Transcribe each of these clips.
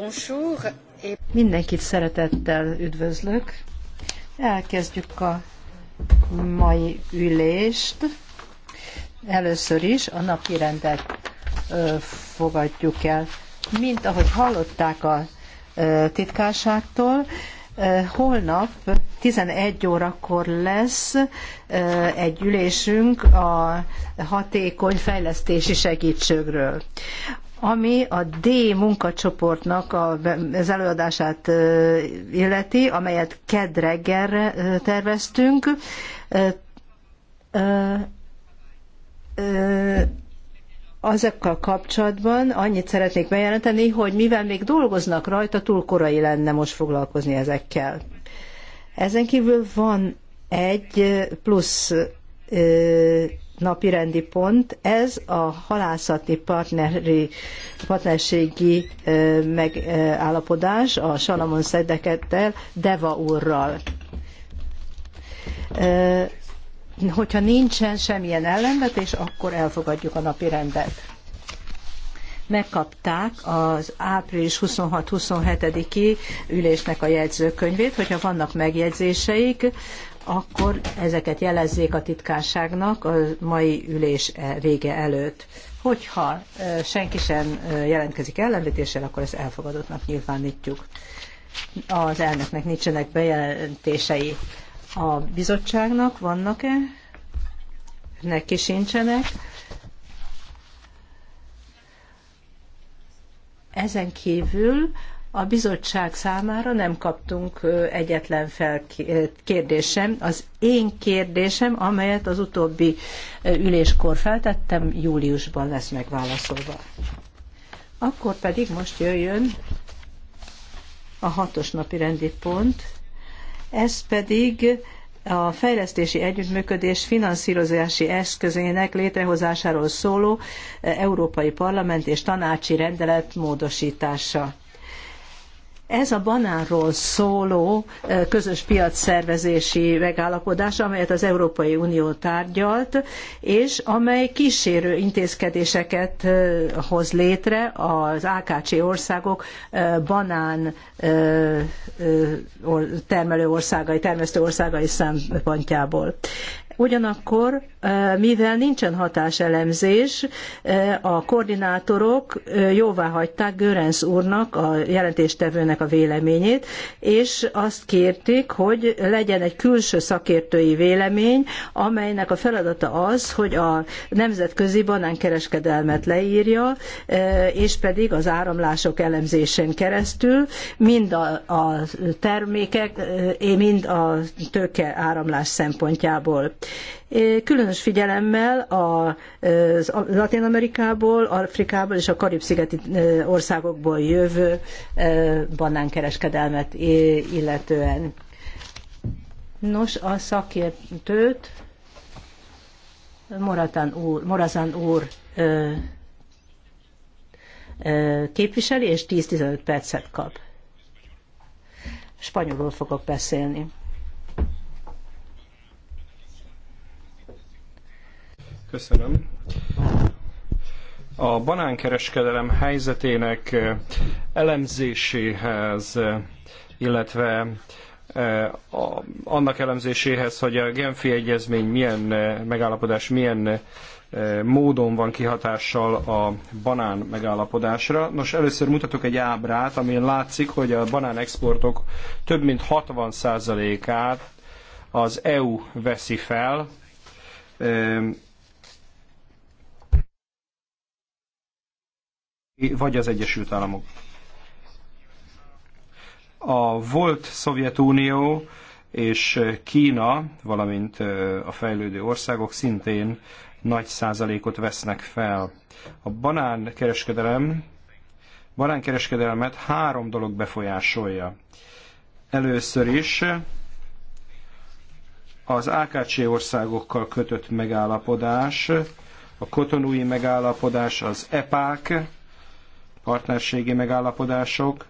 Bonjour. Mindenkit szeretettel üdvözlök. Elkezdjük a mai ülést. Először is a napi rendet fogadjuk el. Mint ahogy hallották a titkárságtól, holnap 11 órakor lesz egy ülésünk a hatékony fejlesztési segítségről ami a D munkacsoportnak az előadását illeti, amelyet kedreggelre terveztünk. Azokkal kapcsolatban annyit szeretnék bejelenteni, hogy mivel még dolgoznak rajta, túl korai lenne most foglalkozni ezekkel. Ezen kívül van egy plusz napirendi pont, ez a halászati partneri, partnerségi megállapodás a Salamon Szedekettel, Deva úrral. Hogyha nincsen semmilyen ellenvetés, akkor elfogadjuk a napi rendet. Megkapták az április 26-27-i ülésnek a jegyzőkönyvét, hogyha vannak megjegyzéseik, akkor ezeket jelezzék a titkárságnak a mai ülés e- vége előtt. Hogyha senki sem jelentkezik ellenvetéssel, akkor ezt elfogadottnak nyilvánítjuk. Az elnöknek nincsenek bejelentései. A bizottságnak vannak-e? Neki sincsenek. Ezen kívül a bizottság számára nem kaptunk egyetlen kérdésem. Az én kérdésem, amelyet az utóbbi üléskor feltettem, júliusban lesz megválaszolva. Akkor pedig most jöjjön a hatos napi rendi pont, ez pedig a fejlesztési együttműködés finanszírozási eszközének létrehozásáról szóló Európai Parlament és Tanácsi Rendelet módosítása. Ez a banánról szóló közös piac szervezési megállapodás, amelyet az Európai Unió tárgyalt, és amely kísérő intézkedéseket hoz létre az AKC országok banán termelő országai, termesztő országai szempontjából. Ugyanakkor mivel nincsen hatáselemzés, a koordinátorok jóvá hagyták Görenc úrnak, a jelentéstevőnek a véleményét, és azt kérték, hogy legyen egy külső szakértői vélemény, amelynek a feladata az, hogy a nemzetközi banánkereskedelmet leírja, és pedig az áramlások elemzésén keresztül mind a, termékek, mind a tőke áramlás szempontjából különös figyelemmel a Latin Amerikából, Afrikából és a Karib-szigeti e, országokból jövő e, banánkereskedelmet illetően. Nos, a szakértőt Moratán úr, Morazán úr ö, e, ö, képviseli, és 10-15 percet kap. Spanyolul fogok beszélni. Köszönöm. A banánkereskedelem helyzetének eh, elemzéséhez, eh, illetve eh, annak elemzéséhez, hogy a Genfi Egyezmény milyen megállapodás, milyen módon van kihatással a banán megállapodásra. Nos, először mutatok egy ábrát, amin látszik, hogy a banán exportok több mint 60%-át az EU veszi fel, vagy az Egyesült Államok. A volt Szovjetunió és Kína, valamint a fejlődő országok szintén nagy százalékot vesznek fel. A banánkereskedelem, banánkereskedelmet három dolog befolyásolja. Először is az AKC országokkal kötött megállapodás, a kotonúi megállapodás, az EPÁK, partnerségi megállapodások,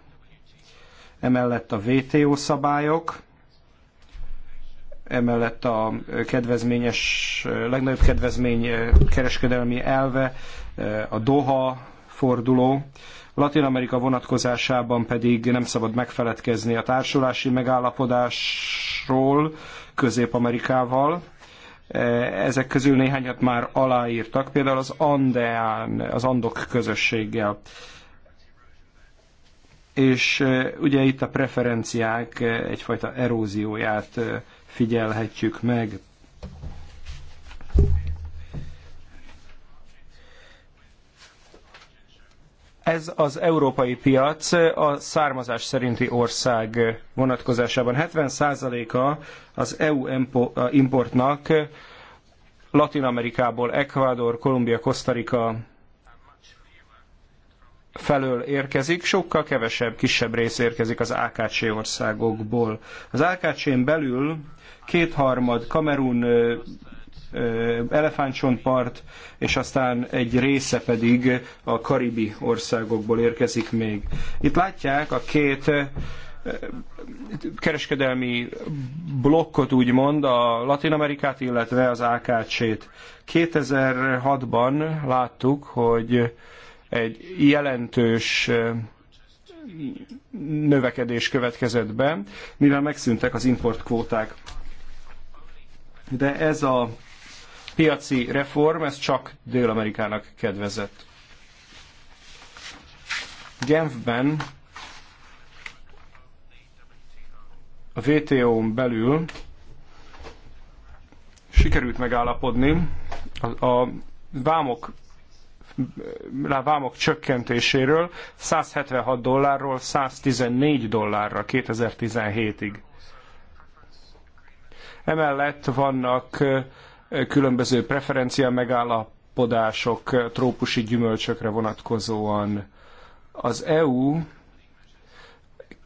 emellett a WTO szabályok, emellett a kedvezményes, legnagyobb kedvezmény eh, kereskedelmi elve, eh, a Doha forduló. Latin Amerika vonatkozásában pedig nem szabad megfeledkezni a társulási megállapodásról Közép-Amerikával. Eh, ezek közül néhányat már aláírtak, például az Andean, az Andok közösséggel és ugye itt a preferenciák egyfajta erózióját figyelhetjük meg. Ez az európai piac a származás szerinti ország vonatkozásában 70%-a az EU importnak Latin Amerikából, Ecuador, Kolumbia, Costa Rica, felől érkezik, sokkal kevesebb, kisebb rész érkezik az AKC országokból. Az AKC-n belül kétharmad Kamerun, Elefántcsontpart, és aztán egy része pedig a karibi országokból érkezik még. Itt látják a két kereskedelmi blokkot úgymond, a Latin Amerikát, illetve az AKC-t. 2006-ban láttuk, hogy egy jelentős növekedés következett be, mivel megszűntek az importkvóták. De ez a piaci reform, ez csak Dél-Amerikának kedvezett. Genfben a WTO-n belül sikerült megállapodni a, a vámok vámok csökkentéséről 176 dollárról 114 dollárra 2017-ig. Emellett vannak különböző preferencia megállapodások trópusi gyümölcsökre vonatkozóan. Az EU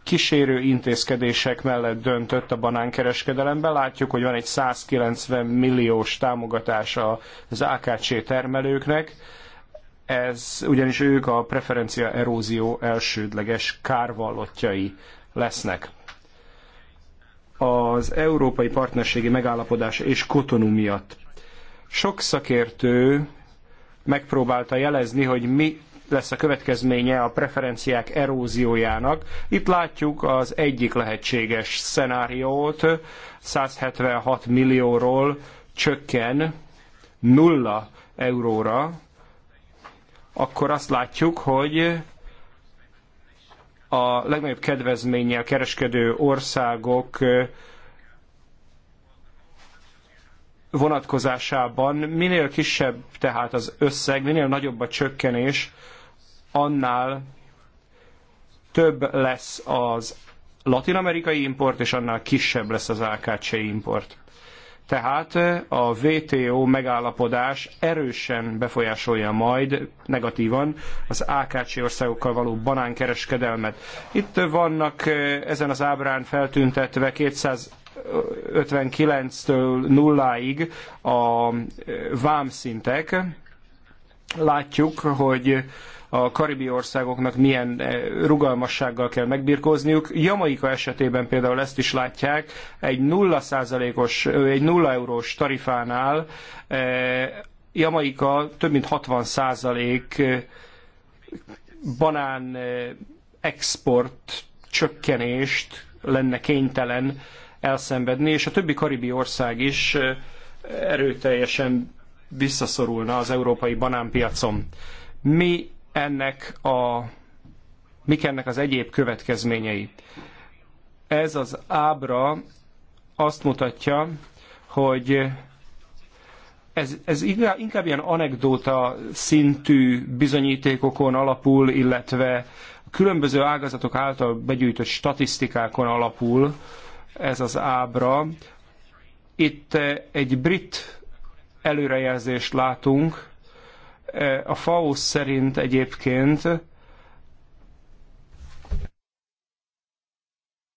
kísérő intézkedések mellett döntött a banánkereskedelemben. Látjuk, hogy van egy 190 milliós támogatása az AKC termelőknek. Ez, ugyanis ők a preferencia erózió elsődleges kárvallottjai lesznek. Az európai partnerségi megállapodás és kotonú miatt sok szakértő megpróbálta jelezni, hogy mi lesz a következménye a preferenciák eróziójának. Itt látjuk az egyik lehetséges szenáriót, 176 millióról csökken nulla euróra akkor azt látjuk, hogy a legnagyobb kedvezménnyel kereskedő országok vonatkozásában minél kisebb tehát az összeg, minél nagyobb a csökkenés, annál több lesz az latinamerikai import, és annál kisebb lesz az AKC import. Tehát a WTO megállapodás erősen befolyásolja majd negatívan az AKC országokkal való banánkereskedelmet. Itt vannak ezen az ábrán feltüntetve 200 59-től nulláig a vámszintek. Látjuk, hogy a karibi országoknak milyen eh, rugalmassággal kell megbirkózniuk. Jamaika esetében például ezt is látják, egy 0%-os, egy 0 eurós tarifánál eh, Jamaika több mint 60% eh, banán export csökkenést lenne kénytelen elszenvedni, és a többi karibi ország is erőteljesen visszaszorulna az európai banánpiacon. Mi ennek a, mik ennek az egyéb következményei. Ez az ábra azt mutatja, hogy ez, ez inkább, ilyen anekdóta szintű bizonyítékokon alapul, illetve különböző ágazatok által begyűjtött statisztikákon alapul ez az ábra. Itt egy brit előrejelzést látunk, Eh, a FAO szerint egyébként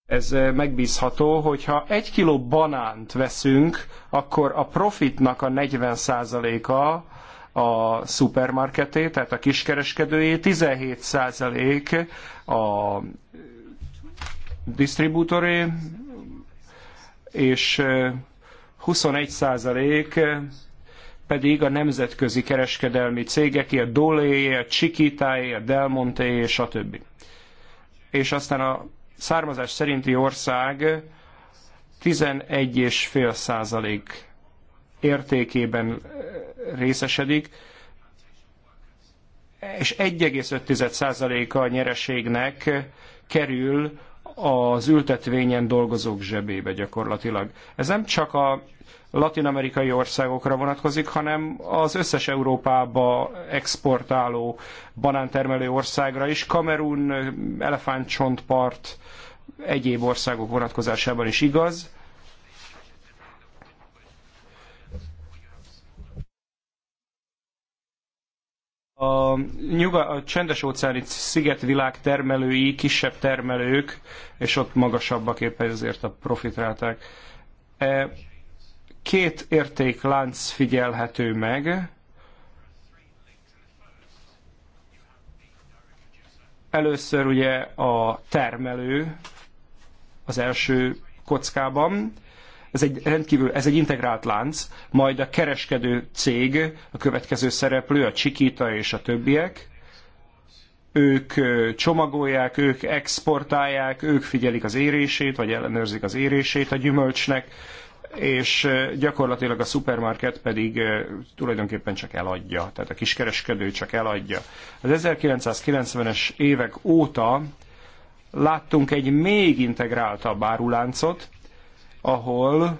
ez eh, megbízható, hogyha egy kiló banánt veszünk, akkor a profitnak a 40%-a a szupermarketé, tehát a kiskereskedőjé, 17% a disztribútoré, és 21% eh, pedig a nemzetközi kereskedelmi cégeké, a Doléé, a Csikitáé, a Delmontéé, stb. És aztán a származás szerinti ország 11,5 százalék értékében eh, részesedik, és 15 százaléka a nyereségnek kerül az ültetvényen dolgozók zsebébe gyakorlatilag. Ez nem csak a latin-amerikai országokra vonatkozik, hanem az összes Európába exportáló banántermelő országra is, Kamerun, elefántcsontpart, egyéb országok vonatkozásában is igaz. a, nyuga, a csendes óceáni szigetvilág termelői, kisebb termelők, és ott magasabbak éppen ezért a profitráták. E, két értéklánc figyelhető meg. Először ugye a termelő az első kockában, ez egy rendkívül, ez egy integrált lánc, majd a kereskedő cég, a következő szereplő, a Csikita és a többiek, ők csomagolják, ők exportálják, ők figyelik az érését, vagy ellenőrzik az érését a gyümölcsnek, és gyakorlatilag a szupermarket pedig tulajdonképpen csak eladja, tehát a kiskereskedő csak eladja. Az 1990-es évek óta láttunk egy még integráltabb áruláncot, ahol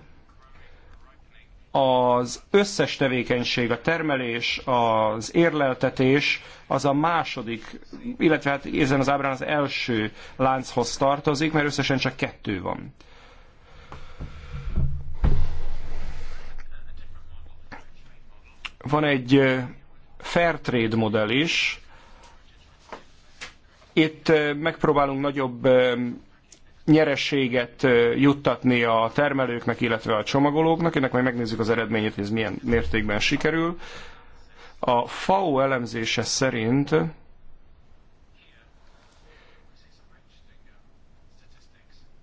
az összes tevékenység, a termelés, az érleltetés az a második, illetve hát ezen az ábrán az első lánchoz tartozik, mert összesen csak kettő van. Van egy fair trade modell is. Itt megpróbálunk nagyobb nyerességet juttatni a termelőknek, illetve a csomagolóknak. Ennek majd megnézzük az eredményét, hogy ez milyen mértékben sikerül. A FAO elemzése szerint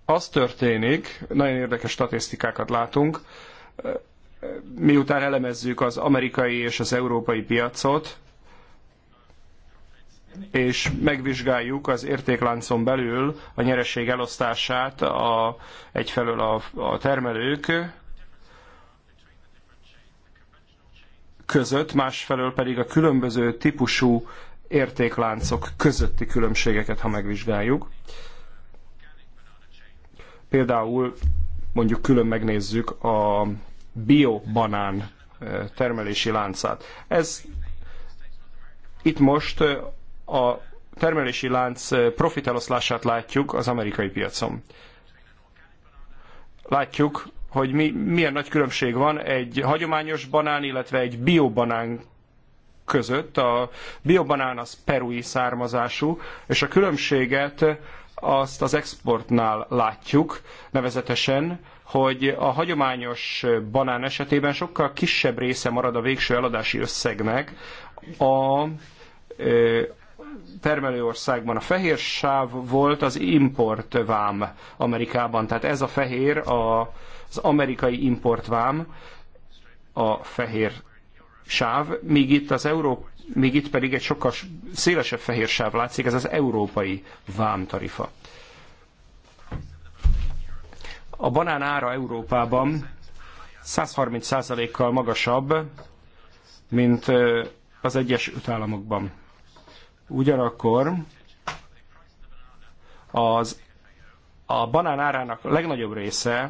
az történik, nagyon érdekes statisztikákat látunk, miután elemezzük az amerikai és az európai piacot, és megvizsgáljuk az értékláncon belül a nyereség elosztását a, egyfelől a, a termelők között, másfelől pedig a különböző típusú értékláncok közötti különbségeket, ha megvizsgáljuk. Például mondjuk külön megnézzük a biobanán termelési láncát. Ez itt most a termelési lánc profiteloszlását látjuk az amerikai piacon. Látjuk, hogy mi, milyen nagy különbség van egy hagyományos banán, illetve egy biobanán között. A biobanán az perui származású, és a különbséget azt az exportnál látjuk, nevezetesen hogy a hagyományos banán esetében sokkal kisebb része marad a végső eladási összegnek a termelőországban a fehér sáv volt az importvám Amerikában. Tehát ez a fehér a, az amerikai importvám, a fehér sáv, míg itt az Euró, míg itt pedig egy sokkal szélesebb fehér sáv látszik, ez az európai vámtarifa. A banán ára Európában 130%-kal magasabb, mint az Egyesült Államokban. Ugyanakkor az, a banán árának legnagyobb része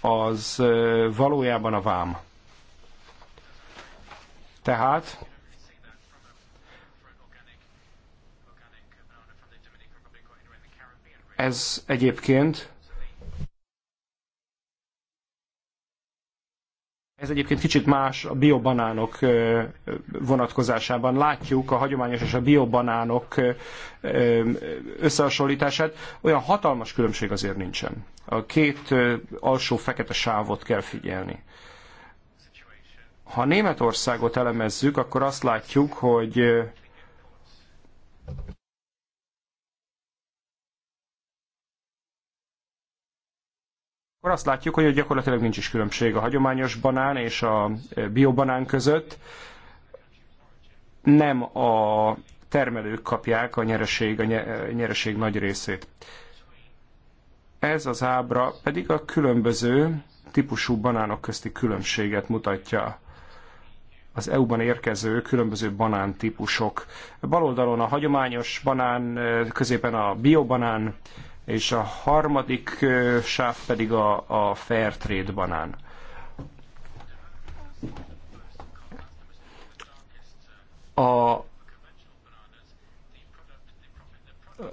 az valójában a vám. Tehát Ez egyébként Ez egyébként kicsit más a biobanánok vonatkozásában. Látjuk a hagyományos és a biobanánok összehasonlítását. Olyan hatalmas különbség azért nincsen. A két alsó fekete sávot kell figyelni. Ha Németországot elemezzük, akkor azt látjuk, hogy akkor azt látjuk, hogy gyakorlatilag nincs is különbség a hagyományos banán és a eh, biobanán között. Nem a termelők kapják a nyereség, a eh, nyereség nagy részét. Ez az ábra pedig a különböző típusú banánok közti különbséget mutatja az EU-ban érkező különböző banán típusok. Bal oldalon a hagyományos banán, eh, középen a biobanán, és a harmadik sáv pedig a, a fair trade banán. A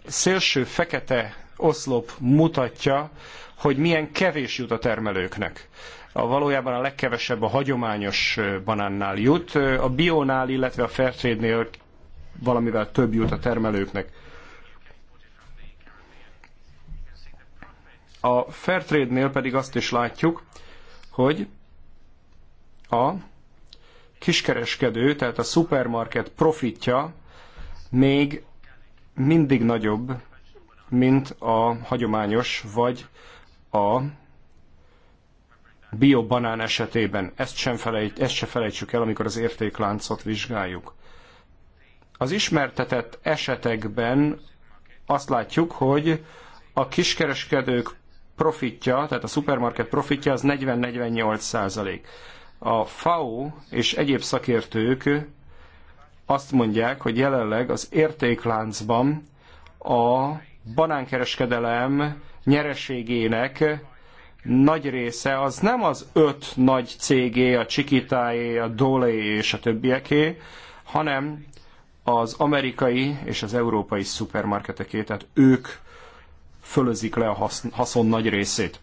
szélső fekete oszlop mutatja, hogy milyen kevés jut a termelőknek. A valójában a legkevesebb a hagyományos banánnál jut, a bionál, illetve a fairtrade-nél valamivel több jut a termelőknek A Fairtrade-nél pedig azt is látjuk, hogy a kiskereskedő, tehát a supermarket profitja még mindig nagyobb, mint a hagyományos vagy a biobanán esetében. Ezt sem felejt, ezt se felejtsük el, amikor az értékláncot vizsgáljuk. Az ismertetett esetekben azt látjuk, hogy a kiskereskedők profitja, tehát a szupermarket profitja az 40-48 százalék. A FAO és egyéb szakértők azt mondják, hogy jelenleg az értékláncban a banánkereskedelem nyereségének nagy része az nem az öt nagy cégé, a Csikitáé, a Dolé és a többieké, hanem az amerikai és az európai szupermarketeké, tehát ők fölözik le a haszon nagy részét.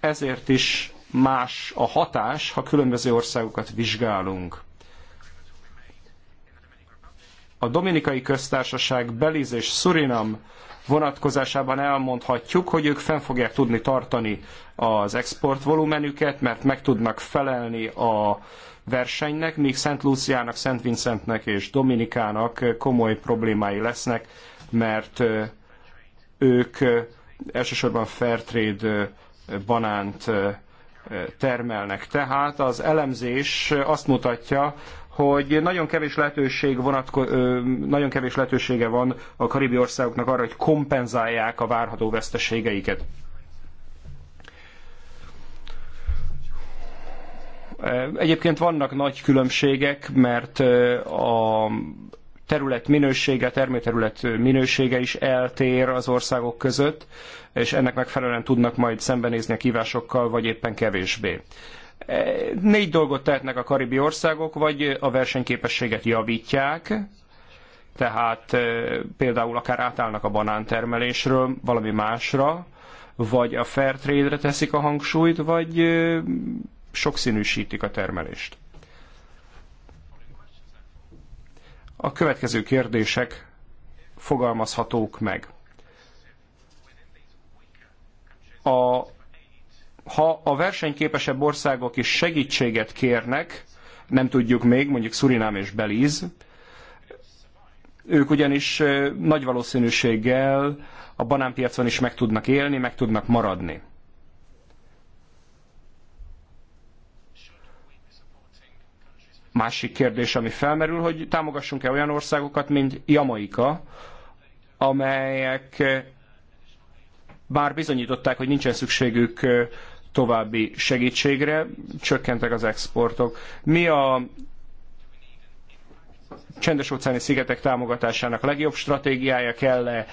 Ezért is más a hatás, ha különböző országokat vizsgálunk. A Dominikai Köztársaság, Belize és Surinam vonatkozásában elmondhatjuk, hogy ők fenn fogják tudni tartani az exportvolumenüket, mert meg tudnak felelni a versenynek, míg Szent Luciának, Szent Vincentnek és Dominikának komoly problémái lesznek, mert ők elsősorban Fairtrade banánt termelnek. Tehát az elemzés azt mutatja, hogy nagyon kevés, lehetőség vonatko- nagyon kevés lehetősége van a karibi országoknak arra, hogy kompenzálják a várható veszteségeiket. Egyébként vannak nagy különbségek, mert a terület minősége, termőterület minősége is eltér az országok között, és ennek megfelelően tudnak majd szembenézni a kívásokkal, vagy éppen kevésbé. E, négy dolgot tehetnek a karibi országok, vagy a versenyképességet javítják, tehát e, például akár átállnak a banántermelésről valami másra, vagy a fair trade-re teszik a hangsúlyt, vagy e, sokszínűsítik a termelést. a következő kérdések fogalmazhatók meg. A, ha a versenyképesebb országok is segítséget kérnek, nem tudjuk még, mondjuk Szurinám és Belíz, ők ugyanis nagy valószínűséggel a banánpiacon is meg tudnak élni, meg tudnak maradni. Másik kérdés, ami felmerül, hogy támogassunk-e olyan országokat, mint Jamaika, amelyek eh, bár bizonyították, hogy nincsen szükségük eh, további segítségre, csökkentek az exportok. Mi a csendes óceáni szigetek támogatásának legjobb stratégiája kell -e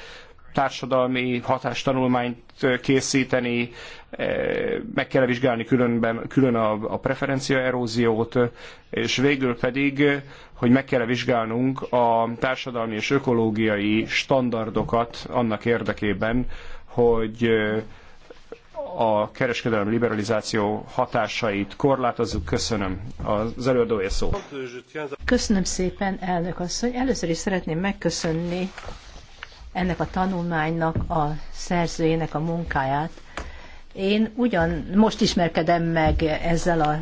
társadalmi hatástanulmányt készíteni, meg kell vizsgálni különben, külön a, a preferencia eróziót, és végül pedig, hogy meg kell vizsgálnunk a társadalmi és ökológiai standardokat annak érdekében, hogy a kereskedelem liberalizáció hatásait korlátozzuk. Köszönöm az előadója szó. Köszönöm szépen, elnök asszony. Először is szeretném megköszönni ennek a tanulmánynak a szerzőjének a munkáját. Én ugyan most ismerkedem meg ezzel a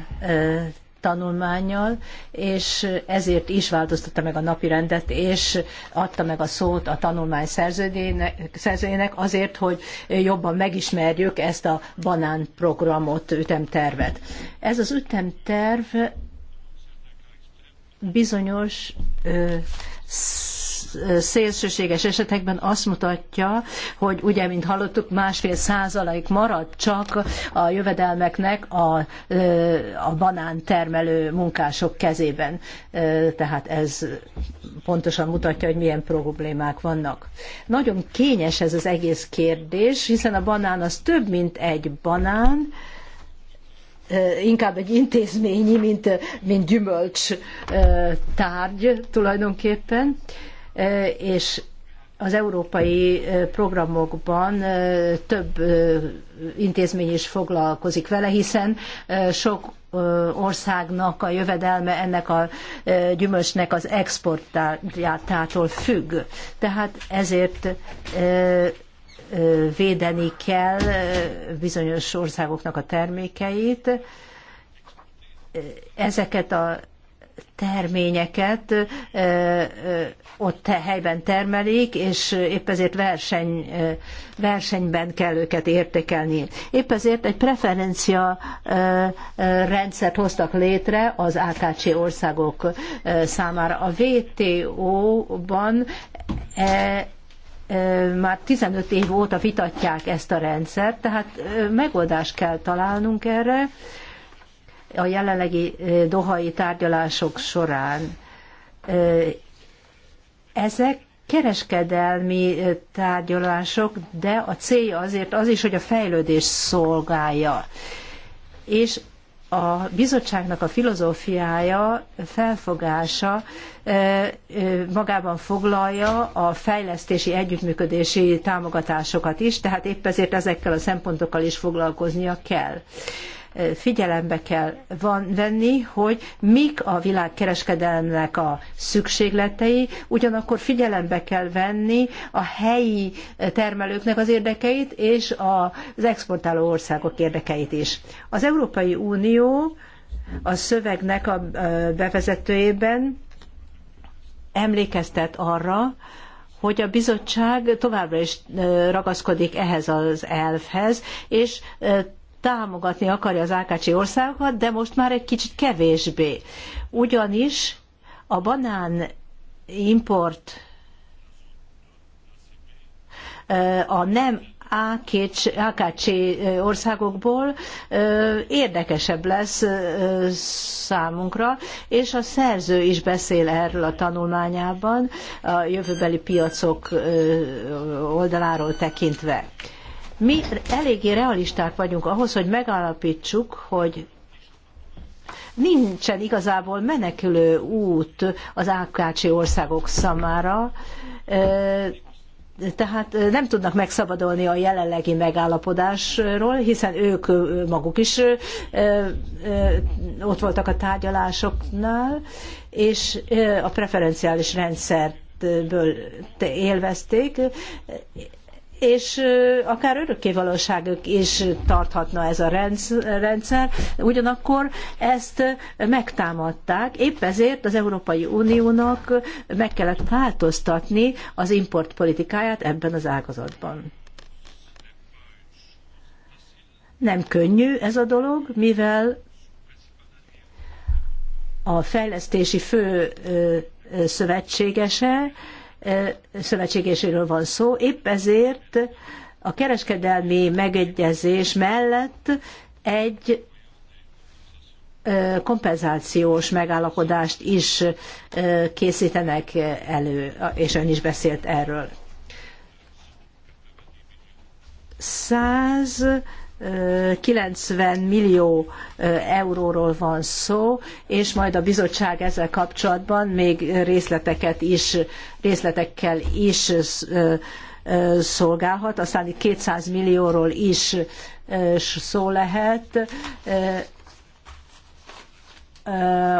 tanulmányjal, és ezért is változtatta meg a napirendet, és adta meg a szót a tanulmány szerzőjének azért, hogy jobban megismerjük ezt a banánprogramot ütemtervet. Ez az ütemterv bizonyos ö, szélsőséges esetekben azt mutatja, hogy ugye, mint hallottuk, másfél százalék marad csak a jövedelmeknek a, a banán termelő munkások kezében. Tehát ez pontosan mutatja, hogy milyen problémák vannak. Nagyon kényes ez az egész kérdés, hiszen a banán az több, mint egy banán, inkább egy intézményi, mint, mint gyümölcs tárgy tulajdonképpen és az európai programokban több intézmény is foglalkozik vele, hiszen sok országnak a jövedelme ennek a gyümölcsnek az exportjától függ. Tehát ezért védeni kell bizonyos országoknak a termékeit. Ezeket a terményeket ott helyben termelik, és épp ezért verseny, versenyben kell őket értékelni. Épp ezért egy preferencia rendszert hoztak létre az AKC országok számára. A WTO-ban e, már 15 év óta vitatják ezt a rendszert, tehát megoldást kell találnunk erre, a jelenlegi dohai tárgyalások során. Ezek kereskedelmi tárgyalások, de a célja azért az is, hogy a fejlődés szolgálja. És a bizottságnak a filozófiája, felfogása magában foglalja a fejlesztési együttműködési támogatásokat is, tehát épp ezért ezekkel a szempontokkal is foglalkoznia kell figyelembe kell van venni, hogy mik a világkereskedelemnek a szükségletei, ugyanakkor figyelembe kell venni a helyi termelőknek az érdekeit és az exportáló országok érdekeit is. Az Európai Unió a szövegnek a bevezetőjében emlékeztet arra, hogy a bizottság továbbra is ragaszkodik ehhez az elfhez, és támogatni akarja az ákácsi országokat, de most már egy kicsit kevésbé. Ugyanis a banán import a nem AKC országokból érdekesebb lesz számunkra, és a szerző is beszél erről a tanulmányában, a jövőbeli piacok oldaláról tekintve. Mi eléggé realisták vagyunk ahhoz, hogy megállapítsuk, hogy nincsen igazából menekülő út az ákácsi országok számára, tehát nem tudnak megszabadulni a jelenlegi megállapodásról, hiszen ők maguk is ott voltak a tárgyalásoknál, és a preferenciális rendszert élvezték, és akár örökkévalóságok is tarthatna ez a rendszer, ugyanakkor ezt megtámadták, épp ezért az Európai Uniónak meg kellett változtatni az importpolitikáját ebben az ágazatban. Nem könnyű ez a dolog, mivel a fejlesztési fő szövetségese, szövetségéséről van szó. Épp ezért a kereskedelmi megegyezés mellett egy kompenzációs megállapodást is készítenek elő, és ön is beszélt erről. 100 90 millió euróról van szó, és majd a bizottság ezzel kapcsolatban még részleteket is, részletekkel is szolgálhat, aztán itt 200 millióról is szó lehet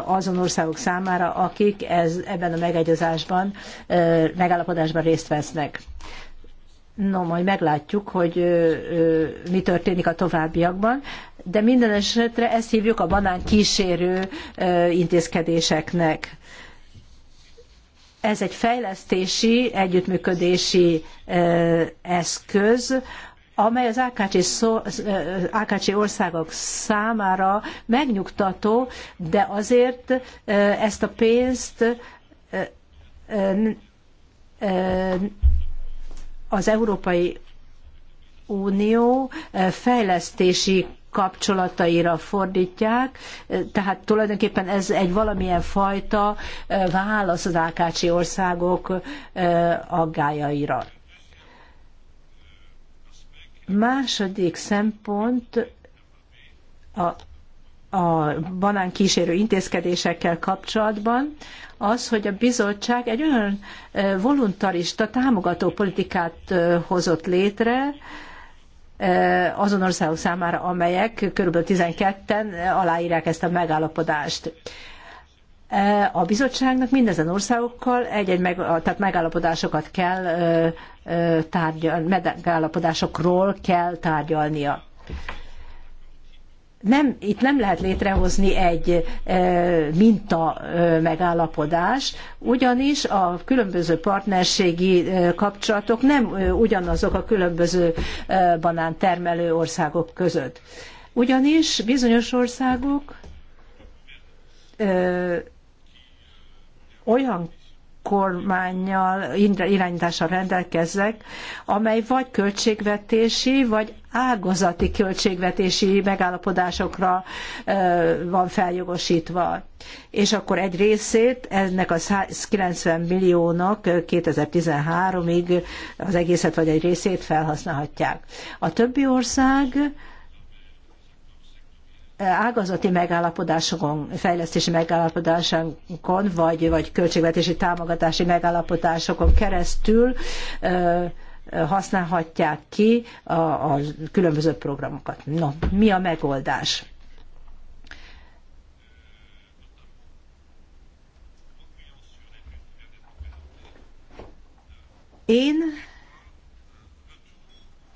azon országok számára, akik ez, ebben a megegyezásban, megállapodásban részt vesznek. No, majd meglátjuk, hogy ö, ö, mi történik a továbbiakban, de minden esetre ezt hívjuk a banán kísérő ö, intézkedéseknek. Ez egy fejlesztési, együttműködési ö, eszköz, amely az AKC, szó, országok számára megnyugtató, de azért ezt a pénzt az Európai Unió eh, fejlesztési kapcsolataira fordítják, eh, tehát tulajdonképpen ez egy valamilyen fajta eh, válasz az ákácsi országok aggájaira. Második szempont a, a banán kísérő intézkedésekkel kapcsolatban az, hogy a bizottság egy olyan voluntarista támogató politikát hozott létre, azon országok számára, amelyek kb. 12-en aláírják ezt a megállapodást. A bizottságnak mindezen országokkal egy-egy meg, tehát megállapodásokat kell tárgyal, megállapodásokról kell tárgyalnia nem, itt nem lehet létrehozni egy minta megállapodás, ugyanis a különböző partnerségi kapcsolatok nem ugyanazok a különböző banántermelő országok között. Ugyanis bizonyos országok olyan kormányjal irányítással rendelkezzek, amely vagy költségvetési, vagy ágazati költségvetési megállapodásokra van feljogosítva. És akkor egy részét ennek a 190 milliónak 2013-ig az egészet vagy egy részét felhasználhatják. A többi ország ágazati megállapodásokon, fejlesztési megállapodásokon, vagy, vagy költségvetési támogatási megállapodásokon keresztül használhatják ki a, a különböző programokat. No, mi a megoldás? Én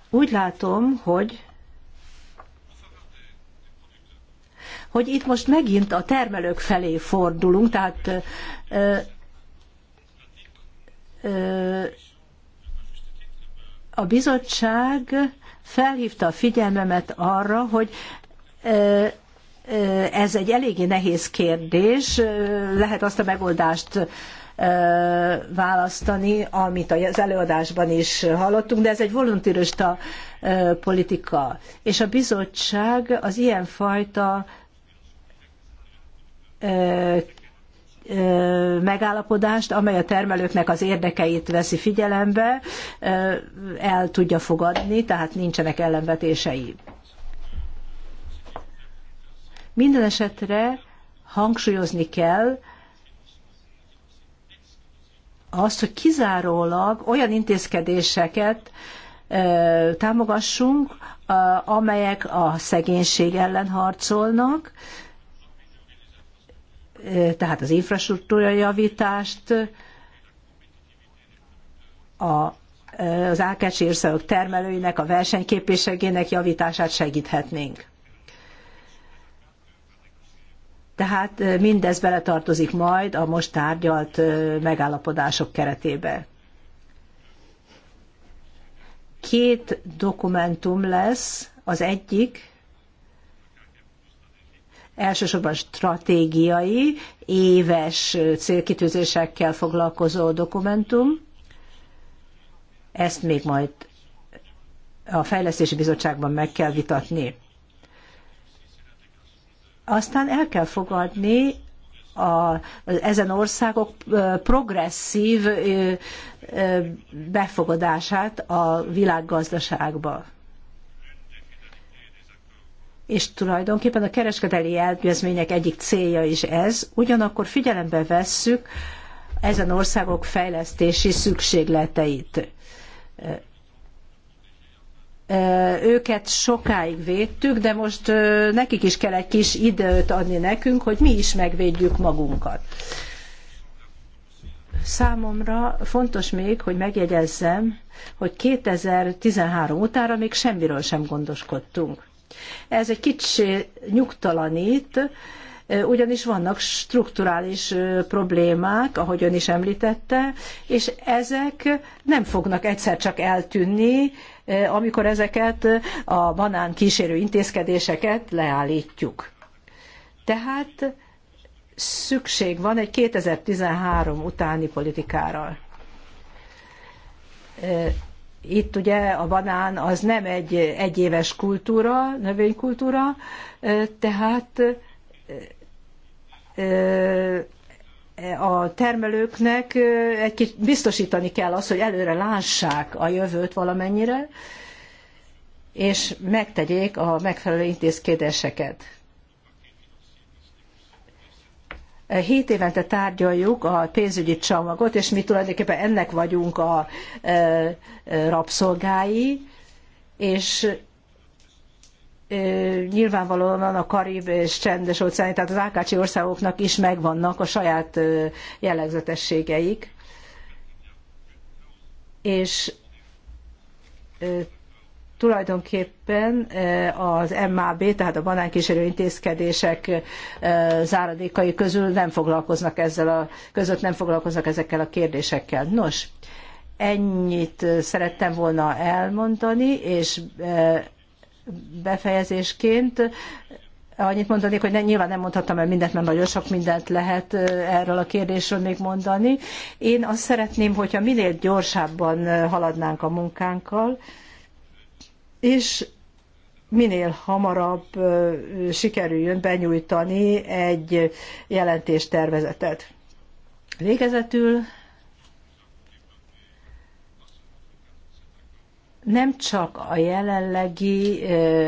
úgy látom, hogy hogy itt most megint a termelők felé fordulunk, tehát ö, ö, a bizottság felhívta a figyelmemet arra, hogy ö, ez egy eléggé nehéz kérdés, lehet azt a megoldást választani, amit az előadásban is hallottunk, de ez egy voluntirista politika. És a bizottság az ilyenfajta megállapodást, amely a termelőknek az érdekeit veszi figyelembe, el tudja fogadni, tehát nincsenek ellenvetései. Minden esetre hangsúlyozni kell azt, hogy kizárólag olyan intézkedéseket támogassunk, amelyek a szegénység ellen harcolnak, Eh, tehát az infrastruktúra javítást, a, eh, az ákácsi országok termelőinek, a versenyképességének javítását segíthetnénk. Tehát eh, mindez beletartozik majd a most tárgyalt megállapodások keretébe. Két dokumentum lesz, az egyik elsősorban stratégiai, éves célkitűzésekkel foglalkozó dokumentum. Ezt még majd a Fejlesztési Bizottságban meg kell vitatni. Aztán el kell fogadni a, ezen országok progresszív befogadását a világgazdaságba és tulajdonképpen a kereskedelmi egyezmények egyik célja is ez, ugyanakkor figyelembe vesszük ezen országok fejlesztési szükségleteit. Őket sokáig védtük, de most nekik is kell egy kis időt adni nekünk, hogy mi is megvédjük magunkat. Számomra fontos még, hogy megjegyezzem, hogy 2013 utára még semmiről sem gondoskodtunk ez egy kicsi nyugtalanít, ugyanis vannak strukturális problémák, ahogy ön is említette, és ezek nem fognak egyszer csak eltűnni, amikor ezeket a banán kísérő intézkedéseket leállítjuk. Tehát szükség van egy 2013 utáni politikára itt ugye a banán az nem egy egyéves kultúra, növénykultúra, tehát a termelőknek egy kicsit biztosítani kell azt, hogy előre lássák a jövőt valamennyire, és megtegyék a megfelelő intézkedéseket. Hét évente tárgyaljuk a pénzügyi csomagot, és mi tulajdonképpen ennek vagyunk a e, e, rabszolgái, és e, nyilvánvalóan a Karib és Csendes óceáni, tehát az Ákácsi országoknak is megvannak a saját jellegzetességeik. És tulajdonképpen eh, az MAB, tehát a banánkísérő intézkedések eh, záradékai közül nem foglalkoznak ezzel a, között nem foglalkoznak ezekkel a kérdésekkel. Nos, ennyit eh, szerettem volna elmondani, és befejezésként annyit mondanék, hogy ne, nyilván nem mondhattam el mindent, mert nagyon sok mindent lehet erről a kérdésről még mondani. Én azt szeretném, hogyha minél gyorsabban haladnánk a munkánkkal, és minél hamarabb sikerüljön benyújtani egy jelentéstervezetet. Végezetül nem csak a jelenlegi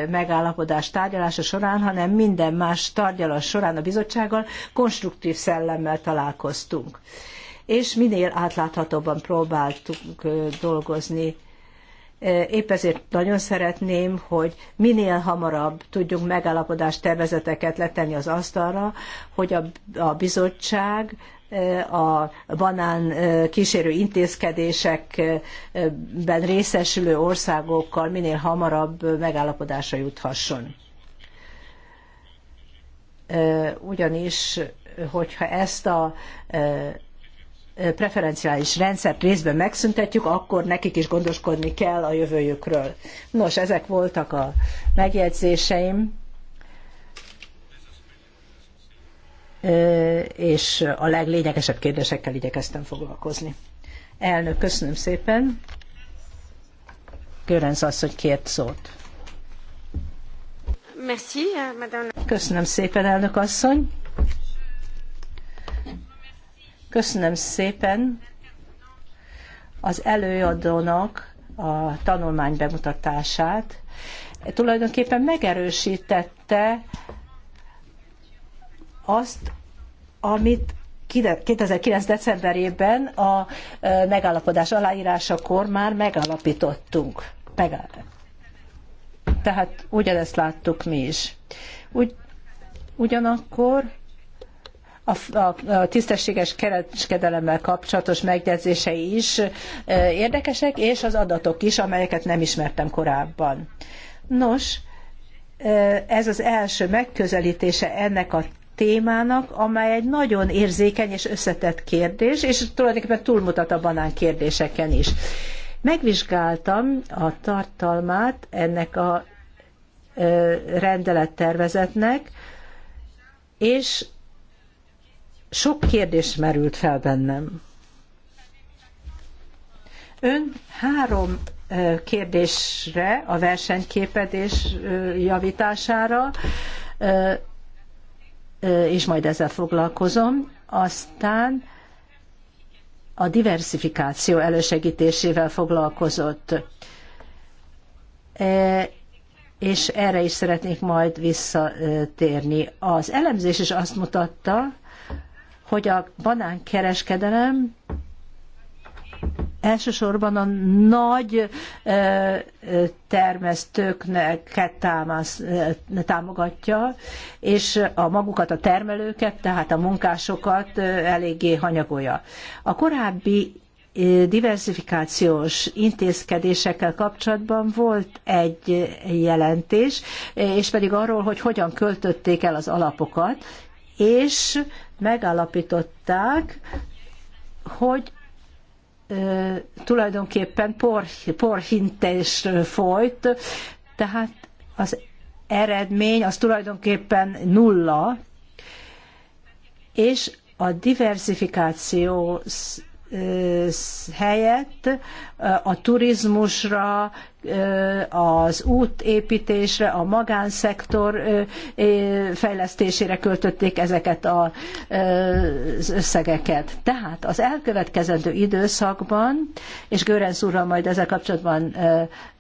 megállapodás tárgyalása során, hanem minden más tárgyalás során a bizottsággal konstruktív szellemmel találkoztunk. És minél átláthatóbban próbáltuk dolgozni Épp ezért nagyon szeretném, hogy minél hamarabb tudjunk megállapodást tervezeteket letenni az asztalra, hogy a, a bizottság eh, a banán eh, kísérő intézkedésekben részesülő országokkal minél hamarabb megállapodásra juthasson. Eh, ugyanis, hogyha ezt a preferenciális rendszert részben megszüntetjük, akkor nekik is gondoskodni kell a jövőjükről. Nos, ezek voltak a megjegyzéseim. és a leglényegesebb kérdésekkel igyekeztem foglalkozni. Elnök, köszönöm szépen. Görenz asszony kért szót. Euh, köszönöm szépen, elnök asszony. Köszönöm szépen az előadónak a tanulmány bemutatását. Tulajdonképpen megerősítette azt, amit 2009. decemberében a megállapodás aláírásakor már megállapítottunk. Tehát ugyanezt láttuk mi is. ugyanakkor a, tisztességes kereskedelemmel kapcsolatos megjegyzései is e, érdekesek, és az adatok is, amelyeket nem ismertem korábban. Nos, e, ez az első megközelítése ennek a témának, amely egy nagyon érzékeny és összetett kérdés, és tulajdonképpen túlmutat a banán kérdéseken is. Megvizsgáltam a tartalmát ennek a e, rendelettervezetnek, és sok kérdés merült fel bennem. Ön három kérdésre, a versenyképedés javítására, és majd ezzel foglalkozom, aztán a diversifikáció elősegítésével foglalkozott. E, és erre is szeretnék majd visszatérni. Az elemzés is azt mutatta, hogy a banánkereskedelem elsősorban a nagy termesztőknek támasz, támogatja, és a magukat, a termelőket, tehát a munkásokat eléggé hanyagolja. A korábbi diversifikációs intézkedésekkel kapcsolatban volt egy jelentés, és pedig arról, hogy hogyan költötték el az alapokat, és megállapították, hogy e, tulajdonképpen por, porhintés folyt, tehát az eredmény az tulajdonképpen nulla, és a diversifikáció helyett a turizmusra, az útépítésre, a magánszektor fejlesztésére költötték ezeket az összegeket. Tehát az elkövetkezendő időszakban, és Görenc úrral majd ezzel kapcsolatban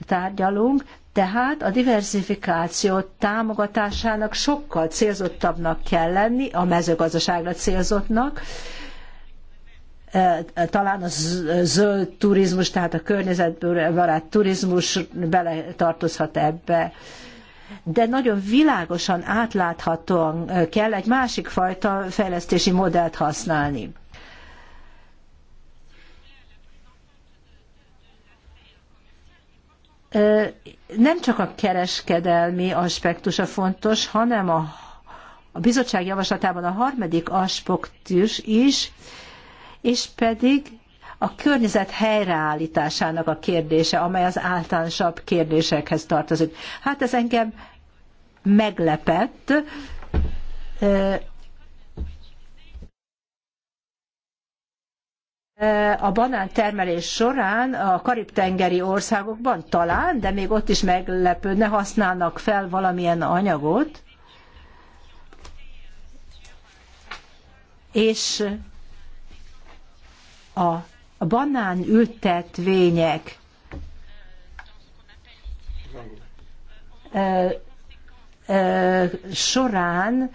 tárgyalunk, tehát a diversifikáció támogatásának sokkal célzottabbnak kell lenni, a mezőgazdaságra célzottnak, talán a zöld turizmus, tehát a barát turizmus bele tartozhat ebbe de nagyon világosan, átláthatóan kell egy másik fajta fejlesztési modellt használni. Nem csak a kereskedelmi aspektusa fontos, hanem a, a bizottság javaslatában a harmadik aspektus is és pedig a környezet helyreállításának a kérdése, amely az általánosabb kérdésekhez tartozik. Hát ez engem meglepett. A banántermelés során a karib-tengeri országokban talán, de még ott is meglepődne, használnak fel valamilyen anyagot, és a banán ültetvények során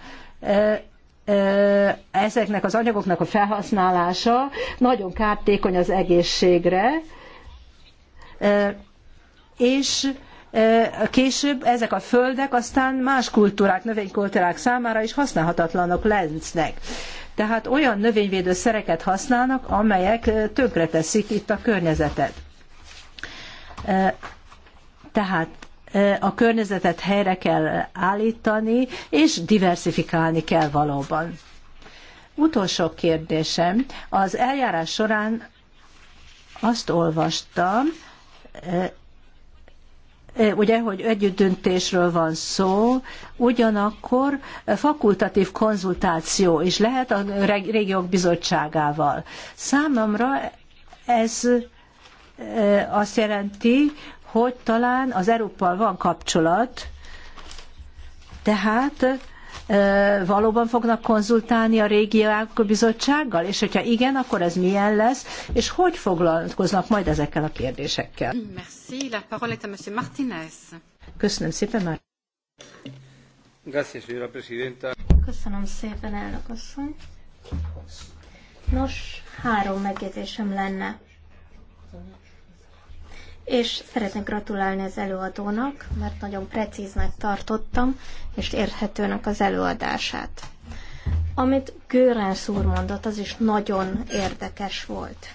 ezeknek az anyagoknak a felhasználása nagyon kártékony az egészségre, és később ezek a földek aztán más kultúrák, növénykultúrák számára is használhatatlanok lesznek. Tehát olyan növényvédő szereket használnak, amelyek tönkreteszik itt a környezetet. Tehát a környezetet helyre kell állítani, és diversifikálni kell valóban. Utolsó kérdésem. Az eljárás során azt olvastam, Eh, ugye, hogy együttdöntésről van szó, ugyanakkor eh, fakultatív konzultáció is lehet a régiók bizottságával. Számomra ez eh, azt jelenti, hogy talán az Európal van kapcsolat, tehát valóban fognak konzultálni a régiák bizottsággal? És hogyha igen, akkor ez milyen lesz? És hogy foglalkoznak majd ezekkel a kérdésekkel? Merci. La parole est à Monsieur Martinez. Köszönöm szépen, már. Gracias, señora presidenta. Köszönöm szépen, elnök asszony. Nos, három megjegyzésem lenne. És szeretnék gratulálni az előadónak, mert nagyon precíznek tartottam, és érthetőnek az előadását. Amit Görensz úr mondott, az is nagyon érdekes volt.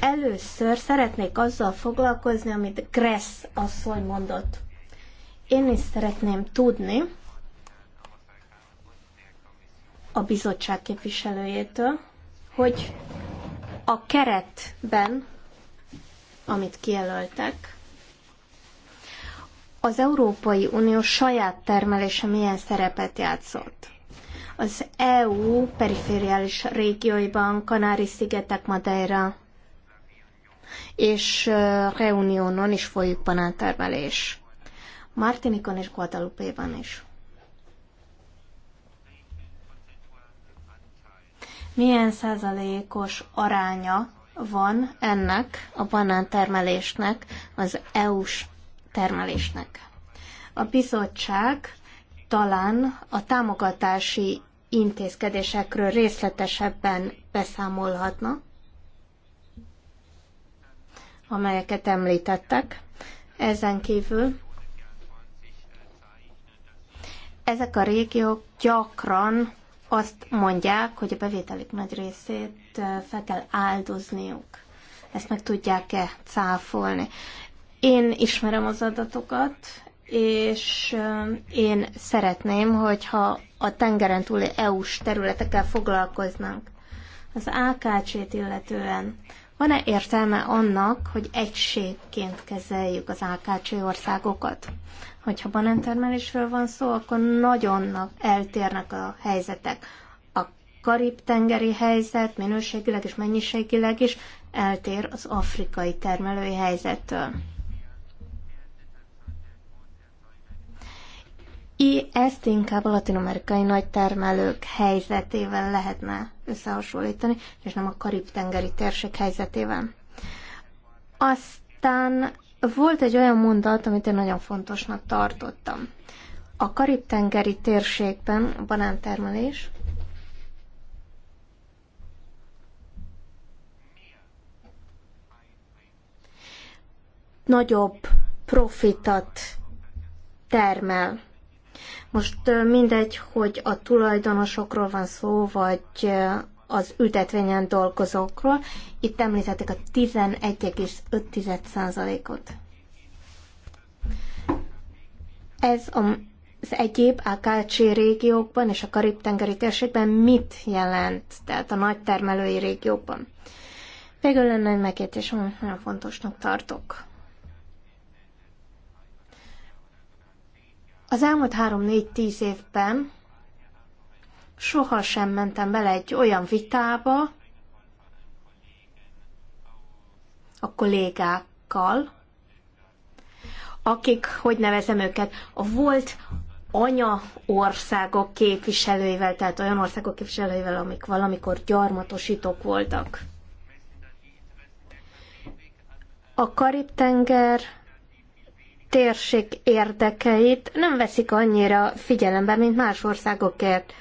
Először szeretnék azzal foglalkozni, amit Gressz asszony mondott. Én is szeretném tudni a bizottság képviselőjétől, hogy a keretben, amit kijelöltek, az Európai Unió saját termelése milyen szerepet játszott. Az EU perifériális régióiban, Kanári-szigetek, Madeira és Reunionon is folyik banántermelés. Martinikon és Guadalupe-ban is. Milyen százalékos aránya van ennek a banántermelésnek az EU-s termelésnek. A bizottság talán a támogatási intézkedésekről részletesebben beszámolhatna, amelyeket említettek. Ezen kívül ezek a régiók gyakran azt mondják, hogy a bevételik nagy részét eh, fel kell áldozniuk. Ezt meg tudják-e cáfolni? Én ismerem az adatokat, és én szeretném, hogyha a tengeren túli EU-s területekkel foglalkoznánk. Az AKC-t illetően van-e értelme annak, hogy egységként kezeljük az AKC országokat? Hogyha banántermelésről van szó, akkor nagyon eltérnek a helyzetek. A karib-tengeri helyzet minőségileg és mennyiségileg is eltér az afrikai termelői helyzettől. ezt inkább a latinamerikai nagy termelők helyzetével lehetne összehasonlítani, és nem a karib-tengeri térség helyzetével. Aztán volt egy olyan mondat, amit én nagyon fontosnak tartottam. A karib-tengeri térségben a banántermelés nagyobb profitat termel most mindegy, hogy a tulajdonosokról van szó, vagy az ültetvényen dolgozókról. Itt említettek a 11,5%-ot. Ez az egyéb AKC régiókban és a Karib-tengeri térségben mit jelent, tehát a nagy termelői régiókban? Végül lenne egy megértés, amit nagyon fontosnak tartok. Az elmúlt három-négy-tíz évben sohasem mentem bele egy olyan vitába a kollégákkal, akik, hogy nevezem őket, a volt anya országok képviselőivel, tehát olyan országok képviselőivel, amik valamikor gyarmatosítók voltak. A Karib-tenger térség érdekeit nem veszik annyira figyelembe, mint más országokért.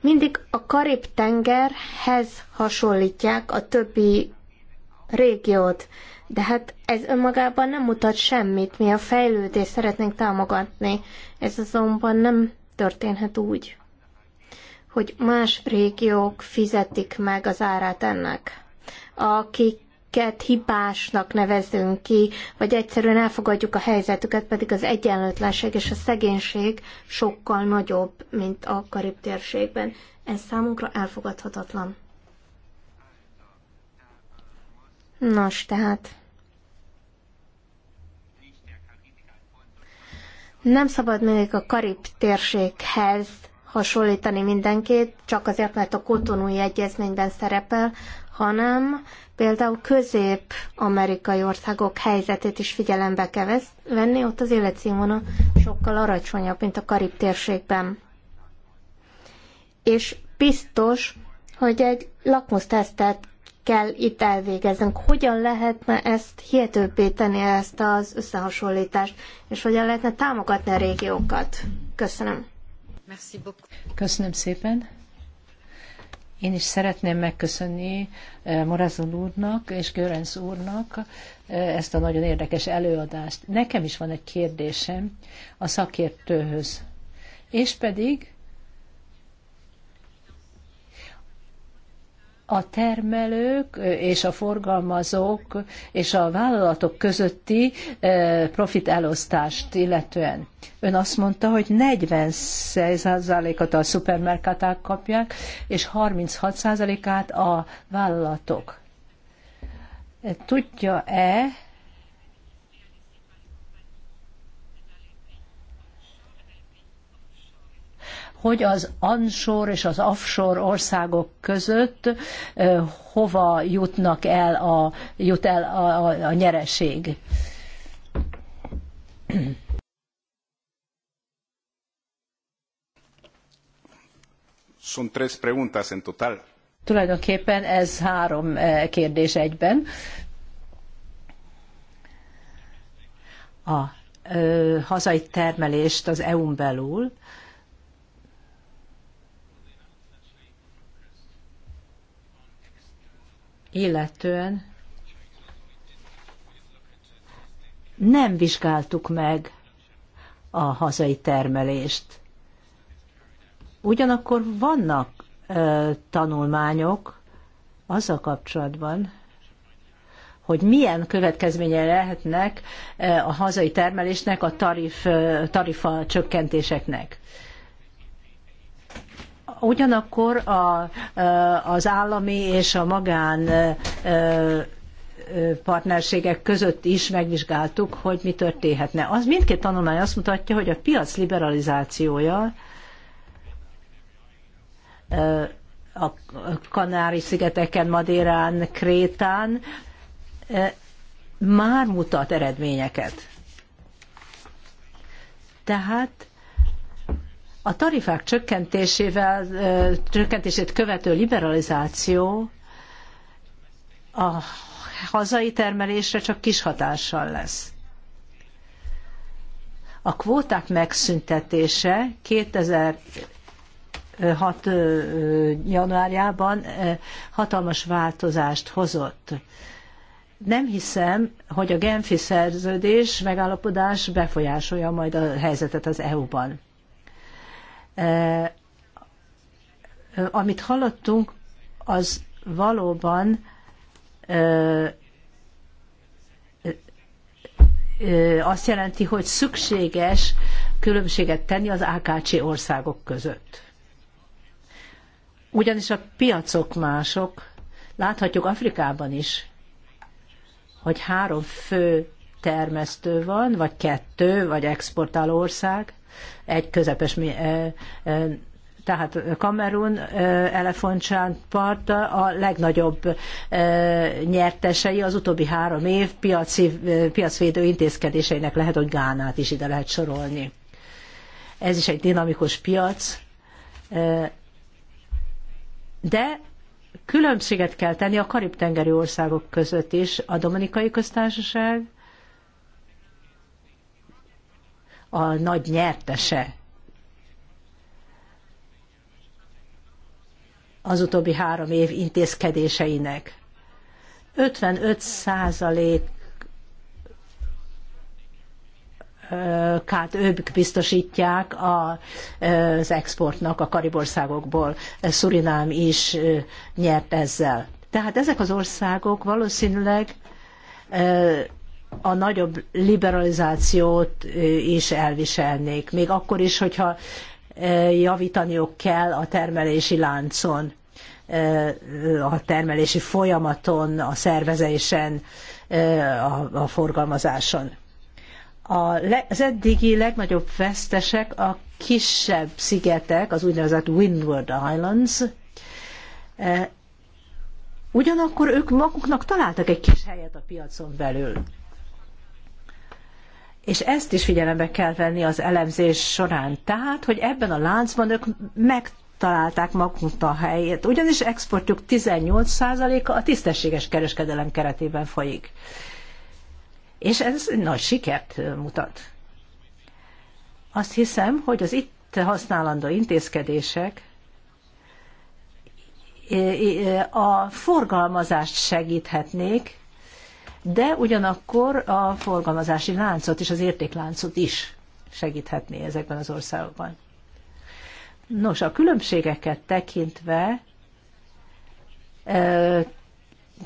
Mindig a Karib-tengerhez hasonlítják a többi régiót, de hát ez önmagában nem mutat semmit, mi a fejlődést szeretnénk támogatni. Ez azonban nem történhet úgy, hogy más régiók fizetik meg az árát ennek akik akiket hibásnak nevezünk ki, vagy egyszerűen elfogadjuk a helyzetüket, pedig az egyenlőtlenség és a szegénység sokkal nagyobb, mint a Karib térségben. Ez számunkra elfogadhatatlan. Nos, tehát nem szabad még a Karib térséghez hasonlítani mindenkit, csak azért, mert a kotonúi egyezményben szerepel, hanem Például közép-amerikai országok helyzetét is figyelembe kell venni, ott az életszínvonal sokkal alacsonyabb, mint a Karib térségben. És biztos, hogy egy lakmusztesztet kell itt elvégeznünk. Hogyan lehetne ezt hihetőbbé tenni, ezt az összehasonlítást, és hogyan lehetne támogatni a régiókat? Köszönöm. Köszönöm szépen. Én is szeretném megköszönni eh, Morazon úrnak és Görenc úrnak eh, ezt a nagyon érdekes előadást. Nekem is van egy kérdésem a szakértőhöz. És pedig a termelők és a forgalmazók és a vállalatok közötti profit elosztást illetően. Ön azt mondta, hogy 40%-at a szupermerkáták kapják, és 36%-át a vállalatok. Tudja-e, hogy az onshore és az offshore országok között hova jutnak el a, jut el a, a, a nyereség. Son tres preguntas en total. Tulajdonképpen ez három kérdés egyben. A ö, hazai termelést az EU-n belül, illetően nem vizsgáltuk meg a hazai termelést. Ugyanakkor vannak ö, tanulmányok azzal kapcsolatban, hogy milyen következménye lehetnek a hazai termelésnek, a tarif, tarifa csökkentéseknek. Ugyanakkor a, az állami és a magán partnerségek között is megvizsgáltuk, hogy mi történhetne. Az mindkét tanulmány azt mutatja, hogy a piac liberalizációja a Kanári-szigeteken, Madérán, Krétán már mutat eredményeket. Tehát a tarifák csökkentésével, csökkentését követő liberalizáció a hazai termelésre csak kis hatással lesz. A kvóták megszüntetése 2006 januárjában hatalmas változást hozott. Nem hiszem, hogy a Genfi szerződés megállapodás befolyásolja majd a helyzetet az EU-ban. Eh, amit hallottunk, az valóban eh, eh, azt jelenti, hogy szükséges különbséget tenni az AKC országok között. Ugyanis a piacok mások, láthatjuk Afrikában is, hogy három fő termesztő van, vagy kettő, vagy exportáló ország, egy közepes mi tehát Kamerun elefántcsántpart a legnagyobb nyertesei az utóbbi három év piaci, piacvédő intézkedéseinek lehet, hogy Gánát is ide lehet sorolni. Ez is egy dinamikus piac, de különbséget kell tenni a karib-tengeri országok között is. A Dominikai Köztársaság a nagy nyertese az utóbbi három év intézkedéseinek. 55 százalék kát ők biztosítják az exportnak a karibországokból. Szurinám is nyert ezzel. Tehát ezek az országok valószínűleg a nagyobb liberalizációt is elviselnék, még akkor is, hogyha javítaniuk kell a termelési láncon, a termelési folyamaton, a szervezésen, a forgalmazáson. Az eddigi legnagyobb vesztesek a kisebb szigetek, az úgynevezett Windward Islands, Ugyanakkor ők maguknak találtak egy kis helyet a piacon belül. És ezt is figyelembe kell venni az elemzés során. Tehát, hogy ebben a láncban ők meg találták magukat a helyét. Ugyanis exportjuk 18%-a a tisztességes kereskedelem keretében folyik. És ez nagy sikert mutat. Azt hiszem, hogy az itt használandó intézkedések a forgalmazást segíthetnék, de ugyanakkor a forgalmazási láncot és az értékláncot is segíthetné ezekben az országokban. Nos, a különbségeket tekintve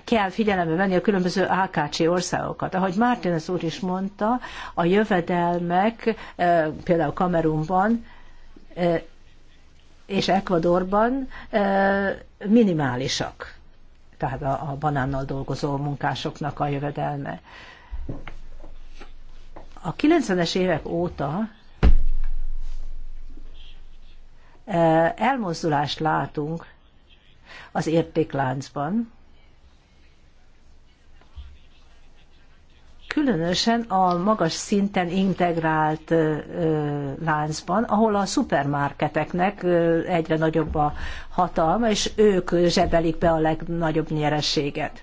kell figyelembe venni a különböző AKC országokat. Ahogy az úr is mondta, a jövedelmek például Kamerunban és Ecuadorban minimálisak tehát a, a banánnal dolgozó munkásoknak a jövedelme. A 90-es évek óta eh, elmozdulást látunk az értékláncban, különösen a magas szinten integrált láncban, ahol a szupermarketeknek egyre nagyobb a hatalma, és ők zsebelik be a legnagyobb nyereséget.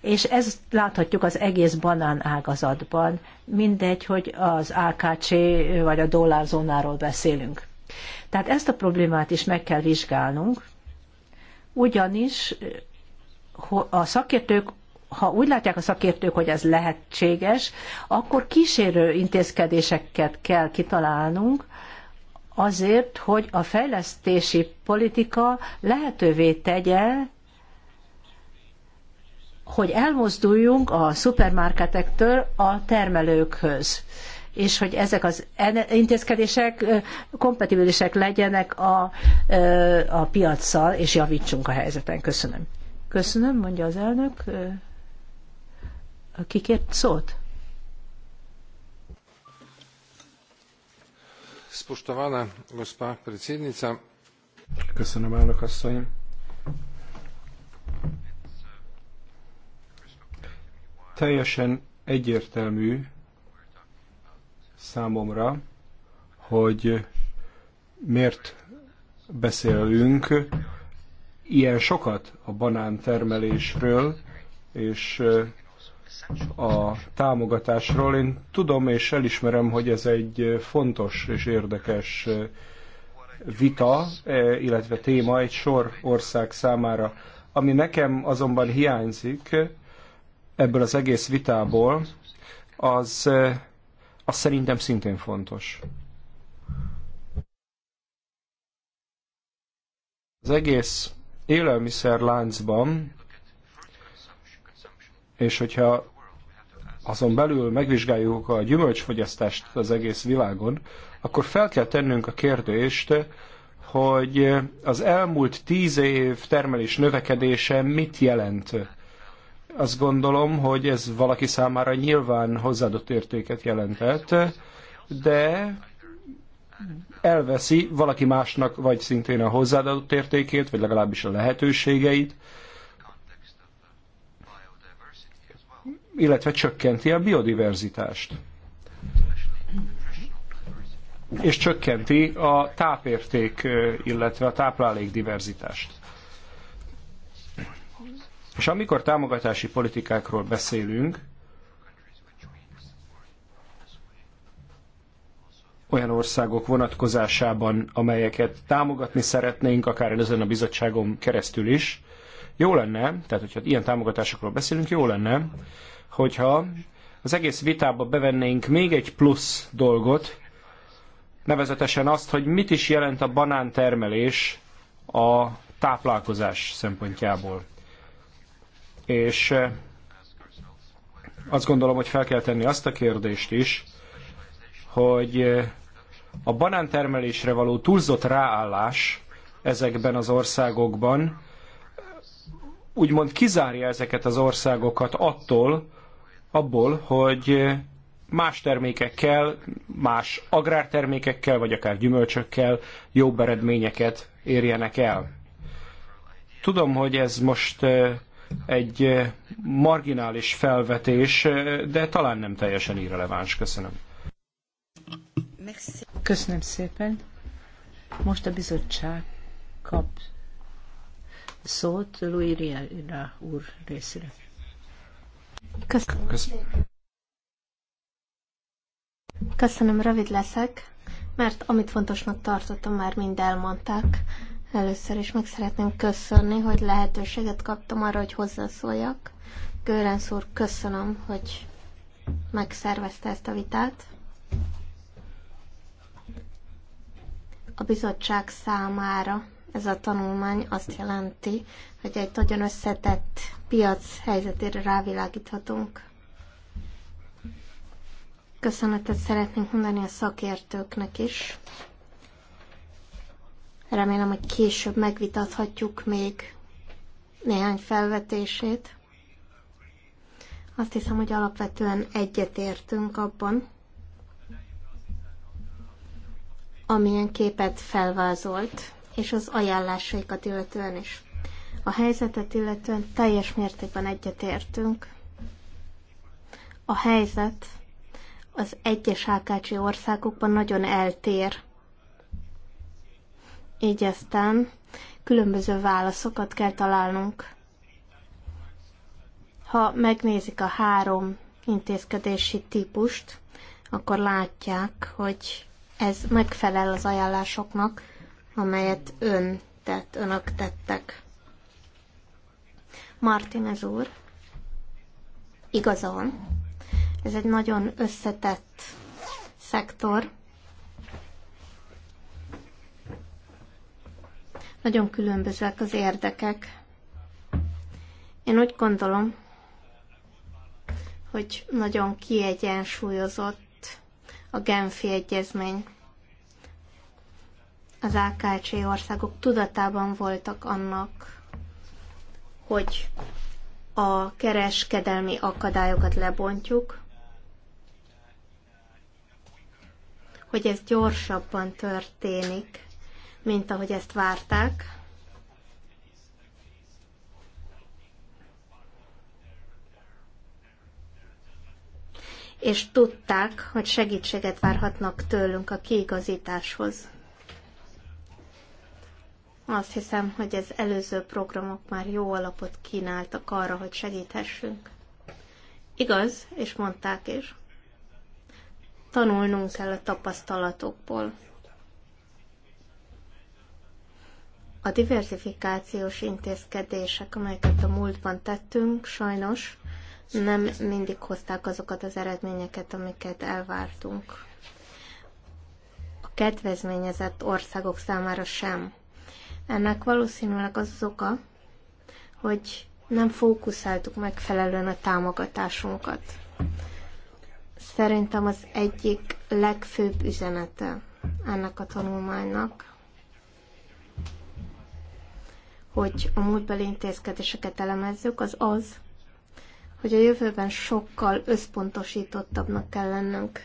És ezt láthatjuk az egész banán ágazatban, mindegy, hogy az AKC vagy a dollárzónáról beszélünk. Tehát ezt a problémát is meg kell vizsgálnunk, ugyanis a szakértők ha úgy látják a szakértők, hogy ez lehetséges, akkor kísérő intézkedéseket kell kitalálnunk, azért, hogy a fejlesztési politika lehetővé tegye, hogy elmozduljunk a szupermarketektől a termelőkhöz és hogy ezek az intézkedések kompatibilisek legyenek a, a piacsal, és javítsunk a helyzeten. Köszönöm. Köszönöm, mondja az elnök. Kikért szót? Spoštovana gospa predsednica. nam elnök asszony. Teljesen egyértelmű számomra, hogy miért beszélünk ilyen sokat a banántermelésről, és a támogatásról. Én tudom és elismerem, hogy ez egy fontos és érdekes eh, vita, eh, illetve téma egy sor ország számára. Ami nekem azonban hiányzik eh, ebből az egész vitából, az, az szerintem szintén fontos. Az egész élelmiszer láncban és hogyha azon belül megvizsgáljuk a gyümölcsfogyasztást az egész világon, akkor fel kell tennünk a kérdést, hogy az elmúlt tíz év termelés növekedése mit jelent. Azt gondolom, hogy ez valaki számára nyilván hozzáadott értéket jelentett, de elveszi valaki másnak vagy szintén a hozzáadott értékét, vagy legalábbis a lehetőségeit, illetve csökkenti a biodiverzitást. És csökkenti a tápérték, illetve a táplálékdiverzitást. És amikor támogatási politikákról beszélünk, olyan országok vonatkozásában, amelyeket támogatni szeretnénk, akár ezen a bizottságon keresztül is, jó lenne, tehát hogyha ilyen támogatásokról beszélünk, jó lenne, hogyha az egész vitába bevennénk még egy plusz dolgot, nevezetesen azt, hogy mit is jelent a banántermelés a táplálkozás szempontjából. És eh, azt gondolom, hogy fel kell tenni azt a kérdést is, hogy eh, a banántermelésre való túlzott ráállás ezekben az országokban úgymond kizárja ezeket az országokat attól, abból, hogy más termékekkel, más agrártermékekkel, vagy akár gyümölcsökkel jobb eredményeket érjenek el. Tudom, hogy ez most egy marginális felvetés, de talán nem teljesen irreleváns. Köszönöm. Köszönöm szépen. Most a bizottság kap szót Louis Riera úr részére. Köszönöm. Köszönöm. Köszönöm, rövid leszek, mert amit fontosnak tartottam, már mind elmondták. Először is meg szeretném köszönni, hogy lehetőséget kaptam arra, hogy hozzászóljak. Görenc úr, köszönöm, hogy megszervezte ezt a vitát. A bizottság számára ez a tanulmány azt jelenti, hogy egy nagyon összetett piac helyzetére rávilágíthatunk. Köszönetet szeretnénk mondani a szakértőknek is. Remélem, hogy később megvitathatjuk még néhány felvetését. Azt hiszem, hogy alapvetően egyetértünk abban, amilyen képet felvázolt és az ajánlásaikat illetően is. A helyzetet illetően teljes mértékben egyetértünk. A helyzet az egyes ákácsi országokban nagyon eltér. Így aztán különböző válaszokat kell találnunk. Ha megnézik a három intézkedési típust, akkor látják, hogy ez megfelel az ajánlásoknak, amelyet ön tett, önök tettek. Martinez úr, igazán Ez egy nagyon összetett szektor. Nagyon különbözőek az érdekek. Én úgy gondolom, hogy nagyon kiegyensúlyozott a Genfi Egyezmény az AKC országok tudatában voltak annak, hogy a kereskedelmi akadályokat lebontjuk, hogy ez gyorsabban történik, mint ahogy ezt várták. És tudták, hogy segítséget várhatnak tőlünk a kiigazításhoz. Azt hiszem, hogy az előző programok már jó alapot kínáltak arra, hogy segíthessünk. Igaz, és mondták is. Tanulnunk kell a tapasztalatokból. A diversifikációs intézkedések, amelyeket a múltban tettünk, sajnos nem mindig hozták azokat az eredményeket, amiket elvártunk. A kedvezményezett országok számára sem ennek valószínűleg az, az oka, hogy nem fókuszáltuk megfelelően a támogatásunkat. Szerintem az egyik legfőbb üzenete ennek a tanulmánynak, hogy a múltbeli intézkedéseket elemezzük, az az, hogy a jövőben sokkal összpontosítottabbnak kell lennünk.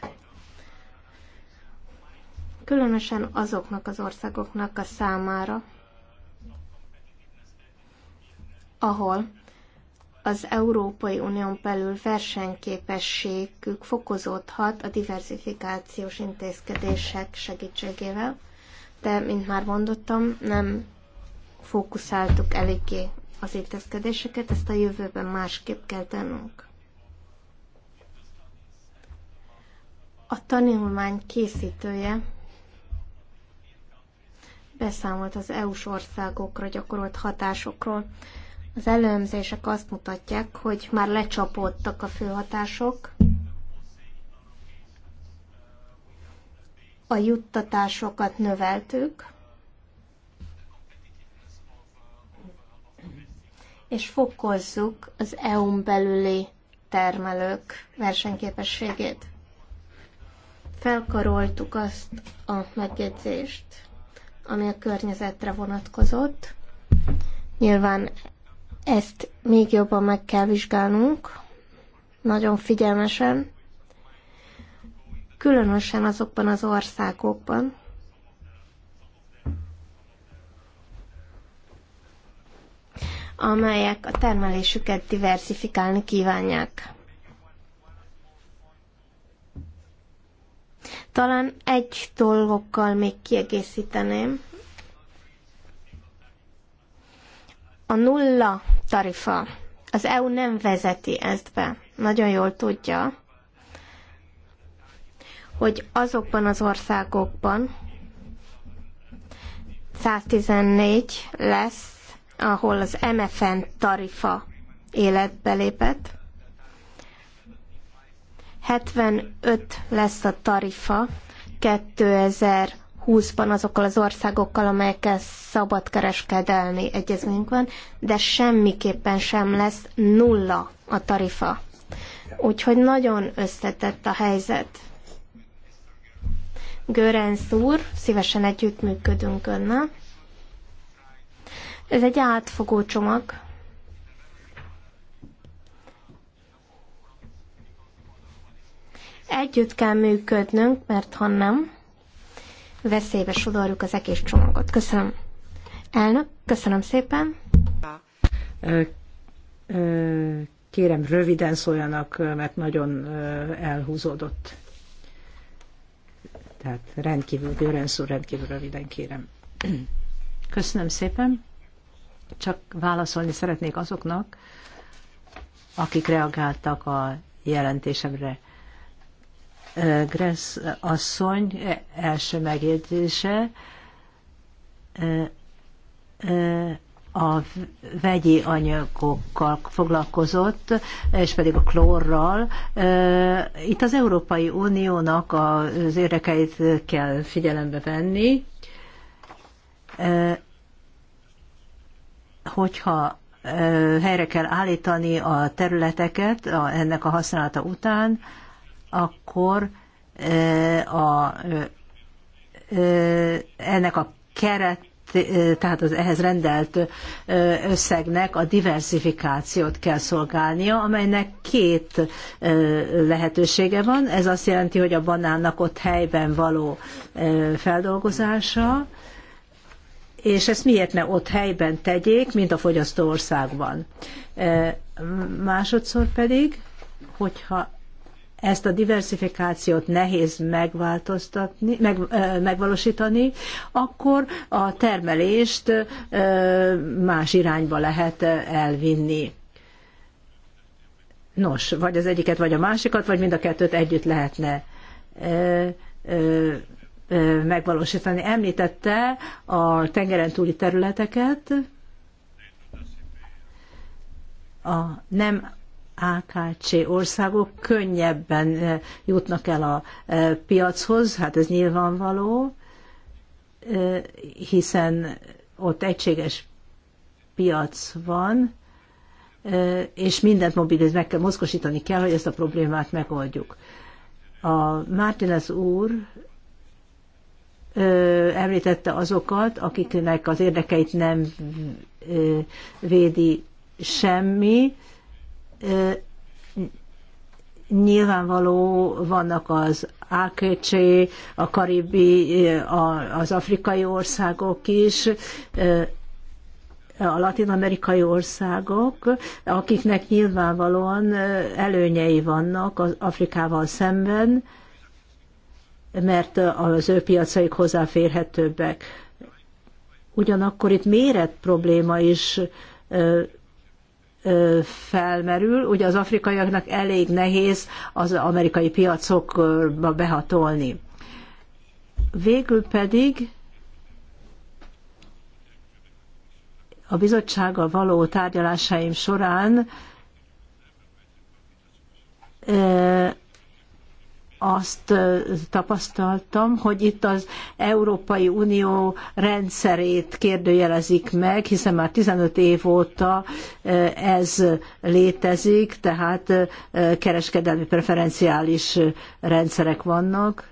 Különösen azoknak az országoknak a számára, ahol az Európai Unión belül versenyképességük fokozódhat a diversifikációs intézkedések segítségével, de, mint már mondottam, nem fókuszáltuk eléggé az intézkedéseket, ezt a jövőben másképp kell tennünk. A tanulmány készítője beszámolt az EU-s országokra gyakorolt hatásokról. Az előemzések azt mutatják, hogy már lecsapódtak a főhatások, a juttatásokat növeltük, és fokozzuk az EU-n belüli termelők versenyképességét. Felkaroltuk azt a megjegyzést, ami a környezetre vonatkozott. Nyilván ezt még jobban meg kell vizsgálnunk, nagyon figyelmesen, különösen azokban az országokban, amelyek a termelésüket diversifikálni kívánják. Talán egy dolgokkal még kiegészíteném. A nulla tarifa. Az EU nem vezeti ezt be. Nagyon jól tudja, hogy azokban az országokban 114 lesz, ahol az MFN tarifa életbe lépett. 75 lesz a tarifa 2000 20-ban azokkal az országokkal, amelyekkel szabadkereskedelmi egyezményünk van, de semmiképpen sem lesz nulla a tarifa. Úgyhogy nagyon összetett a helyzet. Görenc úr, szívesen együttműködünk önnel. Ez egy átfogó csomag. Együtt kell működnünk, mert ha nem, veszélybe sodorjuk az egész csomagot. Köszönöm. Elnök, köszönöm szépen. Kérem, röviden szóljanak, mert nagyon elhúzódott. Tehát rendkívül, Görensz úr, rendkívül röviden kérem. Köszönöm szépen. Csak válaszolni szeretnék azoknak, akik reagáltak a jelentésemre. Gressz asszony e, első megjegyzése a vegyi anyagokkal foglalkozott, és pedig a klórral. Itt az Európai Uniónak az érdekeit kell figyelembe venni, hogyha helyre kell állítani a területeket ennek a használata után, akkor a, ennek a keret tehát az ehhez rendelt összegnek a diversifikációt kell szolgálnia, amelynek két lehetősége van. Ez azt jelenti, hogy a banánnak ott helyben való feldolgozása, és ezt miért ne ott helyben tegyék, mint a fogyasztó országban. Másodszor pedig, hogyha ezt a diversifikációt nehéz megváltoztatni, meg, megvalósítani, akkor a termelést más irányba lehet elvinni. Nos, vagy az egyiket, vagy a másikat, vagy mind a kettőt együtt lehetne megvalósítani. Említette a tengeren túli területeket, a nem AKC országok könnyebben jutnak el a piachoz, hát ez nyilvánvaló, hiszen ott egységes piac van, és mindent mobiliz, meg kell, mozgosítani kell, hogy ezt a problémát megoldjuk. A Martinez úr említette azokat, akiknek az érdekeit nem védi semmi, nyilvánvaló vannak az AKC, a karibi, az afrikai országok is, a latin-amerikai országok, akiknek nyilvánvalóan előnyei vannak az Afrikával szemben, mert az ő piacaik hozzáférhetőbbek. Ugyanakkor itt méret probléma is felmerül. Ugye az afrikaiaknak elég nehéz az amerikai piacokba behatolni. Végül pedig a bizottsága való tárgyalásaim során azt tapasztaltam, hogy itt az Európai Unió rendszerét kérdőjelezik meg, hiszen már 15 év óta ez létezik, tehát kereskedelmi preferenciális rendszerek vannak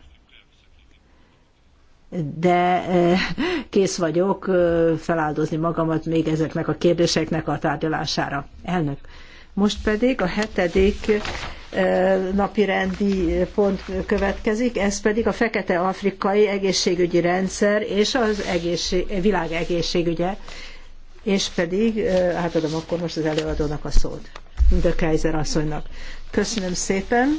de kész vagyok feláldozni magamat még ezeknek a kérdéseknek a tárgyalására. Elnök. Most pedig a hetedik napirendi pont következik, ez pedig a fekete afrikai egészségügyi rendszer és az egészség, világ egészségügye. És pedig átadom akkor most az előadónak a szót, de Kaiser asszonynak. Köszönöm szépen.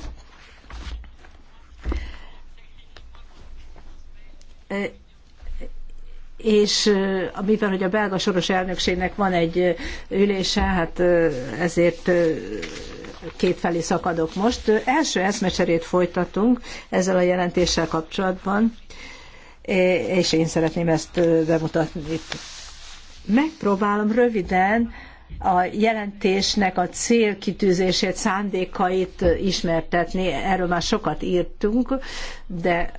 és amivel, hogy a belga soros elnökségnek van egy ülése, hát ezért kétfelé szakadok most. Első eszmecserét folytatunk ezzel a jelentéssel kapcsolatban, és én szeretném ezt bemutatni. Megpróbálom röviden a jelentésnek a célkitűzését, szándékait ismertetni. Erről már sokat írtunk, de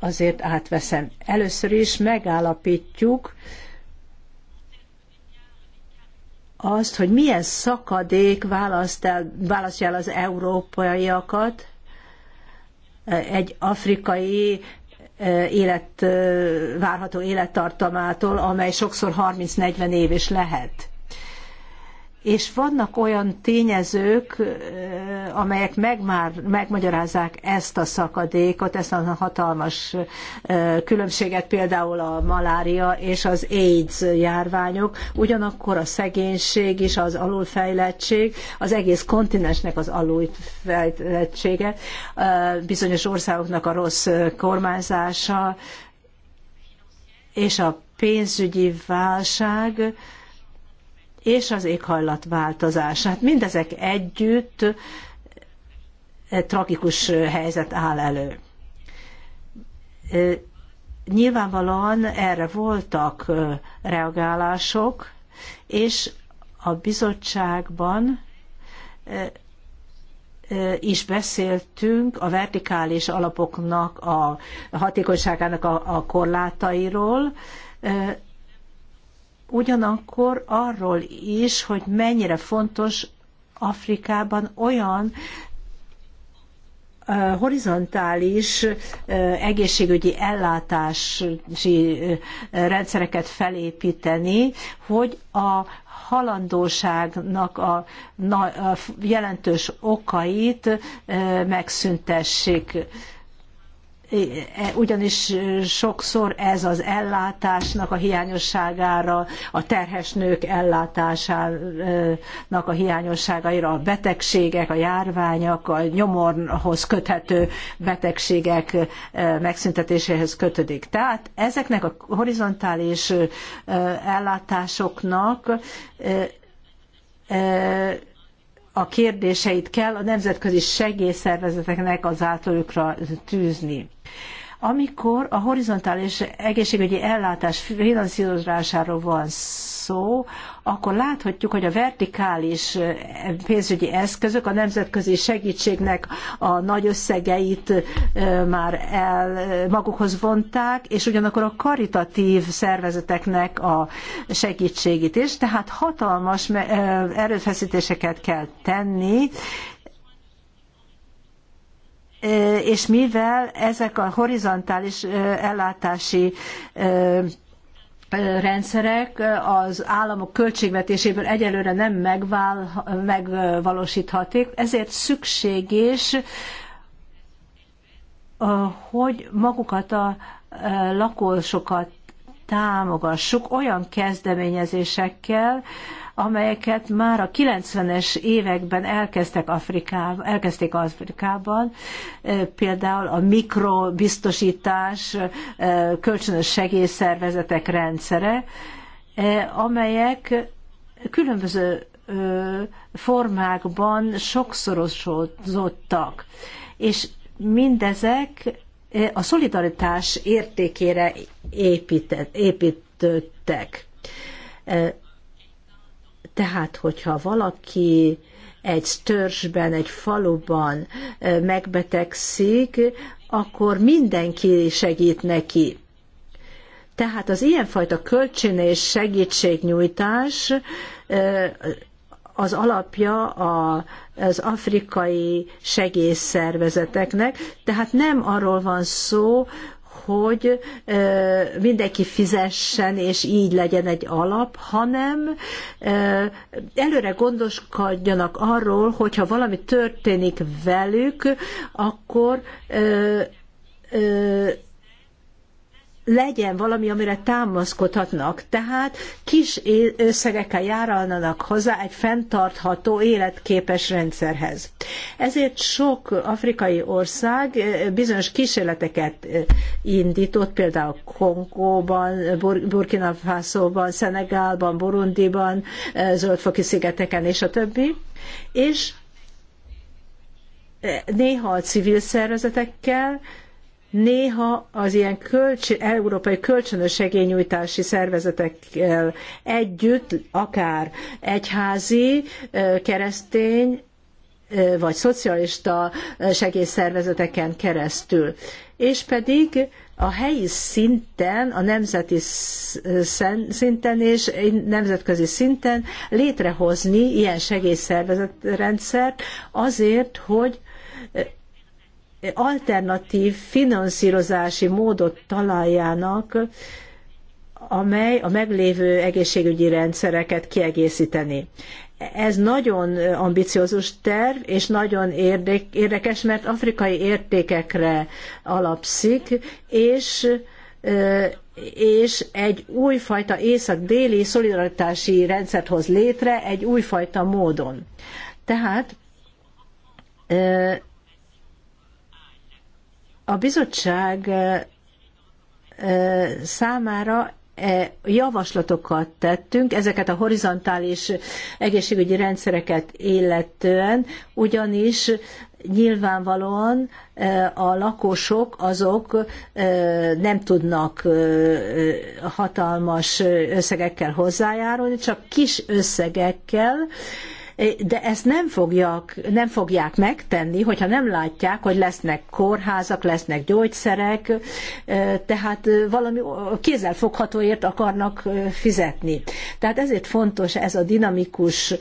azért átveszem. Először is megállapítjuk, azt, hogy milyen szakadék választ el, választja el az európaiakat e, egy afrikai e, élet, e, várható élettartamától, amely sokszor 30-40 év is lehet és vannak olyan tényezők, amelyek megmár, megmagyarázzák ezt a szakadékot, ezt a hatalmas különbséget, például a malária és az AIDS járványok, ugyanakkor a szegénység és az alulfejlettség, az egész kontinensnek az alulfejlettsége, bizonyos országoknak a rossz kormányzása, és a pénzügyi válság, és az éghajlatváltozás. Hát mindezek együtt egy tragikus helyzet áll elő. Nyilvánvalóan erre voltak reagálások, és a bizottságban is beszéltünk a vertikális alapoknak a hatékonyságának a, korlátairól, ugyanakkor arról is, hogy mennyire fontos Afrikában olyan horizontális egészségügyi ellátási rendszereket felépíteni, hogy a halandóságnak a, jelentős okait megszüntessék E, ugyanis e, sokszor ez az ellátásnak a hiányosságára, a terhes nők ellátásának a hiányosságaira, a betegségek, a járványok, a nyomorhoz köthető betegségek e, megszüntetéséhez kötődik. Tehát ezeknek a horizontális ellátásoknak a kérdéseit kell a nemzetközi segélyszervezeteknek az általukra tűzni. Amikor a horizontális egészségügyi ellátás finanszírozásáról van szó, szó, akkor láthatjuk, hogy a vertikális eh, pénzügyi eszközök a nemzetközi segítségnek a nagy összegeit eh, már el eh, magukhoz vonták, és ugyanakkor a karitatív szervezeteknek a segítségét is, tehát hatalmas erőfeszítéseket kell tenni, és mivel ezek a horizontális ellátási rendszerek az államok költségvetéséből egyelőre nem megvál, ezért szükséges, hogy magukat a lakosokat támogassuk olyan kezdeményezésekkel, amelyeket már a 90-es években elkezdtek Afrikában, elkezdték Afrikában, például a mikrobiztosítás, kölcsönös segélyszervezetek rendszere, amelyek különböző formákban sokszorosodtak. És mindezek a szolidaritás értékére épített, építettek. Tehát, hogyha valaki egy törzsben, egy faluban megbetegszik, akkor mindenki segít neki. Tehát az ilyenfajta kölcsön és segítségnyújtás az alapja az afrikai segélyszervezeteknek, tehát nem arról van szó, hogy mindenki fizessen, és így legyen egy alap, hanem előre gondoskodjanak arról, hogyha valami történik velük, akkor legyen valami, amire támaszkodhatnak. Tehát kis összegekkel járalnanak hozzá egy fenntartható, életképes rendszerhez. Ezért sok afrikai ország eh, bizonyos kísérleteket eh, indított, például Kongóban, Burkina Faso-ban, Szenegálban, Burundiban, eh, Zöldfoki szigeteken és a többi, és néha a civil szervezetekkel, néha az ilyen kölcs, európai kölcsönös segélynyújtási szervezetekkel együtt, akár egyházi, keresztény, vagy szocialista segélyszervezeteken keresztül. És pedig a helyi szinten, a nemzeti szinten és nemzetközi szinten létrehozni ilyen segélyszervezetrendszert azért, hogy alternatív finanszírozási módot találjának, amely a meglévő egészségügyi rendszereket kiegészíteni. Ez nagyon ambiciózus terv, és nagyon érdekes, mert afrikai értékekre alapszik, és és egy újfajta észak-déli szolidaritási rendszert hoz létre egy újfajta módon. Tehát a bizottság számára javaslatokat tettünk, ezeket a horizontális egészségügyi rendszereket illetően, ugyanis nyilvánvalóan a lakosok azok nem tudnak hatalmas összegekkel hozzájárulni, csak kis összegekkel, de ezt nem, fogjak, nem fogják megtenni, hogyha nem látják, hogy lesznek kórházak, lesznek gyógyszerek, tehát valami kézzelfoghatóért akarnak fizetni. Tehát ezért fontos ez a dinamikus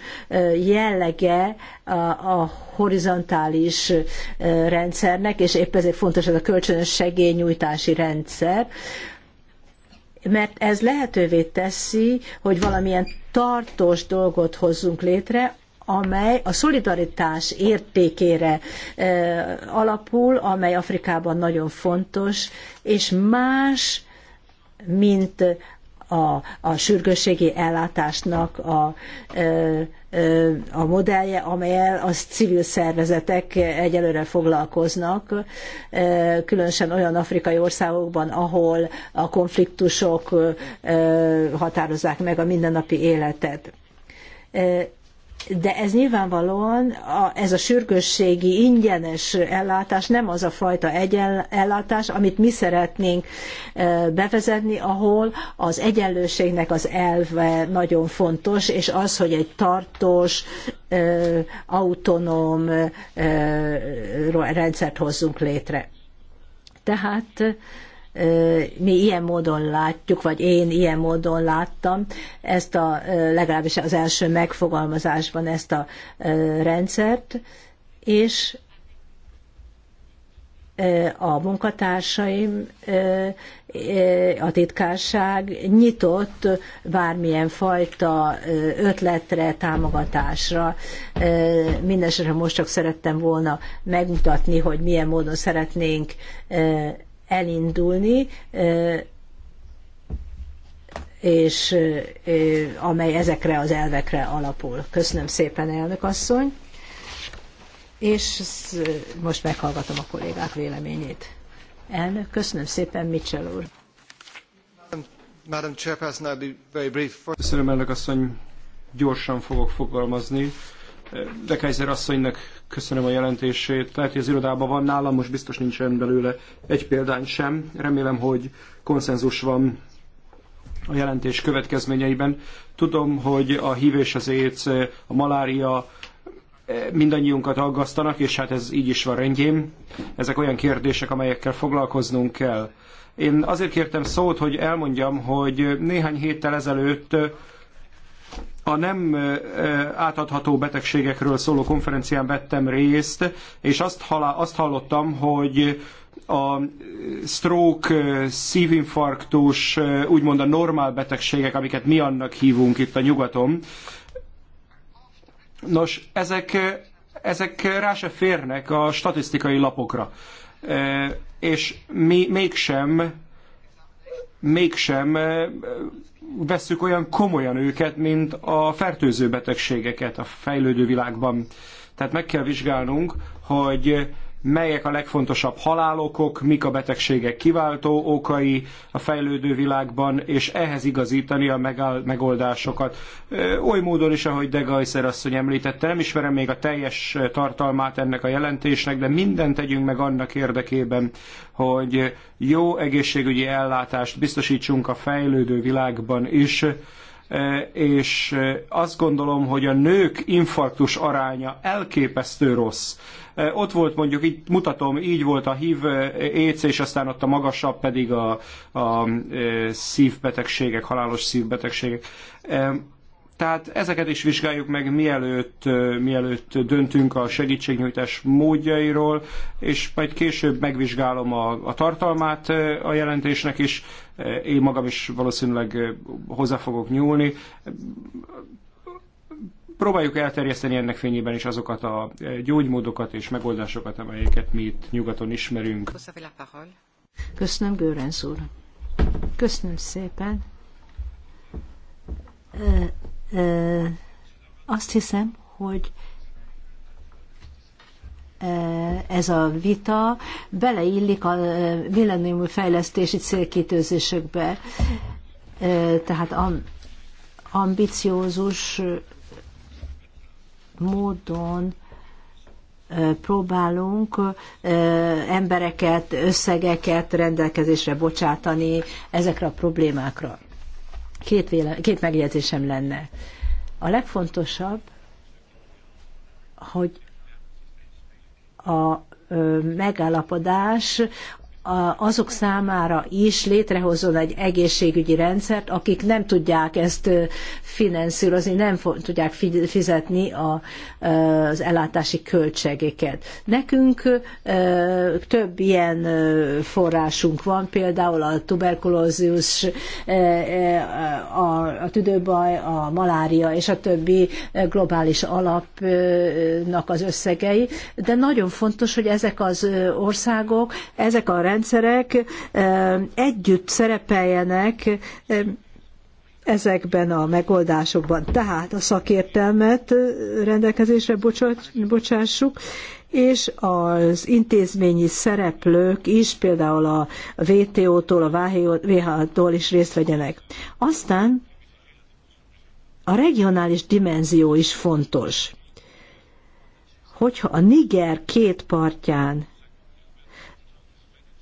jellege a, a horizontális rendszernek, és épp ezért fontos ez a kölcsönös segélynyújtási rendszer, mert ez lehetővé teszi, hogy valamilyen tartós dolgot hozzunk létre, amely a szolidaritás értékére e, alapul, amely Afrikában nagyon fontos, és más, mint a, a sürgősségi ellátásnak a, e, e, a modellje, amelyel az civil szervezetek egyelőre foglalkoznak, különösen olyan afrikai országokban, ahol a konfliktusok határozzák meg a mindennapi életet de ez nyilvánvalóan a, ez a sürgősségi ingyenes ellátás nem az a fajta egyen, ellátás, amit mi szeretnénk bevezetni, ahol az egyenlőségnek az elve nagyon fontos, és az, hogy egy tartós, autonóm rendszert hozzunk létre. Tehát mi ilyen módon látjuk, vagy én ilyen módon láttam ezt a, legalábbis az első megfogalmazásban ezt a rendszert, és a munkatársaim, a titkárság nyitott bármilyen fajta ötletre, támogatásra. Mindenesetre most csak szerettem volna megmutatni, hogy milyen módon szeretnénk elindulni, és amely ezekre az elvekre alapul. Köszönöm szépen, elnök asszony, és most meghallgatom a kollégák véleményét. Elnök, köszönöm szépen, Mitchell úr. Madam Chairperson, I'll be very brief. Köszönöm, elnök asszony, gyorsan fogok fogalmazni. De Kaiser asszonynak Köszönöm a jelentését. Lehet, hogy az irodában van nálam, most biztos nincsen belőle egy példány sem. Remélem, hogy konszenzus van a jelentés következményeiben. Tudom, hogy a hív és az éc, a malária eh, mindannyiunkat aggasztanak, és hát ez így is van rendjén. Ezek olyan kérdések, amelyekkel foglalkoznunk kell. Én azért kértem szót, hogy elmondjam, hogy néhány héttel ezelőtt a nem átadható betegségekről szóló konferencián vettem részt, és azt, azt hallottam, hogy a stroke, szívinfarktus, úgymond a normál betegségek, amiket mi annak hívunk itt a nyugaton. Nos, ezek, ezek rá se férnek a statisztikai lapokra. És mi mégsem, mégsem vesszük olyan komolyan őket, mint a fertőző betegségeket a fejlődő világban. Tehát meg kell vizsgálnunk, hogy melyek a legfontosabb halálokok, mik a betegségek kiváltó okai a fejlődő világban, és ehhez igazítani a megoldásokat. Oly módon is, ahogy De Gajszer asszony említette, nem ismerem még a teljes tartalmát ennek a jelentésnek, de mindent tegyünk meg annak érdekében, hogy jó egészségügyi ellátást biztosítsunk a fejlődő világban is, és azt gondolom, hogy a nők infarktus aránya elképesztő rossz. Ott volt mondjuk, itt mutatom, így volt a HIV, AIDS, és aztán ott a magasabb pedig a, a szívbetegségek, halálos szívbetegségek. Tehát ezeket is vizsgáljuk meg, mielőtt, mielőtt döntünk a segítségnyújtás módjairól, és majd később megvizsgálom a, a tartalmát a jelentésnek is. Én magam is valószínűleg hozzá fogok nyúlni próbáljuk elterjeszteni ennek fényében is azokat a e, gyógymódokat és megoldásokat, amelyeket mi itt nyugaton ismerünk. Köszönöm, Görenz úr. Köszönöm szépen. Ö, ö, azt hiszem, hogy ez a vita beleillik a millennium fejlesztési célkitőzésekbe. Tehát ambiciózus módon próbálunk embereket, összegeket rendelkezésre bocsátani ezekre a problémákra. Két, véle, két megjegyzésem lenne. A legfontosabb, hogy a megállapodás azok számára is létrehozzon egy egészségügyi rendszert, akik nem tudják ezt finanszírozni, nem tudják fizetni a, az ellátási költségeket. Nekünk több ilyen forrásunk van, például a tuberkulózis, a tüdőbaj, a malária és a többi globális alapnak az összegei, de nagyon fontos, hogy ezek az országok, ezek a rendszerek együtt szerepeljenek ezekben a megoldásokban. Tehát a szakértelmet rendelkezésre bocsássuk, és az intézményi szereplők is, például a vto tól a vh tól is részt vegyenek. Aztán a regionális dimenzió is fontos. Hogyha a Niger két partján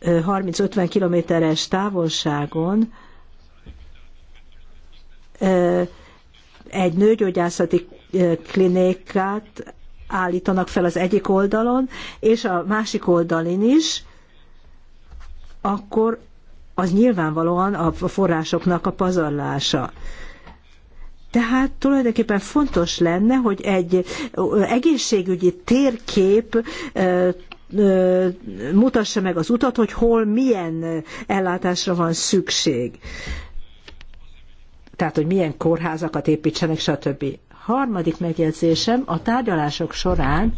30-50 kilométeres távolságon egy nőgyógyászati klinikát állítanak fel az egyik oldalon, és a másik oldalin is, akkor az nyilvánvalóan a forrásoknak a pazarlása. Tehát tulajdonképpen fontos lenne, hogy egy egészségügyi térkép mutassa meg az utat, hogy hol milyen ellátásra van szükség. Tehát, hogy milyen kórházakat építsenek, stb. Harmadik megjegyzésem, a tárgyalások során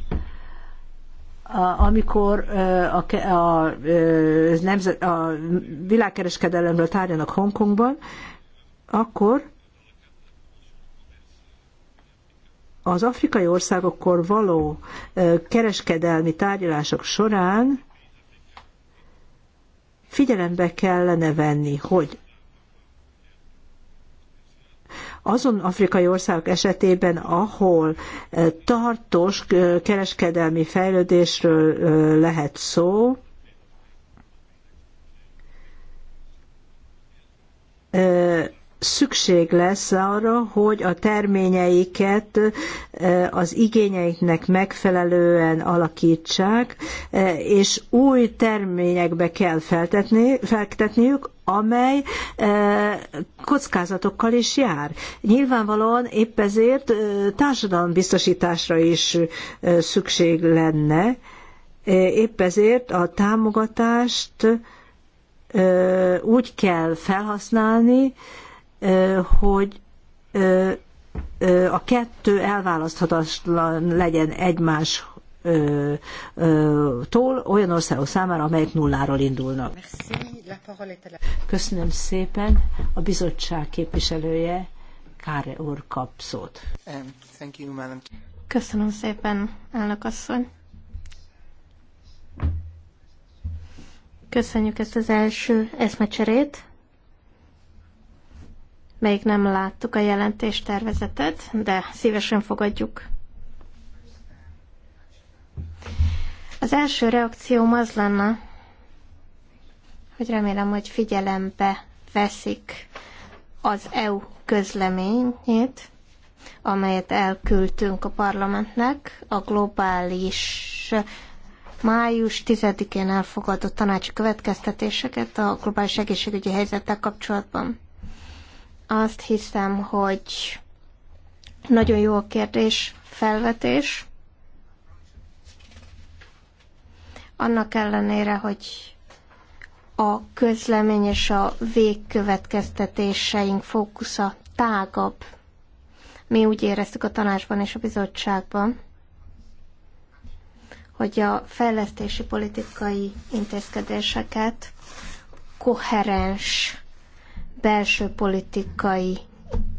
amikor a, a, a, nemzet, a világkereskedelemről tárgyalnak Hongkongban, akkor az afrikai országokkor való kereskedelmi tárgyalások során figyelembe kellene venni, hogy azon afrikai országok esetében, ahol tartós kereskedelmi fejlődésről lehet szó, szükség lesz arra, hogy a terményeiket az igényeiknek megfelelően alakítsák, és új terményekbe kell feltetni, feltetniük, amely kockázatokkal is jár. Nyilvánvalóan épp ezért biztosításra is szükség lenne, épp ezért a támogatást úgy kell felhasználni, hogy a kettő elválaszthatatlan legyen egymástól olyan országok számára, amelyek nulláról indulnak. Köszönöm szépen. A bizottság képviselője Káre úr kap szót. Köszönöm szépen, elnök asszony. Köszönjük ezt az első eszmecserét. Még nem láttuk a jelentést tervezetet, de szívesen fogadjuk. Az első reakcióm az lenne, hogy remélem, hogy figyelembe veszik az EU közleményét, amelyet elküldtünk a parlamentnek a globális május 10-én elfogadott tanácsi következtetéseket a globális egészségügyi helyzettel kapcsolatban. Azt hiszem, hogy nagyon jó a kérdés, felvetés. Annak ellenére, hogy a közlemény és a végkövetkeztetéseink fókusza tágabb. Mi úgy éreztük a tanácsban és a bizottságban, hogy a fejlesztési politikai intézkedéseket koherens belső politikai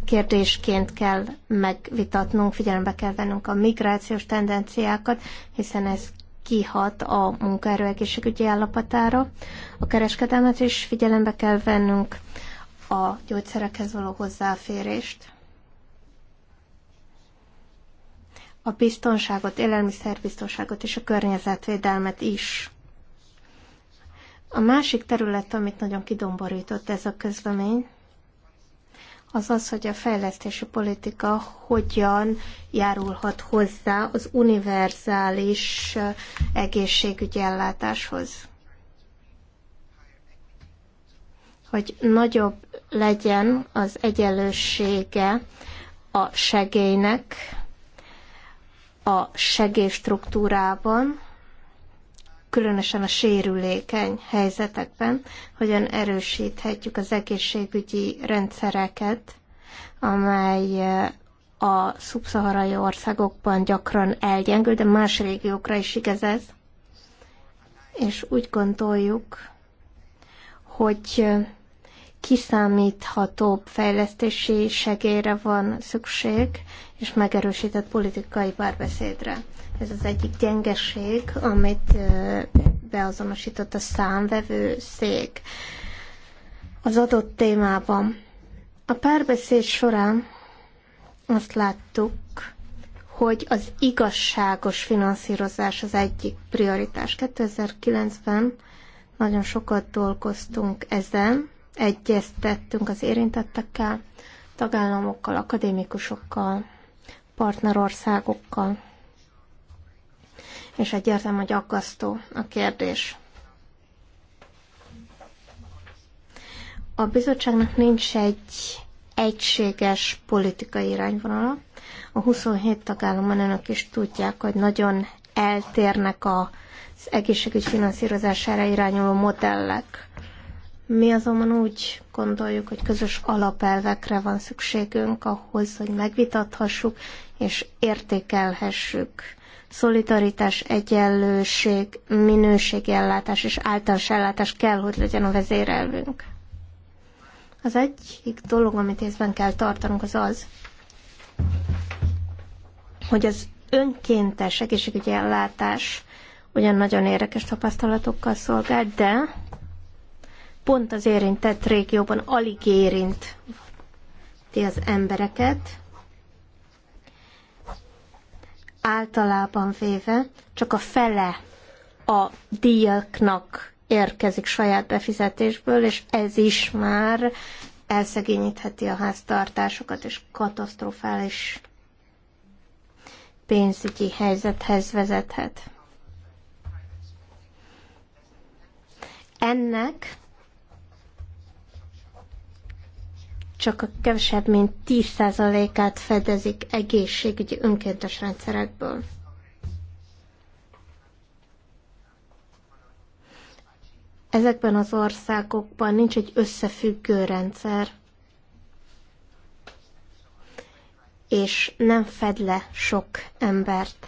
kérdésként kell megvitatnunk, figyelembe kell vennünk a migrációs tendenciákat, hiszen ez kihat a munkaerő egészségügyi állapotára. A kereskedelmet is figyelembe kell vennünk, a gyógyszerekhez való hozzáférést. A biztonságot, élelmiszerbiztonságot és a környezetvédelmet is. A másik terület, amit nagyon kidomborított ez a közlemény, az az, hogy a fejlesztési politika hogyan járulhat hozzá az univerzális eh, egészségügyi ellátáshoz. Hogy nagyobb legyen az egyenlősége a segélynek a segélystruktúrában, különösen a sérülékeny helyzetekben, hogyan erősíthetjük az egészségügyi rendszereket, amely eh, a szubszaharai országokban gyakran elgyengül, de más régiókra is igaz ez. És úgy gondoljuk, hogy eh, kiszámíthatóbb fejlesztési segélyre van szükség, és megerősített politikai párbeszédre. Ez az egyik gyengeség, amit beazonosított a számvevő szék az adott témában. A párbeszéd során azt láttuk, hogy az igazságos finanszírozás az egyik prioritás. 2009-ben nagyon sokat dolgoztunk ezen, egyeztettünk az érintettekkel, tagállamokkal, akadémikusokkal, partnerországokkal, és egyértelmű, hogy aggasztó a kérdés. A bizottságnak nincs egy egységes politikai irányvonala. A 27 tagállamon önök is tudják, hogy nagyon eltérnek az egészségügy finanszírozására irányuló modellek. Mi azonban úgy gondoljuk, hogy közös alapelvekre van szükségünk ahhoz, hogy megvitathassuk és értékelhessük. Szolidaritás, egyenlőség, minőségi ellátás és általános ellátás kell, hogy legyen a vezérelvünk. Az egyik dolog, amit észben kell tartanunk, az az, hogy az önkéntes egészségügyi ellátás ugyan nagyon érdekes tapasztalatokkal szolgál, de pont az érintett régióban alig érint ti az embereket, általában véve csak a fele a díjaknak érkezik saját befizetésből, és ez is már elszegényítheti a háztartásokat, és katasztrofális pénzügyi helyzethez vezethet. Ennek csak a kevesebb, mint 10%-át fedezik egészségügyi önkéntes rendszerekből. Ezekben az országokban nincs egy összefüggő rendszer, és nem fed le sok embert.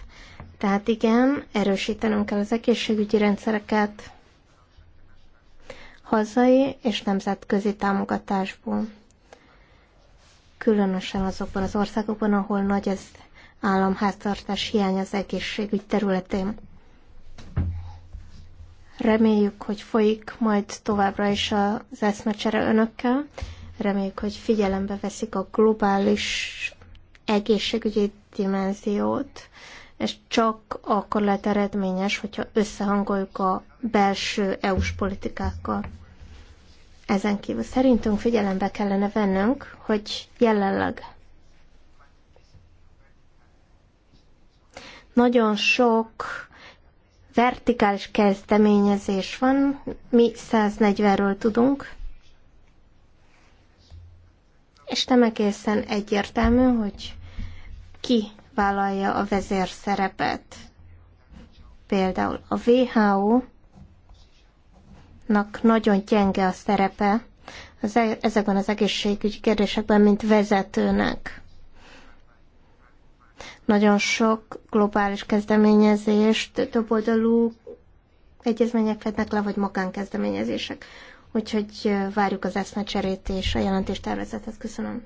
Tehát igen, erősítenünk kell az egészségügyi rendszereket hazai és nemzetközi támogatásból különösen azokban az országokban, ahol nagy az államháztartás hiány az egészségügy területén. Reméljük, hogy folyik majd továbbra is az eszmecsere önökkel. Reméljük, hogy figyelembe veszik a globális egészségügyi dimenziót, és csak akkor lehet eredményes, hogyha összehangoljuk a belső EU-s politikákkal. Ezen kívül szerintünk figyelembe kellene vennünk, hogy jelenleg nagyon sok vertikális kezdeményezés van, mi 140-ről tudunk, és nem egészen egyértelmű, hogy ki vállalja a vezérszerepet. Például a WHO nak nagyon gyenge a szerepe az, e- ezekben az egészségügyi kérdésekben, mint vezetőnek. Nagyon sok globális kezdeményezést, többoldalú egyezmények fednek le, vagy magánkezdeményezések. Úgyhogy várjuk az eszmecserét és a jelentést tervezetet. Köszönöm.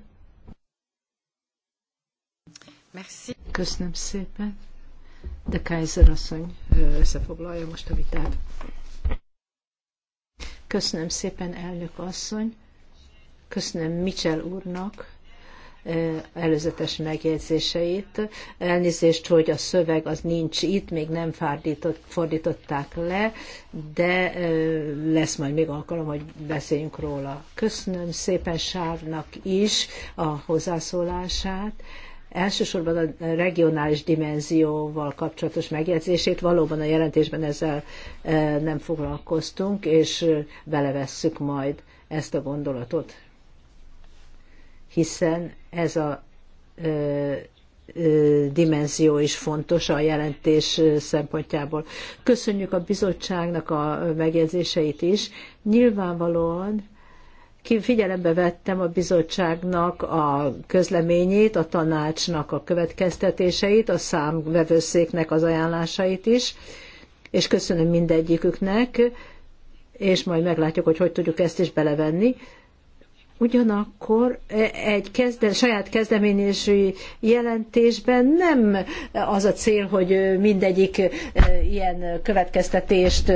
Merci. Köszönöm szépen. De Kaiser asszony összefoglalja most a vitát. Köszönöm szépen, elnök asszony. Köszönöm Mitchell úrnak eh, előzetes megjegyzéseit. Elnézést, hogy a szöveg az nincs itt, még nem fordított, fordították le, de eh, lesz majd még alkalom, hogy beszéljünk róla. Köszönöm szépen Sárnak is a hozzászólását Elsősorban a regionális dimenzióval kapcsolatos megjegyzését valóban a jelentésben ezzel e, nem foglalkoztunk, és e, belevesszük majd ezt a gondolatot, hiszen ez a e, dimenzió is fontos a jelentés szempontjából. Köszönjük a bizottságnak a megjegyzéseit is. Nyilvánvalóan figyelembe vettem a bizottságnak a közleményét, a tanácsnak a következtetéseit, a számvevőszéknek az ajánlásait is, és köszönöm mindegyiküknek, és majd meglátjuk, hogy hogy tudjuk ezt is belevenni. Ugyanakkor egy kezde, saját kezdeményésű jelentésben nem az a cél, hogy mindegyik ilyen következtetést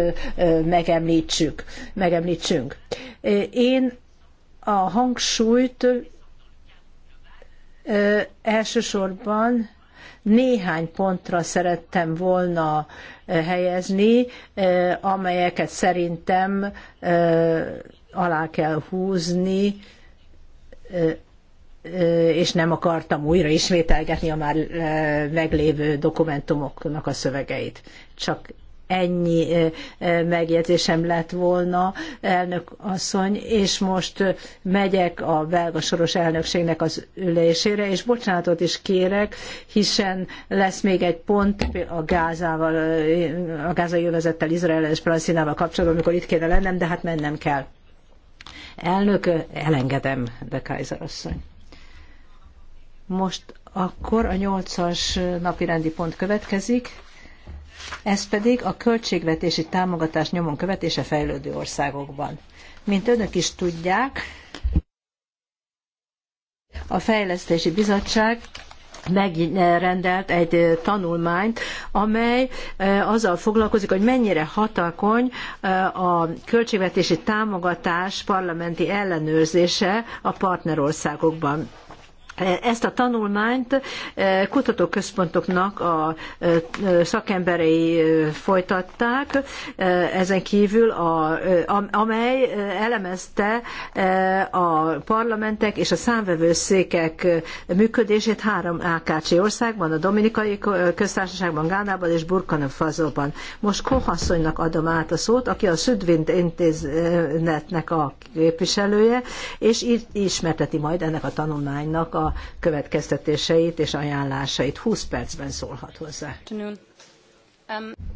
megemlítsük, megemlítsünk. Én a hangsúlyt elsősorban néhány pontra szerettem volna helyezni, amelyeket szerintem alá kell húzni, és nem akartam újra ismételgetni a már meglévő dokumentumoknak a szövegeit. Csak ennyi megjegyzésem lett volna, elnök asszony, és most megyek a belga soros elnökségnek az ülésére, és bocsánatot is kérek, hiszen lesz még egy pont a gázával, a gázai övezettel, Izrael és Palesztinával kapcsolatban, amikor itt kéne lennem, de hát mennem kell. Elnök, elengedem, de Kaiser asszony. Most akkor a nyolcas napi rendi pont következik. Ez pedig a költségvetési támogatás nyomon követése fejlődő országokban. Mint önök is tudják, a Fejlesztési Bizottság megrendelt egy tanulmányt, amely azzal foglalkozik, hogy mennyire hatakony a költségvetési támogatás parlamenti ellenőrzése a partnerországokban. Ezt a tanulmányt e, kutatóközpontoknak a e, szakemberei e, folytatták, ezen kívül, a, amely elemezte a parlamentek és a számvevőszékek működését három AKC országban, a Dominikai Köztársaságban, Gánában és Burkina Fasoban. Most Kohasszonynak adom át a szót, aki a Südwind intézetnek a képviselője, és így ismerteti majd ennek a tanulmánynak a következtetéseit és ajánlásait. 20 percben szólhat hozzá. Um,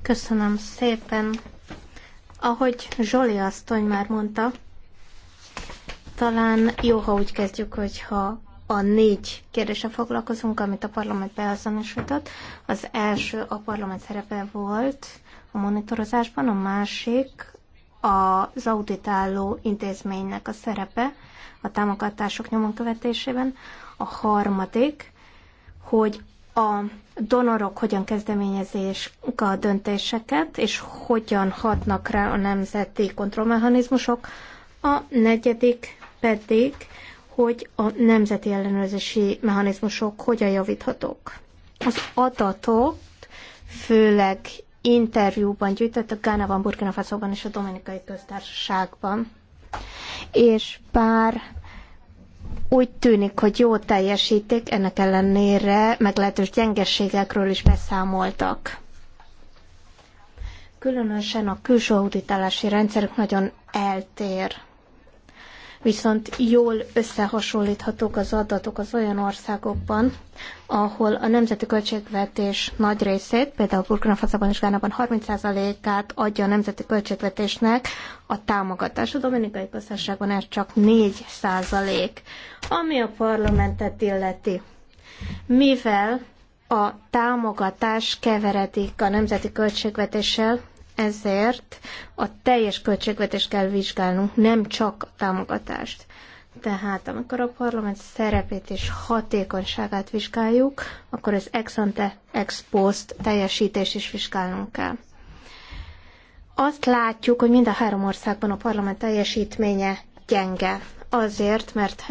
Köszönöm szépen. Ahogy Zsoli asszony már mondta, talán jó, ha úgy kezdjük, hogyha a négy kérdése foglalkozunk, amit a parlament beazonosított. Az első a parlament szerepe volt a monitorozásban, a másik az auditáló intézménynek a szerepe a támogatások nyomon követésében, a harmadik, hogy a donorok hogyan kezdeményezik a döntéseket, és hogyan hatnak rá a nemzeti kontrollmechanizmusok. A negyedik pedig, hogy a nemzeti ellenőrzési mechanizmusok hogyan javíthatók. Az adatok főleg interjúban gyűjtött a Gánában, Burkina Faso-ban és a Dominikai Köztársaságban. És bár úgy tűnik, hogy jó teljesítik, ennek ellenére meglehetős gyengességekről is beszámoltak. Különösen a külső auditálási rendszerük nagyon eltér. Viszont jól összehasonlíthatók az adatok az olyan országokban, ahol a nemzeti költségvetés nagy részét, például Burkina Faszában és Gánában 30%-át adja a nemzeti költségvetésnek a támogatás. A Dominikai Köztársaságban ez csak 4%, ami a parlamentet illeti. Mivel a támogatás keveredik a nemzeti költségvetéssel, ezért a teljes költségvetést kell vizsgálnunk, nem csak a támogatást. Tehát amikor a parlament szerepét és hatékonyságát vizsgáljuk, akkor az ex ante, ex post teljesítést is vizsgálnunk kell. Azt látjuk, hogy mind a három országban a parlament teljesítménye gyenge. Azért, mert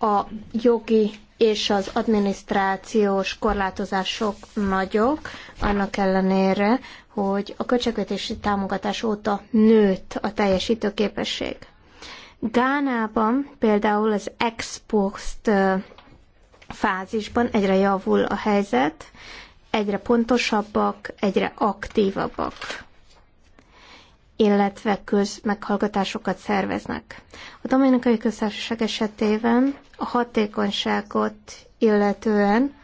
a jogi és az adminisztrációs korlátozások nagyok, annak ellenére, hogy a költségvetési támogatás óta nőtt a teljesítőképesség. Gánában például az ex-post fázisban egyre javul a helyzet, egyre pontosabbak, egyre aktívabbak, illetve közmeghallgatásokat szerveznek. A Dominikai Köztársaság esetében a hatékonyságot illetően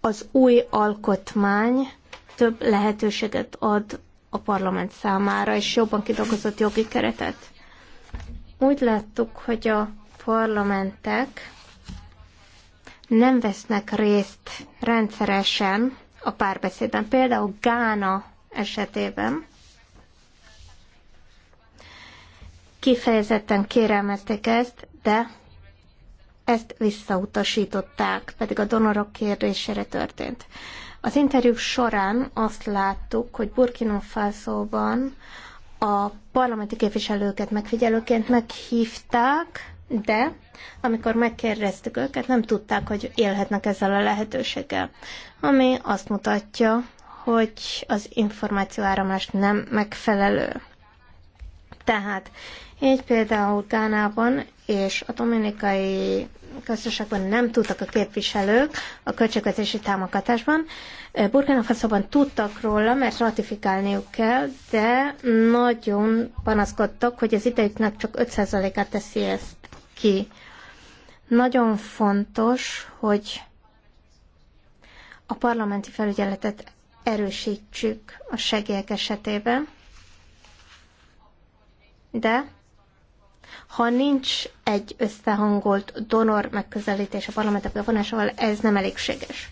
az új alkotmány több lehetőséget ad a parlament számára, és jobban kidolgozott jogi keretet. Úgy láttuk, hogy a parlamentek nem vesznek részt rendszeresen a párbeszédben. Például Gána esetében kifejezetten kérelmezték ezt, de ezt visszautasították, pedig a donorok kérdésére történt. Az interjú során azt láttuk, hogy Burkina Faso-ban a parlamenti képviselőket megfigyelőként meghívták, de amikor megkérdeztük őket, nem tudták, hogy élhetnek ezzel a lehetőséggel, ami azt mutatja, hogy az információ áramlás nem megfelelő. Tehát így például Gánában és a Dominikai közösségben nem tudtak a képviselők a költségvetési támogatásban. Burkina Faszóban tudtak róla, mert ratifikálniuk kell, de nagyon panaszkodtak, hogy az idejüknek csak 5%-át teszi ezt ki. Nagyon fontos, hogy a parlamenti felügyeletet erősítsük a segélyek esetében, de ha nincs egy összehangolt donor megközelítés a parlamentek bevonásával, ez nem elégséges.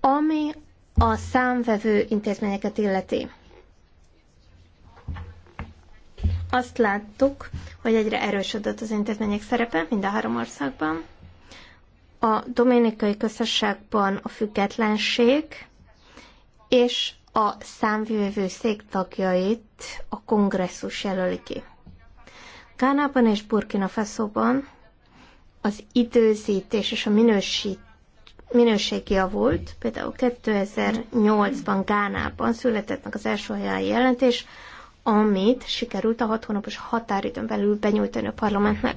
Ami a számvevő intézményeket illeti. Azt láttuk, hogy egyre erősödött az intézmények szerepe mind a három országban. A dominikai közösségben a függetlenség és a számvevő széktagjait a kongresszus jelöli ki. Gánában és Burkina Faso-ban az időzítés és a minősít, minőség javult. Például 2008-ban Gánában született meg az első ajánló jelentés, amit sikerült a hat hónapos határidőn belül benyújtani a parlamentnek.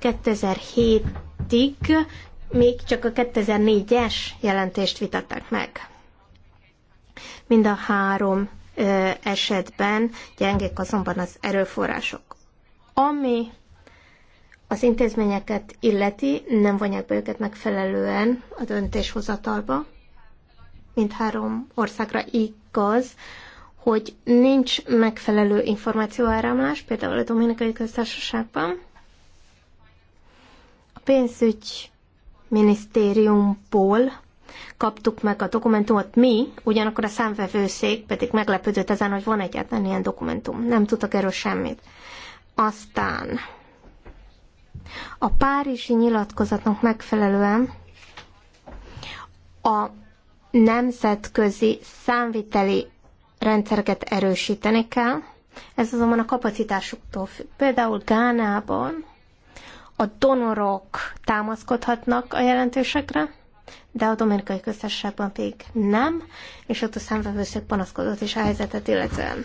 2007-ig még csak a 2004-es jelentést vitatták meg. Mind a három esetben gyengék azonban az erőforrások. Ami az intézményeket illeti, nem vonják be őket megfelelően a döntéshozatalba. mint három országra igaz, hogy nincs megfelelő információáramlás, például a Dominikai Köztársaságban. A pénzügy minisztériumból kaptuk meg a dokumentumot mi, ugyanakkor a számvevőszék pedig meglepődött ezen, hogy van egyáltalán ilyen dokumentum. Nem tudtak erről semmit. Aztán a párizsi nyilatkozatnak megfelelően a nemzetközi számviteli rendszereket erősíteni kell. Ez azonban a kapacitásuktól függ. Például Gánában a donorok támaszkodhatnak a jelentésekre, de a Dominikai Köztársaságban pedig nem, és ott a számvevőszék panaszkodott is a helyzetet illetően.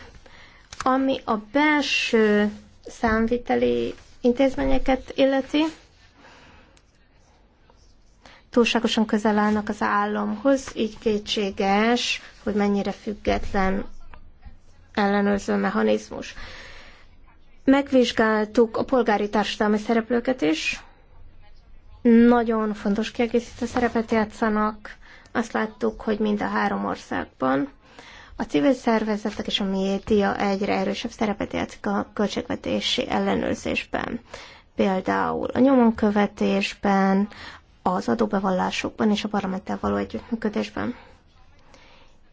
Ami a belső számviteli intézményeket illeti, túlságosan közel állnak az államhoz, így kétséges, hogy mennyire független ellenőrző mechanizmus. Megvizsgáltuk a polgári társadalmi szereplőket is. Nagyon fontos kiegészítő szerepet játszanak. Azt láttuk, hogy mind a három országban a civil szervezetek és a média egyre erősebb szerepet játszik a költségvetési ellenőrzésben. Például a nyomonkövetésben, az adóbevallásokban és a parlamenttel való együttműködésben.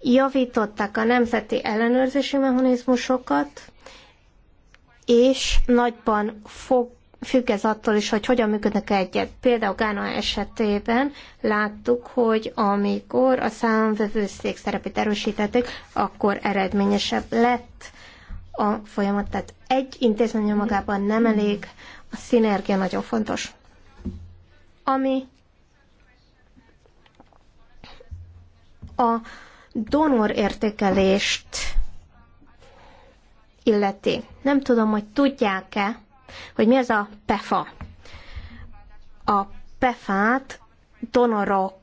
Javították a nemzeti ellenőrzési mechanizmusokat, és nagyban fog, függ ez attól is, hogy hogyan működnek egyet. Például Gána esetében láttuk, hogy amikor a számvevőszék szerepét erősítették, akkor eredményesebb lett a folyamat. Tehát egy intézmény magában nem elég, a szinergia nagyon fontos. Ami a donor értékelést illeti. Nem tudom, hogy tudják-e, hogy mi ez a PEFA. A PEFA-t donorok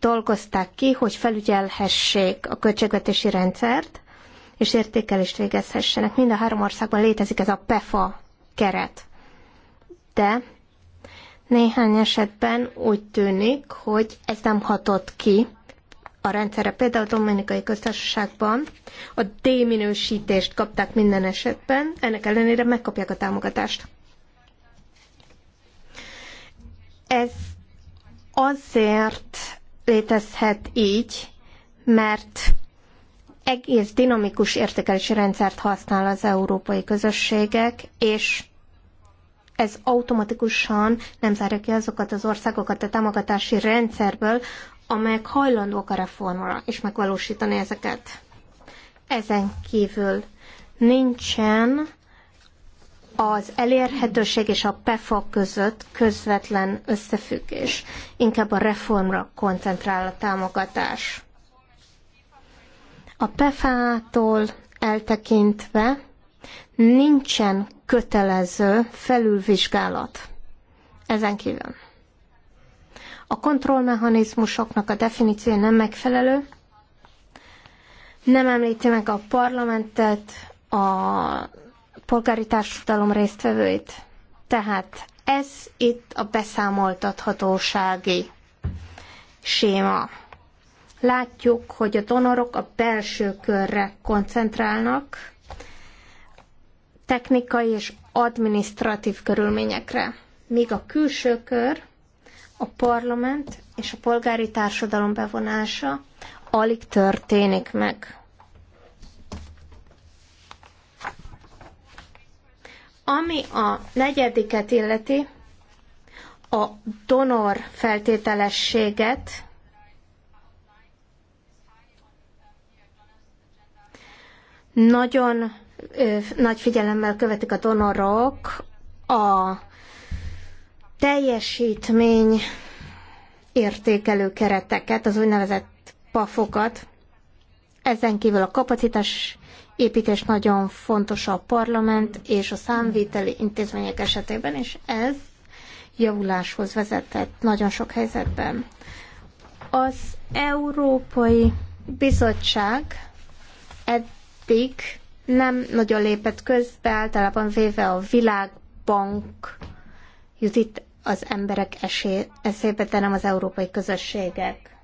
dolgozták ki, hogy felügyelhessék a költségvetési rendszert, és értékelést végezhessenek. Mind a három országban létezik ez a PEFA keret. De néhány esetben úgy tűnik, hogy ez nem hatott ki a rendszerre. Például a Dominikai Köztársaságban a D-minősítést kapták minden esetben, ennek ellenére megkapják a támogatást. Ez azért létezhet így, mert egész dinamikus értékelési rendszert használ az európai közösségek, és ez automatikusan nem zárja ki azokat az országokat a támogatási rendszerből, amelyek hajlandók a reformra, és megvalósítani ezeket. Ezen kívül nincsen az elérhetőség és a PEFA között közvetlen összefüggés. Inkább a reformra koncentrál a támogatás. A PEFA-tól eltekintve nincsen kötelező felülvizsgálat. Ezen kívül a kontrollmechanizmusoknak a definíciója nem megfelelő, nem említi meg a parlamentet, a polgári társadalom résztvevőit. Tehát ez itt a beszámoltathatósági séma. Látjuk, hogy a donorok a belső körre koncentrálnak, technikai és administratív körülményekre, míg a külső kör a parlament és a polgári társadalom bevonása alig történik meg. Ami a negyediket illeti, a donor feltételességet, nagyon ö, nagy figyelemmel követik a donorok a teljesítmény értékelő kereteket, az úgynevezett pafokat. Ezen kívül a kapacitás építés nagyon fontos a parlament és a számviteli intézmények esetében, és ez javuláshoz vezetett nagyon sok helyzetben. Az Európai Bizottság eddig nem nagyon lépett közbe, általában véve a világbank jut itt az emberek esé, eszébe, de nem az európai közösségek.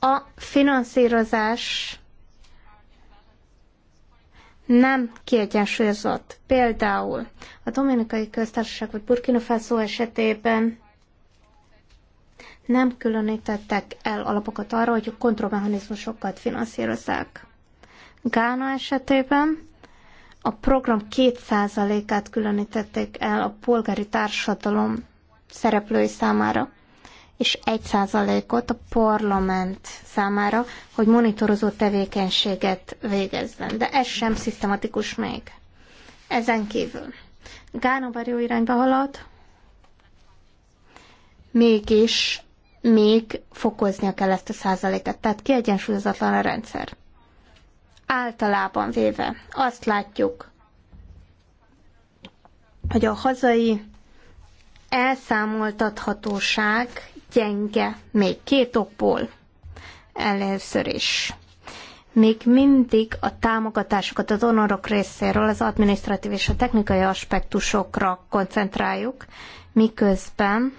A finanszírozás nem kiegyensúlyozott. Például a Dominikai Köztársaság vagy Burkina Faso esetében nem különítettek el alapokat arra, hogy a kontrollmechanizmusokat finanszírozzák. Gána esetében a program 2%-át különítették el a polgári társadalom szereplői számára, és 1%-ot a parlament számára, hogy monitorozó tevékenységet végezzen. De ez sem szisztematikus még. Ezen kívül Gána jó irányba halad, mégis még fokoznia kell ezt a százalékot. Tehát kiegyensúlyozatlan a rendszer. Általában véve azt látjuk, hogy a hazai elszámoltathatóság gyenge még két okból először is. Még mindig a támogatásokat a donorok részéről az administratív és a technikai aspektusokra koncentráljuk, miközben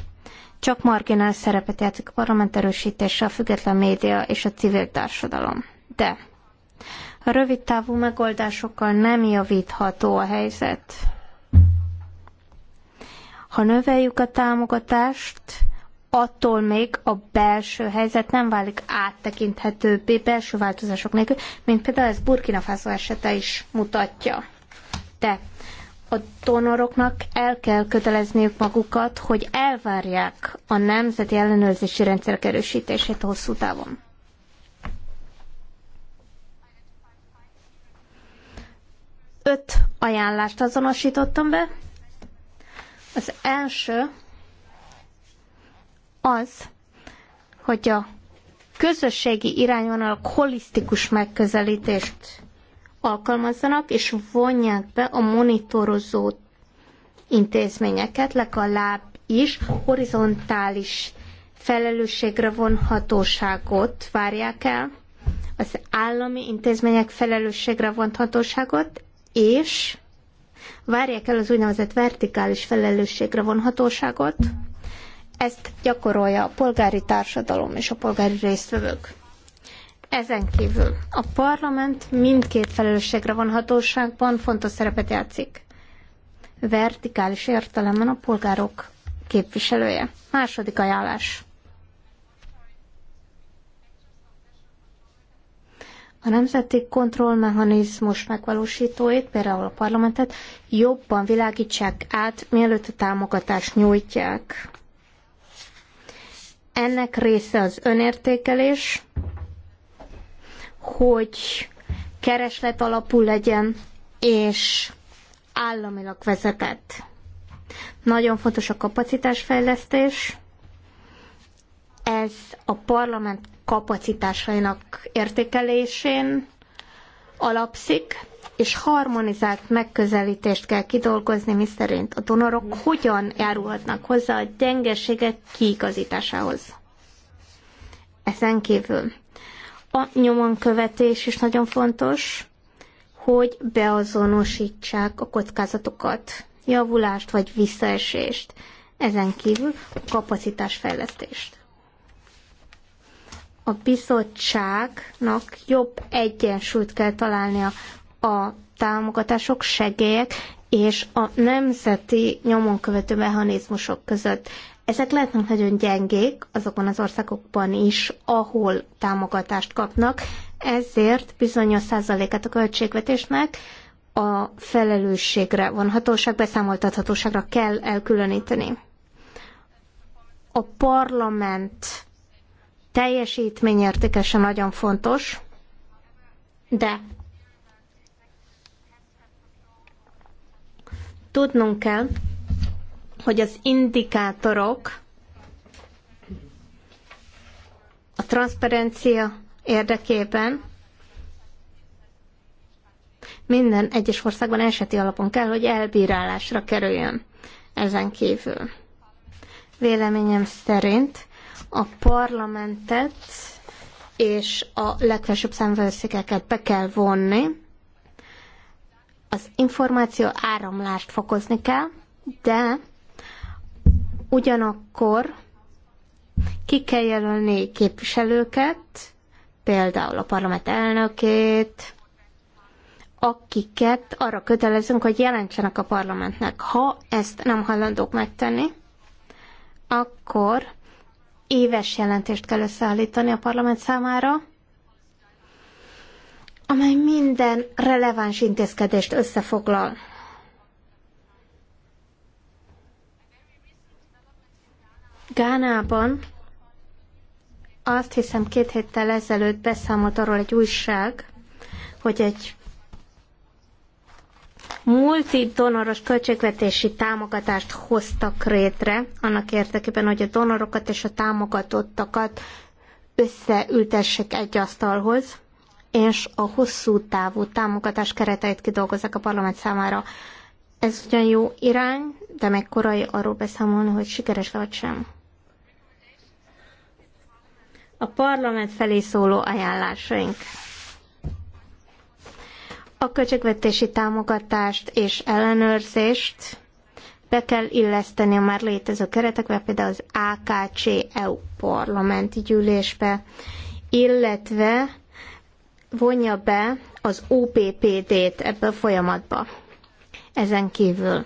csak marginális szerepet játszik a parlament erősítése, a független média és a civil társadalom. De Rövid távú megoldásokkal nem javítható a helyzet. Ha növeljük a támogatást, attól még a belső helyzet nem válik áttekinthetőbbé belső változások nélkül, mint például ez Burkina Faso esete is mutatja. De a donoroknak el kell kötelezniük magukat, hogy elvárják a nemzeti ellenőrzési rendszerek erősítését hosszú távon. öt ajánlást azonosítottam be. Az első az, hogy a közösségi irányvonalak holisztikus megközelítést alkalmazzanak, és vonják be a monitorozó intézményeket, legalább is horizontális felelősségre vonhatóságot várják el, az állami intézmények felelősségre vonhatóságot, és várják el az úgynevezett vertikális felelősségre vonhatóságot, ezt gyakorolja a polgári társadalom és a polgári résztvevők. Ezen kívül a parlament mindkét felelősségre vonhatóságban fontos szerepet játszik. Vertikális értelemben a polgárok képviselője. Második ajánlás. a nemzeti kontrollmechanizmus megvalósítóit, például a parlamentet, jobban világítsák át, mielőtt a támogatást nyújtják. Ennek része az önértékelés, hogy kereslet alapú legyen, és államilag vezetett. Nagyon fontos a kapacitásfejlesztés. Ez a parlament kapacitásainak értékelésén alapszik, és harmonizált megközelítést kell kidolgozni, miszerint a donorok hogyan járulhatnak hozzá a gyengeségek kiigazításához. Ezen kívül a nyomon követés is nagyon fontos, hogy beazonosítsák a kockázatokat, javulást vagy visszaesést, ezen kívül a kapacitásfejlesztést a bizottságnak jobb egyensúlyt kell találnia a támogatások, segélyek és a nemzeti nyomonkövető mechanizmusok között. Ezek lehetnek nagyon gyengék azokon az országokban is, ahol támogatást kapnak, ezért bizonyos százalékát a költségvetésnek a felelősségre, vonhatóság, beszámoltathatóságra kell elkülöníteni. A parlament teljesítményértékesen nagyon fontos, de tudnunk kell, hogy az indikátorok a transzparencia érdekében minden egyes országban eseti alapon kell, hogy elbírálásra kerüljön ezen kívül. Véleményem szerint a parlamentet és a legfelsőbb számvevőszékeket be kell vonni, az információ áramlást fokozni kell, de ugyanakkor ki kell jelölni képviselőket, például a parlament elnökét, akiket arra kötelezünk, hogy jelentsenek a parlamentnek. Ha ezt nem hajlandók megtenni, akkor éves jelentést kell összeállítani a parlament számára, amely minden releváns intézkedést összefoglal. Gánában azt hiszem két héttel ezelőtt beszámolt arról egy újság, hogy egy multi donoros költségvetési támogatást hoztak rétre, annak érdekében, hogy a donorokat és a támogatottakat összeültessék egy asztalhoz, és a hosszú távú támogatás kereteit kidolgozzák a parlament számára. Ez ugyan jó irány, de meg korai arról beszámolni, hogy sikeres vagy sem. A parlament felé szóló ajánlásaink. A költségvetési támogatást és ellenőrzést be kell illeszteni a már létező keretekbe, például az AKC EU parlamenti gyűlésbe, illetve vonja be az OPPD-t ebbe a folyamatba. Ezen kívül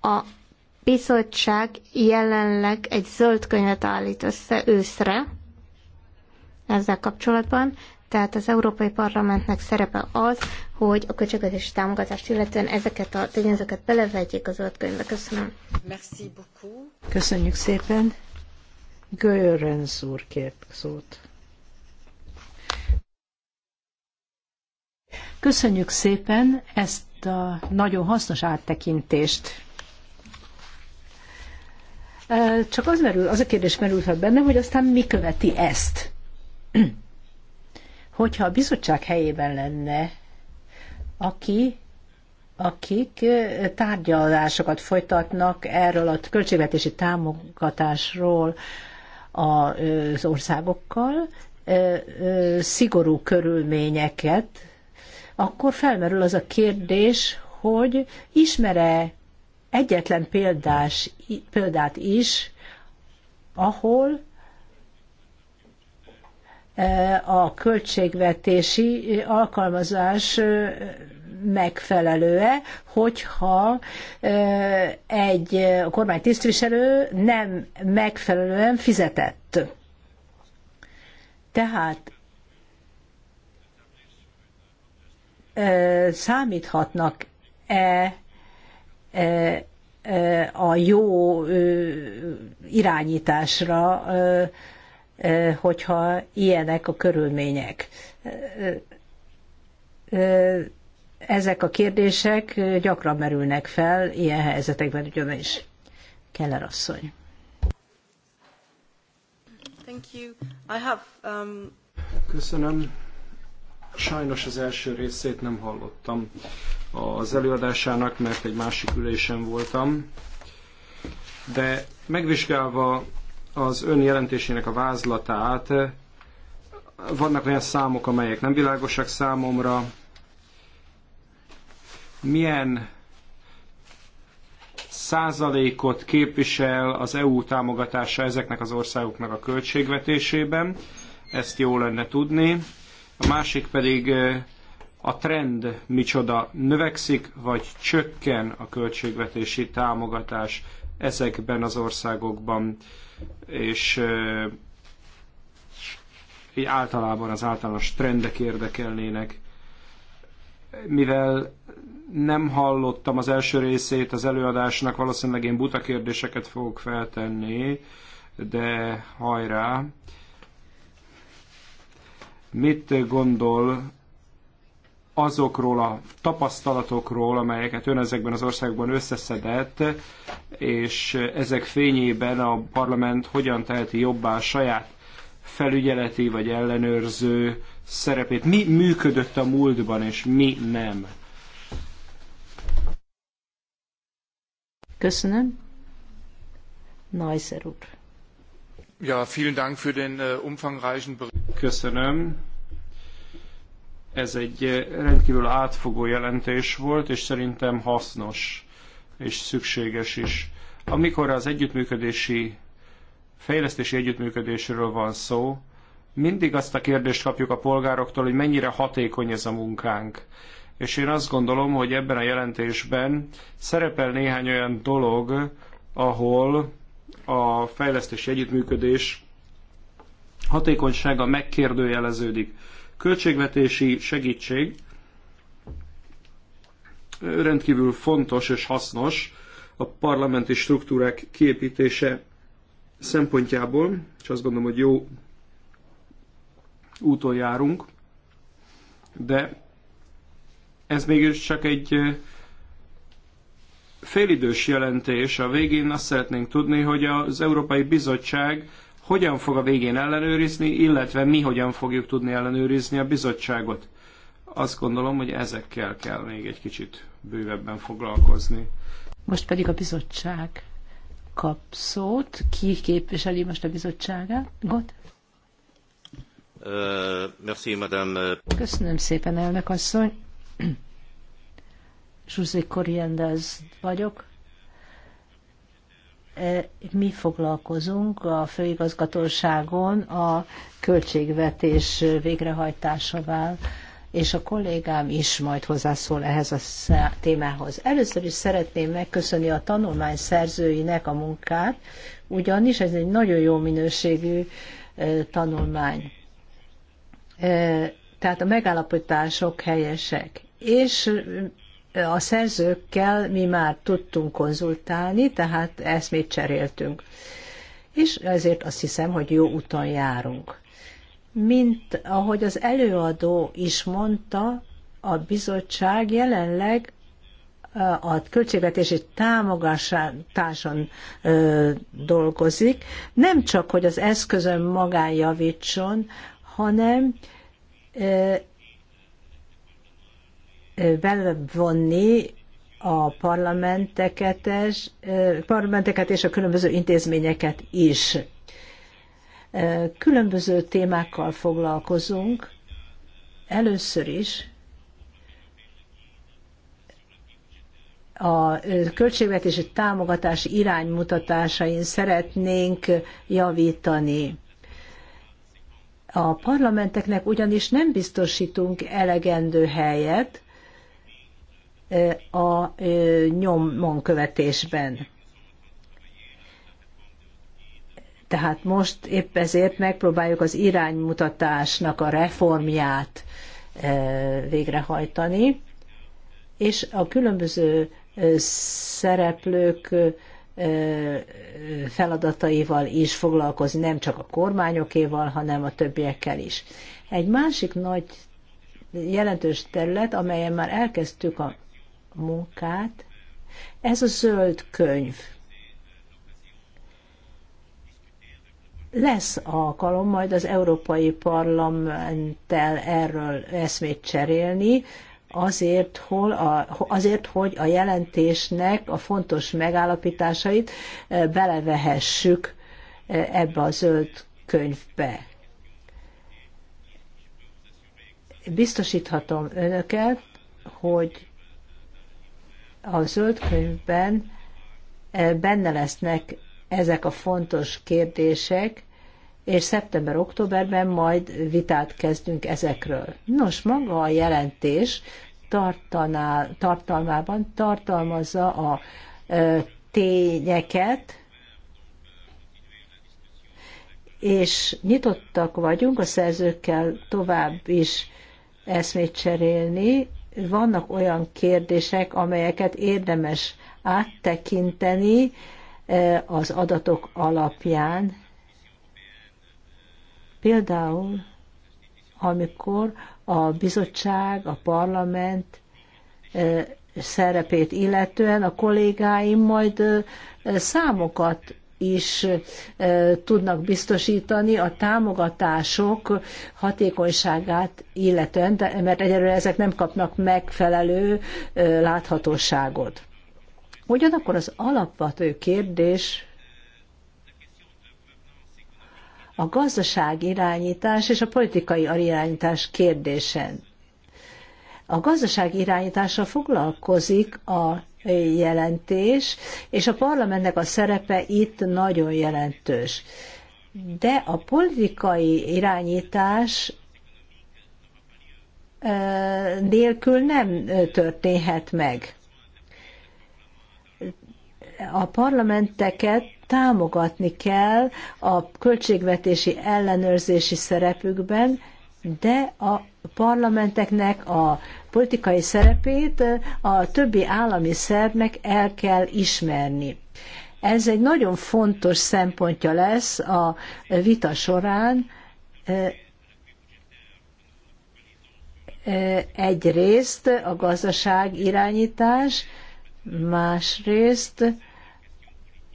a bizottság jelenleg egy zöld könyvet állít össze őszre ezzel kapcsolatban, tehát az Európai Parlamentnek szerepe az, hogy a költségvetési támogatást illetően ezeket a tényezőket belevegyék az zöld könyvbe. Köszönöm. Merci beaucoup. Köszönjük szépen. Görenz úr kért szót. Köszönjük szépen ezt a nagyon hasznos áttekintést. Csak az merül, az a kérdés merül fel bennem, hogy aztán mi követi ezt. Hogyha a bizottság helyében lenne, aki akik tárgyalásokat folytatnak erről a költségvetési támogatásról az országokkal, szigorú körülményeket, akkor felmerül az a kérdés, hogy ismere egyetlen példás, példát is, ahol a költségvetési alkalmazás megfelelő-e, hogyha egy kormány tisztviselő nem megfelelően fizetett. Tehát számíthatnak-e a jó irányításra hogyha ilyenek a körülmények. Ezek a kérdések gyakran merülnek fel ilyen helyzetekben ugyanis. Keller asszony. Um, Köszönöm. Sajnos az első részét nem hallottam az előadásának, mert egy másik ülésen voltam. De megvizsgálva az ön jelentésének a vázlatát. Vannak olyan számok, amelyek nem világosak számomra. Milyen százalékot képvisel az EU támogatása ezeknek az országoknak a költségvetésében. Ezt jó lenne tudni. A másik pedig a trend micsoda növekszik, vagy csökken a költségvetési támogatás ezekben az országokban és így általában az általános trendek érdekelnének. Mivel nem hallottam az első részét az előadásnak, valószínűleg én buta kérdéseket fogok feltenni, de hajrá! Mit gondol azokról a tapasztalatokról, amelyeket ön ezekben az országban összeszedett, és ezek fényében a parlament hogyan teheti jobbá a saját felügyeleti vagy ellenőrző szerepét. Mi működött a múltban, és mi nem? Köszönöm. Neusser úr. Ja, vielen Dank für den äh, umfangreichen Bericht. Köszönöm ez egy eh, rendkívül átfogó jelentés volt, és szerintem hasznos és szükséges is. Amikor az együttműködési, fejlesztési együttműködésről van szó, mindig azt a kérdést kapjuk a polgároktól, hogy mennyire hatékony ez a munkánk. És én azt gondolom, hogy ebben a jelentésben szerepel néhány olyan dolog, ahol a fejlesztési együttműködés hatékonysága megkérdőjeleződik költségvetési segítség rendkívül fontos és hasznos a parlamenti struktúrák kiépítése szempontjából, és azt gondolom, hogy jó úton járunk, de ez mégis csak egy félidős jelentés. A végén azt szeretnénk tudni, hogy az Európai Bizottság hogyan fog a végén ellenőrizni, illetve mi hogyan fogjuk tudni ellenőrizni a bizottságot. Azt gondolom, hogy ezekkel kell még egy kicsit bővebben foglalkozni. Most pedig a bizottság kap szót. Ki képviseli most a bizottságot? Merci, madame. Köszönöm szépen, elnök asszony. Zsuzsi Koriendez vagyok. E, mi foglalkozunk a főigazgatóságon a költségvetés végrehajtásával, és a kollégám is majd hozzászól ehhez a témához. Először is szeretném megköszönni a tanulmány szerzőinek a munkát, ugyanis ez egy nagyon jó minőségű e, tanulmány. E, tehát a megállapítások helyesek, és a szerzőkkel mi már tudtunk konzultálni, tehát ezt még cseréltünk. És ezért azt hiszem, hogy jó úton járunk. Mint ahogy az előadó is mondta, a bizottság jelenleg a költségvetési támogatáson dolgozik, nem csak, hogy az eszközön magán javítson, hanem belevonni a parlamenteket, és, parlamenteket és a különböző intézményeket is. Különböző témákkal foglalkozunk. Először is a költségvetési támogatás iránymutatásain szeretnénk javítani. A parlamenteknek ugyanis nem biztosítunk elegendő helyet, a nyomon követésben. Tehát most épp ezért megpróbáljuk az iránymutatásnak a reformját végrehajtani, és a különböző szereplők feladataival is foglalkozni, nem csak a kormányokéval, hanem a többiekkel is. Egy másik nagy jelentős terület, amelyen már elkezdtük a munkát. Ez a zöld könyv. Lesz alkalom majd az Európai Parlamenttel erről eszmét cserélni, azért, hol a, azért, hogy a jelentésnek a fontos megállapításait e, belevehessük e, ebbe a zöld könyvbe. Biztosíthatom önöket, hogy a zöld könyvben eh, benne lesznek ezek a fontos kérdések, és szeptember-októberben majd vitát kezdünk ezekről. Nos, maga a jelentés tartaná, tartalmában tartalmazza a e, tényeket, és nyitottak vagyunk a szerzőkkel tovább is eszmét cserélni, vannak olyan kérdések, amelyeket érdemes áttekinteni e, az adatok alapján. Például, amikor a bizottság, a parlament e, szerepét illetően a kollégáim majd e, számokat is tudnak biztosítani a támogatások hatékonyságát illetően, mert egyelőre ezek nem kapnak megfelelő láthatóságot. Ugyanakkor az alapvető kérdés a gazdaság irányítás és a politikai irányítás kérdésen. A gazdaság irányítása foglalkozik a jelentés, és a parlamentnek a szerepe itt nagyon jelentős. De a politikai irányítás nélkül nem történhet meg. A parlamenteket támogatni kell a költségvetési ellenőrzési szerepükben, de a parlamenteknek a politikai szerepét a többi állami szervnek el kell ismerni. Ez egy nagyon fontos szempontja lesz a vita során, egyrészt a gazdaság irányítás, másrészt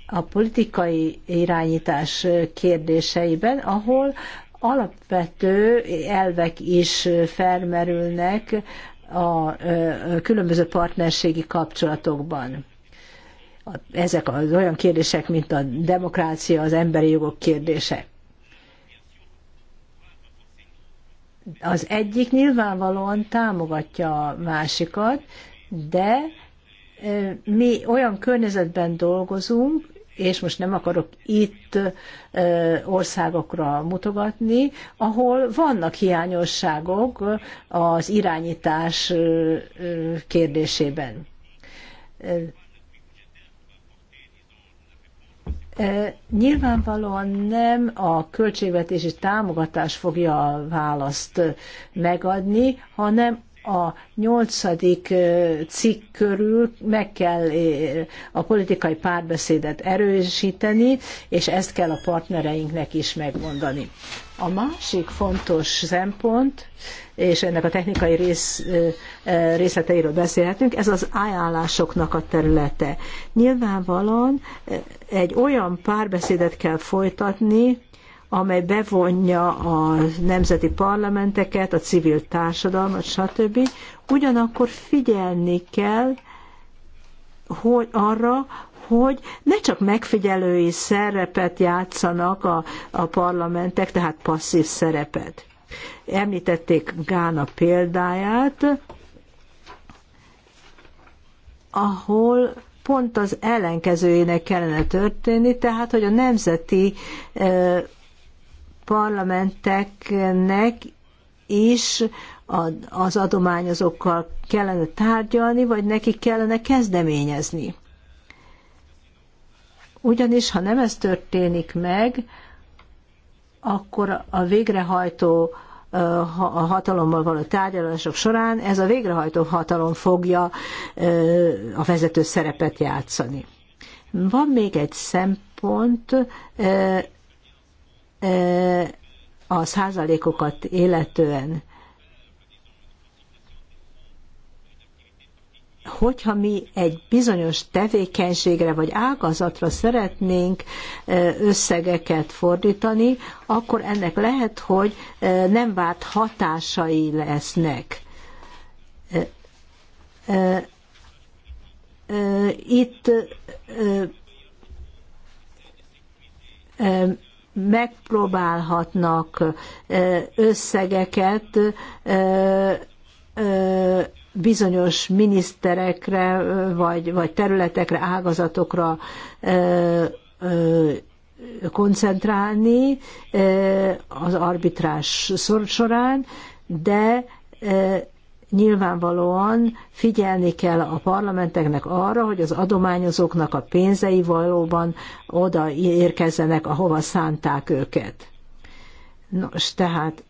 a politikai irányítás kérdéseiben, ahol alapvető elvek is felmerülnek a különböző partnerségi kapcsolatokban. Ezek az olyan kérdések, mint a demokrácia, az emberi jogok kérdése. Az egyik nyilvánvalóan támogatja a másikat, de mi olyan környezetben dolgozunk, és most nem akarok itt országokra mutogatni, ahol vannak hiányosságok az irányítás kérdésében. Nyilvánvalóan nem a költségvetési támogatás fogja a választ megadni, hanem a nyolcadik cikk körül meg kell a politikai párbeszédet erősíteni, és ezt kell a partnereinknek is megmondani. A másik fontos szempont, és ennek a technikai rész, részleteiről beszélhetünk, ez az ajánlásoknak a területe. Nyilvánvalóan egy olyan párbeszédet kell folytatni, amely bevonja a nemzeti parlamenteket, a civil társadalmat, stb. Ugyanakkor figyelni kell hogy arra, hogy ne csak megfigyelői szerepet játszanak a, a parlamentek, tehát passzív szerepet. Említették Gána példáját, ahol pont az ellenkezőjének kellene történni, tehát hogy a nemzeti parlamenteknek is az adományozókkal kellene tárgyalni, vagy nekik kellene kezdeményezni. Ugyanis, ha nem ez történik meg, akkor a végrehajtó a hatalommal való tárgyalások során ez a végrehajtó hatalom fogja a vezető szerepet játszani. Van még egy szempont, a százalékokat illetően, hogyha mi egy bizonyos tevékenységre vagy ágazatra szeretnénk összegeket fordítani, akkor ennek lehet, hogy nem várt hatásai lesznek. Itt megpróbálhatnak összegeket bizonyos miniszterekre, vagy, vagy területekre, ágazatokra koncentrálni az arbitrás során, de nyilvánvalóan figyelni kell a parlamenteknek arra, hogy az adományozóknak a pénzei valóban oda érkezzenek, ahova szánták őket. Nos, tehát,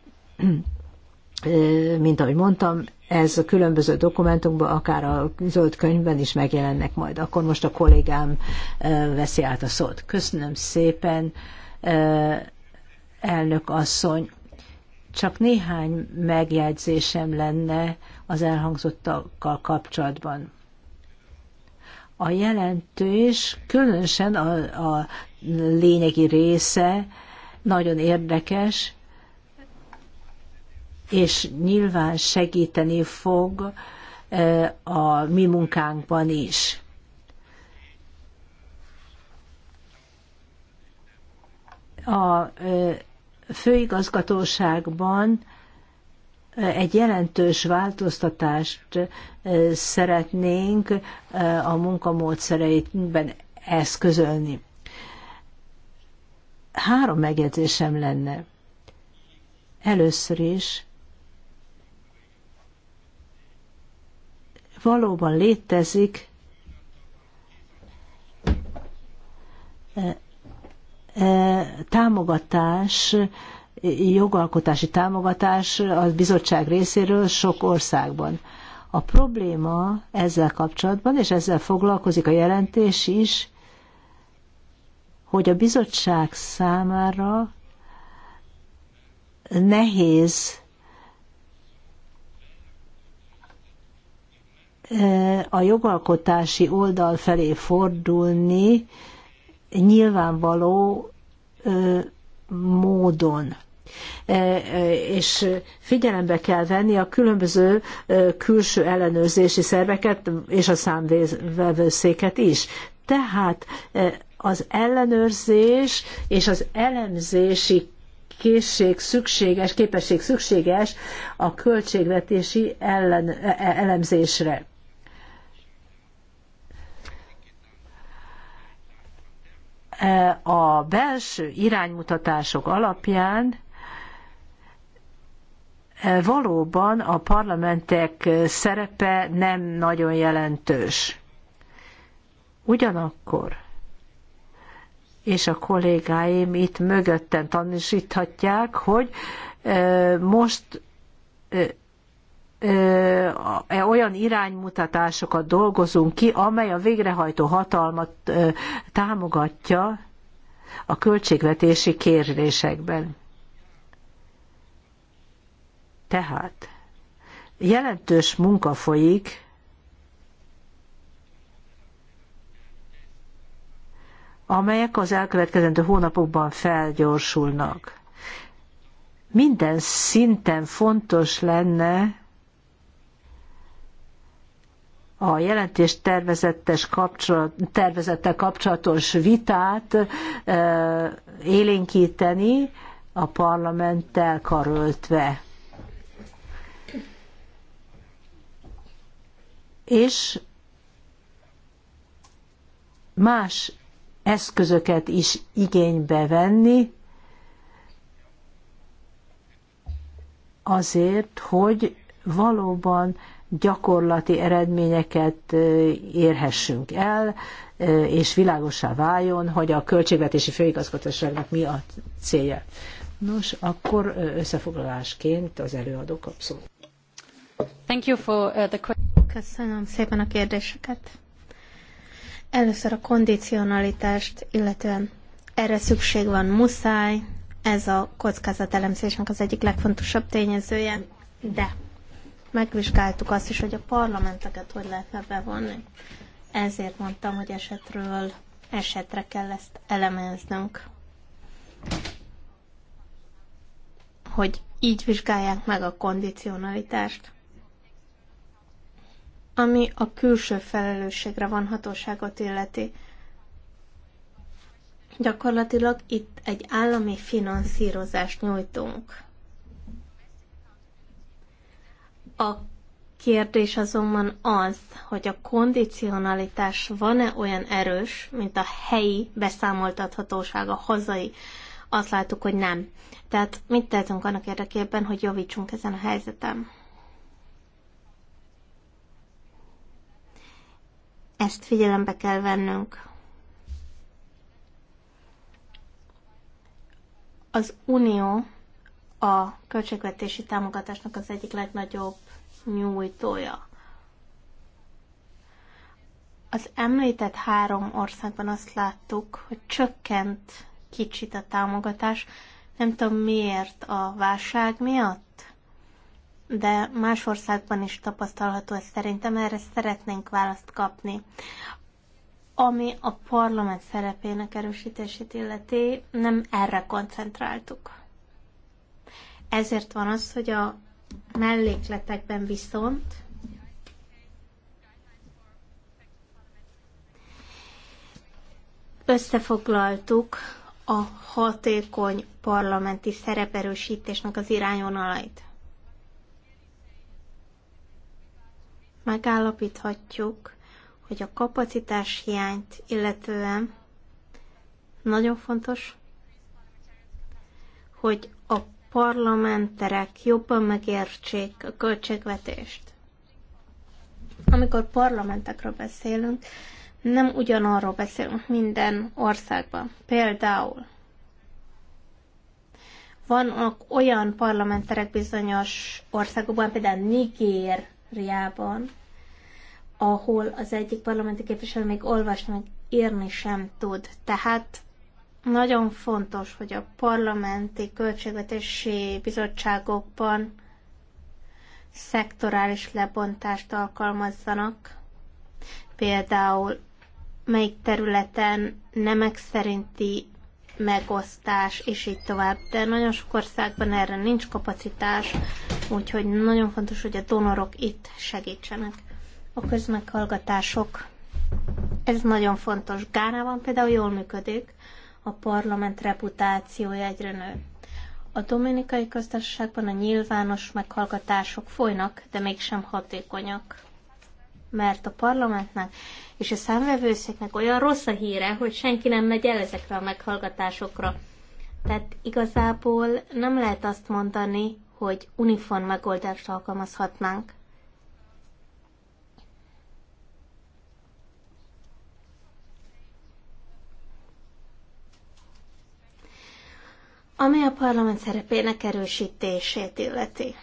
mint ahogy mondtam, ez a különböző dokumentumban, akár a zöld könyvben is megjelennek majd. Akkor most a kollégám veszi át a szót. Köszönöm szépen, elnök asszony. Csak néhány megjegyzésem lenne az elhangzottakkal kapcsolatban. A jelentős, különösen a, a lényegi része nagyon érdekes, és nyilván segíteni fog e, a mi munkánkban is. A e, főigazgatóságban egy jelentős változtatást szeretnénk a munkamódszereinkben eszközölni. Három megjegyzésem lenne. Először is valóban létezik E, támogatás, jogalkotási támogatás a bizottság részéről sok országban. A probléma ezzel kapcsolatban, és ezzel foglalkozik a jelentés is, hogy a bizottság számára nehéz e, a jogalkotási oldal felé fordulni, nyilvánvaló módon e, e, és figyelembe kell venni a különböző külső ellenőrzési szerveket és a számvevőszéket is. Tehát e, az ellenőrzés és az elemzési készség szükséges, képesség szükséges a költségvetési ellen, elemzésre. a belső iránymutatások alapján e, valóban a parlamentek szerepe nem nagyon jelentős. Ugyanakkor, és a kollégáim itt mögötten tanúsíthatják, hogy e, most e, olyan iránymutatásokat dolgozunk ki, amely a végrehajtó hatalmat támogatja a költségvetési kérdésekben. Tehát jelentős munka folyik, amelyek az elkövetkezendő hónapokban felgyorsulnak. Minden szinten fontos lenne, a jelentés tervezettes kapcsolat, tervezettel kapcsolatos vitát e, élénkíteni a parlamenttel karöltve. És más eszközöket is igénybe venni azért, hogy valóban gyakorlati eredményeket érhessünk el, és világosá váljon, hogy a költségvetési főigazgatóságnak mi a célja. Nos, akkor összefoglalásként az előadó kap Thank you for uh, the Köszönöm szépen a kérdéseket. Először a kondicionalitást, illetően erre szükség van, muszáj, ez a kockázatelemzésnek az egyik legfontosabb tényezője. De megvizsgáltuk azt is, hogy a parlamenteket hogy lehetne bevonni. Ezért mondtam, hogy esetről esetre kell ezt elemeznünk. Hogy így vizsgálják meg a kondicionalitást. Ami a külső felelősségre van hatóságot illeti. Gyakorlatilag itt egy állami finanszírozást nyújtunk. A kérdés azonban az, hogy a kondicionalitás van-e olyan erős, mint a helyi beszámoltathatóság, a hazai. Azt láttuk, hogy nem. Tehát mit tehetünk annak érdekében, hogy javítsunk ezen a helyzetem? Ezt figyelembe kell vennünk. Az Unió a költségvetési támogatásnak az egyik legnagyobb nyújtója. Az említett három országban azt láttuk, hogy csökkent kicsit a támogatás. Nem tudom miért a válság miatt, de más országban is tapasztalható ez szerintem, erre szeretnénk választ kapni. Ami a parlament szerepének erősítését illeti, nem erre koncentráltuk. Ezért van az, hogy a mellékletekben viszont összefoglaltuk a hatékony parlamenti szereperősítésnek az irányvonalait. Megállapíthatjuk, hogy a kapacitás hiányt illetően nagyon fontos, hogy a parlamenterek jobban megértsék a költségvetést. Amikor parlamentekről beszélünk, nem ugyanarról beszélünk minden országban. Például vannak olyan parlamenterek bizonyos országokban, például Nigériában, ahol az egyik parlamenti képviselő még olvasni, még írni sem tud. Tehát nagyon fontos, hogy a parlamenti költségvetési bizottságokban szektorális lebontást alkalmazzanak, például melyik területen nemek szerinti megosztás, és így tovább. De nagyon sok országban erre nincs kapacitás, úgyhogy nagyon fontos, hogy a donorok itt segítsenek. A közmeghallgatások, ez nagyon fontos. Gánában például jól működik, a parlament reputációja egyre nő. A dominikai köztársaságban a nyilvános meghallgatások folynak, de mégsem hatékonyak. Mert a parlamentnek és a számvevőszéknek olyan rossz a híre, hogy senki nem megy el ezekre a meghallgatásokra. Tehát igazából nem lehet azt mondani, hogy uniform megoldást alkalmazhatnánk. ami a parlament szerepének erősítését illeti.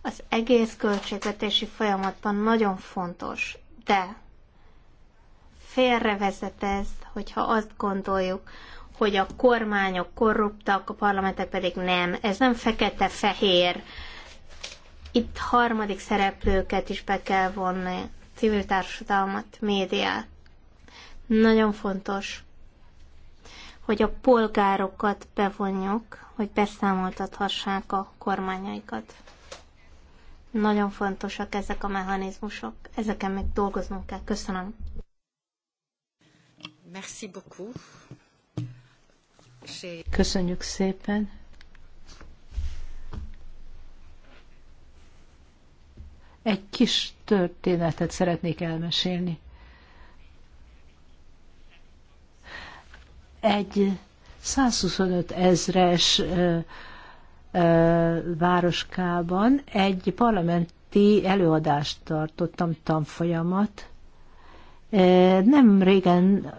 Az egész költségvetési folyamatban nagyon fontos, de félrevezet ez, hogyha azt gondoljuk, hogy a kormányok korruptak, a parlamentek pedig nem. Ez nem fekete-fehér. Itt harmadik szereplőket is be kell vonni, civil társadalmat, médiát. Nagyon fontos, hogy a polgárokat bevonjuk, hogy beszámoltathassák a kormányaikat. Nagyon fontosak ezek a mechanizmusok. Ezeken még dolgoznunk kell. Köszönöm. Merci beaucoup. Köszönjük szépen. Egy kis történetet szeretnék elmesélni. egy 125 ezres városkában egy parlamenti előadást tartottam, tanfolyamat. Nem régen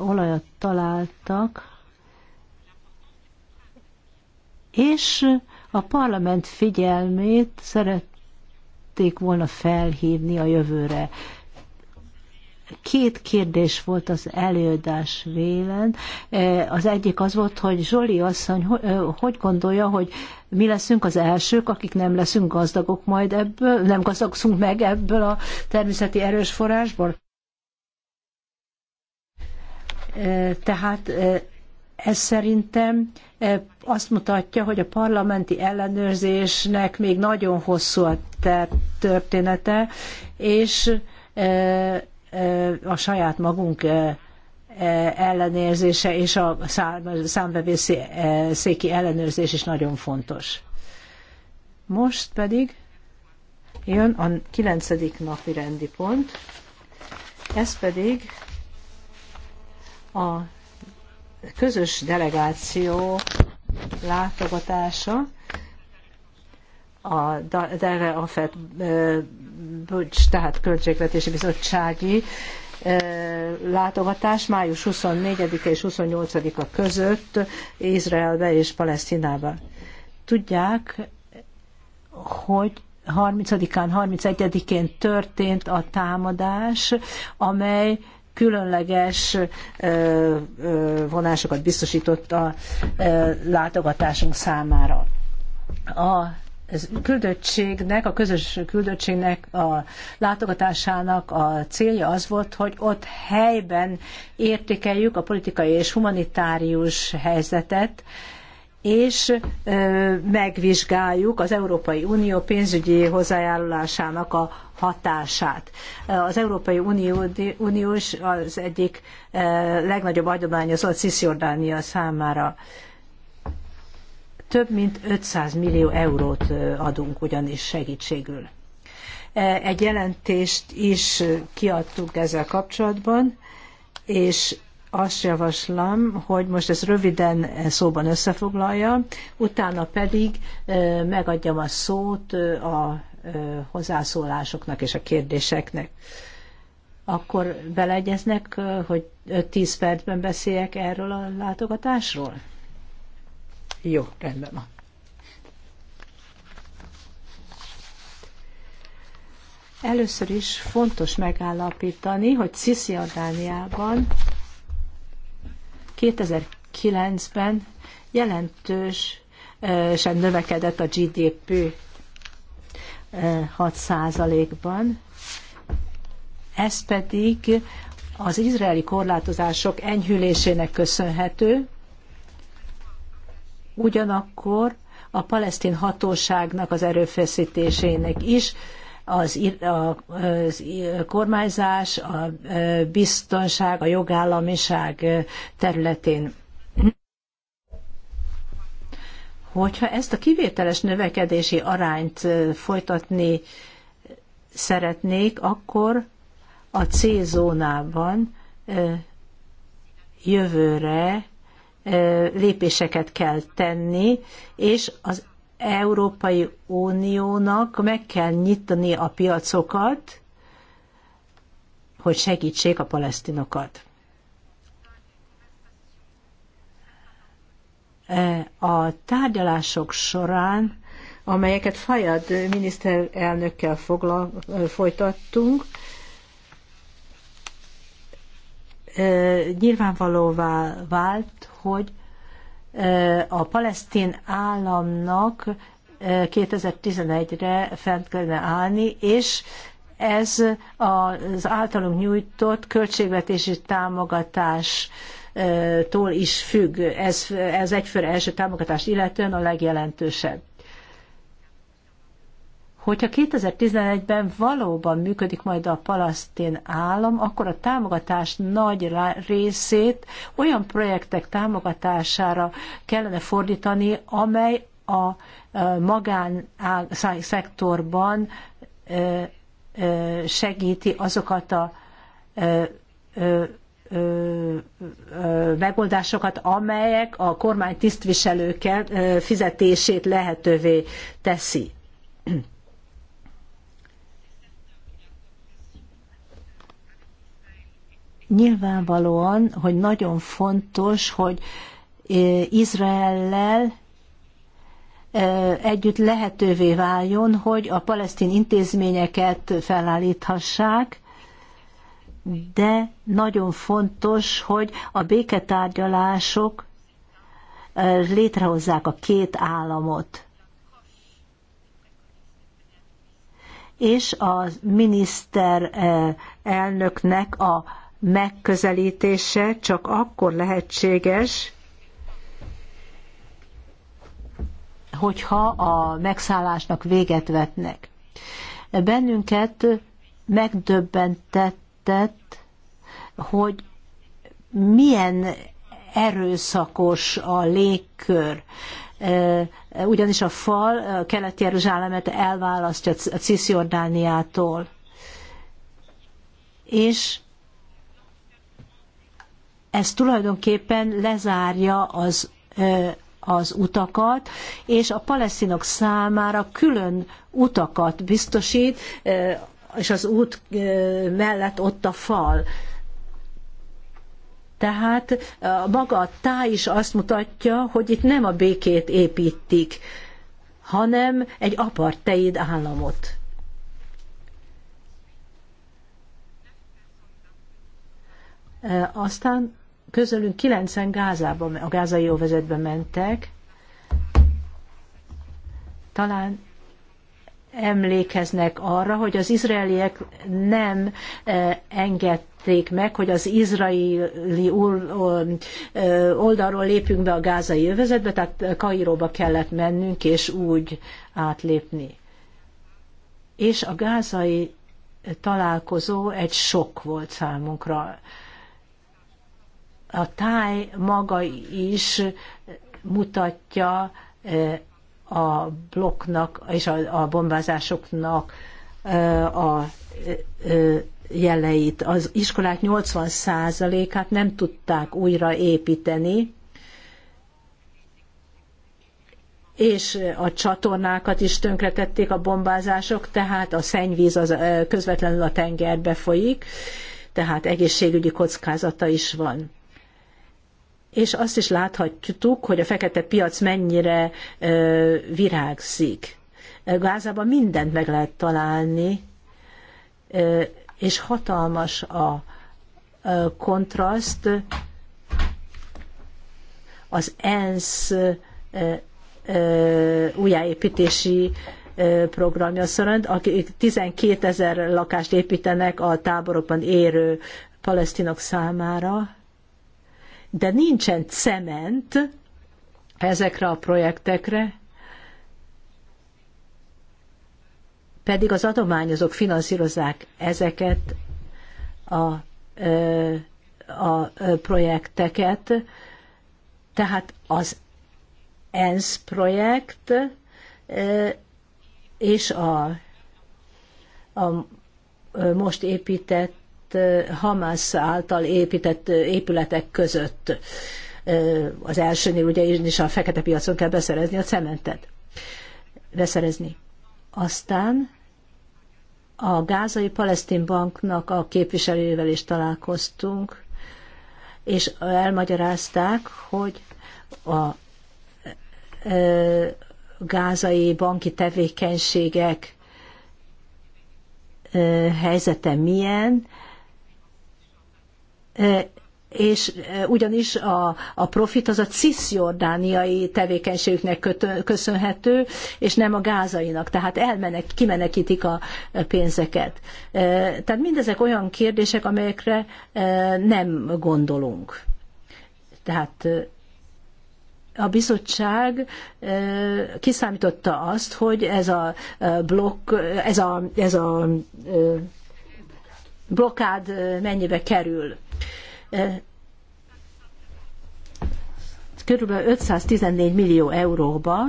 olajat találtak, és a parlament figyelmét szerették volna felhívni a jövőre. Két kérdés volt az előadás vélen. E, az egyik az volt, hogy Zsoli asszony e, hogy gondolja, hogy mi leszünk az elsők, akik nem leszünk gazdagok majd ebből, nem gazdagszunk meg ebből a természeti erős forrásból? E, tehát ez szerintem azt mutatja, hogy a parlamenti ellenőrzésnek még nagyon hosszú a története, és a saját magunk ellenérzése és a számvevőszéki ellenőrzés is nagyon fontos. Most pedig jön a kilencedik napi rendi pont, ez pedig a közös delegáció látogatása a DEVE AFET Bölcs, tehát Költségvetési Bizottsági látogatás május 24-e és 28-a között Izraelbe és Palesztinába. Tudják, hogy 30-án, 31-én történt a támadás, amely különleges vonásokat biztosított a látogatásunk számára. A küldöttségnek, a közös küldöttségnek a látogatásának a célja az volt, hogy ott helyben értékeljük a politikai és humanitárius helyzetet, és megvizsgáljuk az Európai Unió pénzügyi hozzájárulásának a hatását. Az Európai Unió, Unió az egyik legnagyobb adományozó Cisjordánia számára. Ö, több mint 500 millió eurót adunk ugyanis segítségül. E, egy jelentést is kiadtuk ezzel kapcsolatban, és azt javaslom, hogy most ezt röviden e, szóban összefoglalja, utána pedig megadjam a szót a hozzászólásoknak és a kérdéseknek. Akkor beleegyeznek, hogy 10 percben beszéljek erről a látogatásról? Jó, rendben van. Először is fontos megállapítani, hogy Cisziordániában 2009-ben jelentősen növekedett a GDP 6%-ban, eh, ez pedig az izraeli korlátozások enyhülésének köszönhető, ugyanakkor a palesztin hatóságnak az erőfeszítésének is az, a, az kormányzás, a biztonság, a jogállamiság területén. Hogyha ezt a kivételes növekedési arányt folytatni szeretnék, akkor a C zónában jövőre lépéseket kell tenni, és az Európai Uniónak meg kell nyitni a piacokat, hogy segítsék a palesztinokat. A tárgyalások során, amelyeket fajad miniszterelnökkel fogla, folytattunk, nyilvánvalóvá vált, hogy a palesztin államnak 2011-re fent kellene állni, és ez az általunk nyújtott költségvetési támogatás tól is függ. Ez, ez egyfőre első támogatást illetően a legjelentősebb. Hogyha 2011-ben valóban működik majd a palasztin állam, akkor a támogatás nagy részét olyan projektek támogatására kellene fordítani, amely a e, magán szektorban e, e, segíti azokat a megoldásokat, amelyek a kormány tisztviselőkkel fizetését lehetővé teszi. Nyilvánvalóan, hogy nagyon fontos, hogy Izraellel együtt lehetővé váljon, hogy a palesztin intézményeket felállíthassák, de nagyon fontos, hogy a béketárgyalások létrehozzák a két államot. És a miniszter elnöknek a megközelítése csak akkor lehetséges, hogyha a megszállásnak véget vetnek. Bennünket megdöbbentetett, hogy milyen erőszakos a légkör. Ugyanis a fal Kelet-Jeruzsálemet elválasztja a Cisziordániától. És ez tulajdonképpen lezárja az az utakat, és a palesztinok számára külön utakat biztosít, és az út mellett ott a fal. Tehát a maga a táj is azt mutatja, hogy itt nem a békét építik, hanem egy apartheid államot. Aztán közülünk kilencen Gázába, a gázai óvezetbe mentek. Talán emlékeznek arra, hogy az izraeliek nem e, engedték meg, hogy az izraeli e, oldalról lépjünk be a gázai övezetbe, tehát Kairóba kellett mennünk, és úgy átlépni. És a gázai találkozó egy sok volt számunkra a táj maga is mutatja e, a blokknak és a bombázásoknak e, a e, jeleit. Az iskolák 80%-át nem tudták újra építeni, és a csatornákat is tönkretették a bombázások, tehát a szennyvíz az közvetlenül a tengerbe folyik, tehát egészségügyi kockázata is van és azt is láthatjuk, hogy a fekete piac mennyire virágzik. Gázában mindent meg lehet találni, és hatalmas a kontraszt az ENSZ újjáépítési programja szerint, akik 12 ezer lakást építenek a táborokban érő palesztinok számára, de nincsen cement ezekre a projektekre, pedig az adományozók finanszírozzák ezeket a, a projekteket. Tehát az ENSZ projekt és a, a most épített Hamas által épített épületek között. Az elsőnél ugye is a fekete piacon kell beszerezni a cementet. Beszerezni. Aztán a gázai palesztin banknak a képviselőjével is találkoztunk, és elmagyarázták, hogy a gázai banki tevékenységek helyzete milyen, E, és e, ugyanis a, a profit az a cisjordániai tevékenységüknek köszönhető, és nem a gázainak, tehát elmenek, kimenekítik a e, pénzeket. Tehát mindezek olyan kérdések, amelyekre nem gondolunk. Tehát a bizottság kiszámította azt, hogy ez a blokk, ez a, ez a blokkád mennyibe kerül körülbelül 514 millió euróba,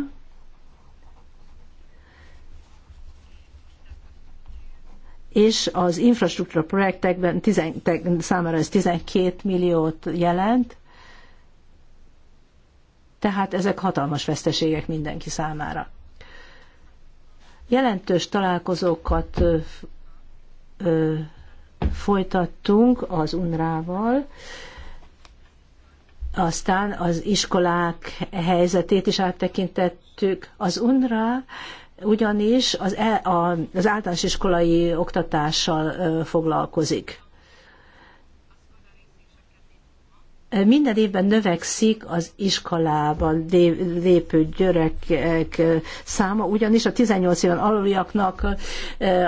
és az infrastruktúra projektekben tizen, számára ez 12 milliót jelent, tehát ezek hatalmas veszteségek mindenki számára. Jelentős találkozókat ö, ö, folytattunk az unrával, aztán az iskolák helyzetét is áttekintettük. Az unrá, ugyanis az, e, a, az általános iskolai oktatással foglalkozik. Minden évben növekszik az iskolában lépő gyerekek száma, ugyanis a 18 éven aluliaknak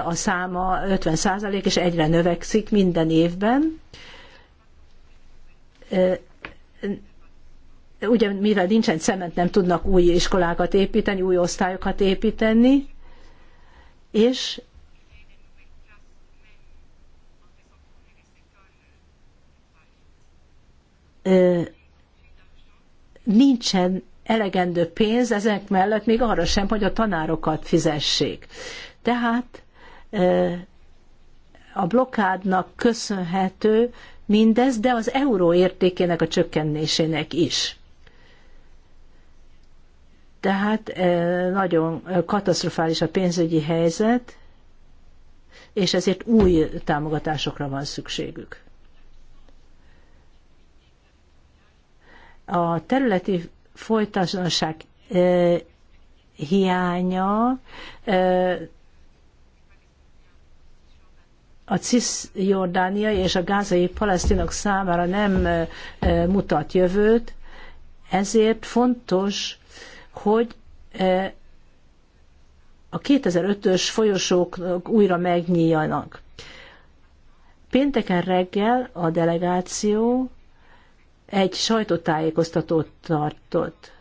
a száma 50% és egyre növekszik minden évben ugye mivel nincsen cement, nem tudnak új iskolákat építeni, új osztályokat építeni, és nincsen elegendő pénz ezek mellett még arra sem, hogy a tanárokat fizessék. Tehát a blokádnak köszönhető mindez, de az euró értékének a csökkenésének is. Tehát nagyon katasztrofális a pénzügyi helyzet, és ezért új támogatásokra van szükségük. A területi folytatlanság hiánya a cisjordániai és a gázai palesztinok számára nem mutat jövőt, ezért fontos, hogy a 2005-ös folyosók újra megnyíljanak. Pénteken reggel a delegáció egy sajtótájékoztatót tartott.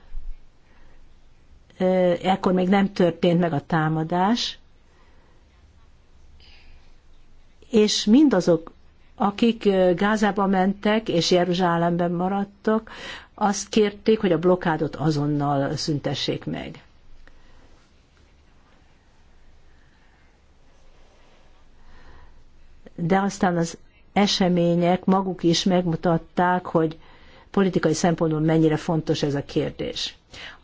Ekkor még nem történt meg a támadás, és mindazok, akik Gázába mentek és Jeruzsálemben maradtak, azt kérték, hogy a blokádot azonnal szüntessék meg. De aztán az események maguk is megmutatták, hogy politikai szempontból mennyire fontos ez a kérdés.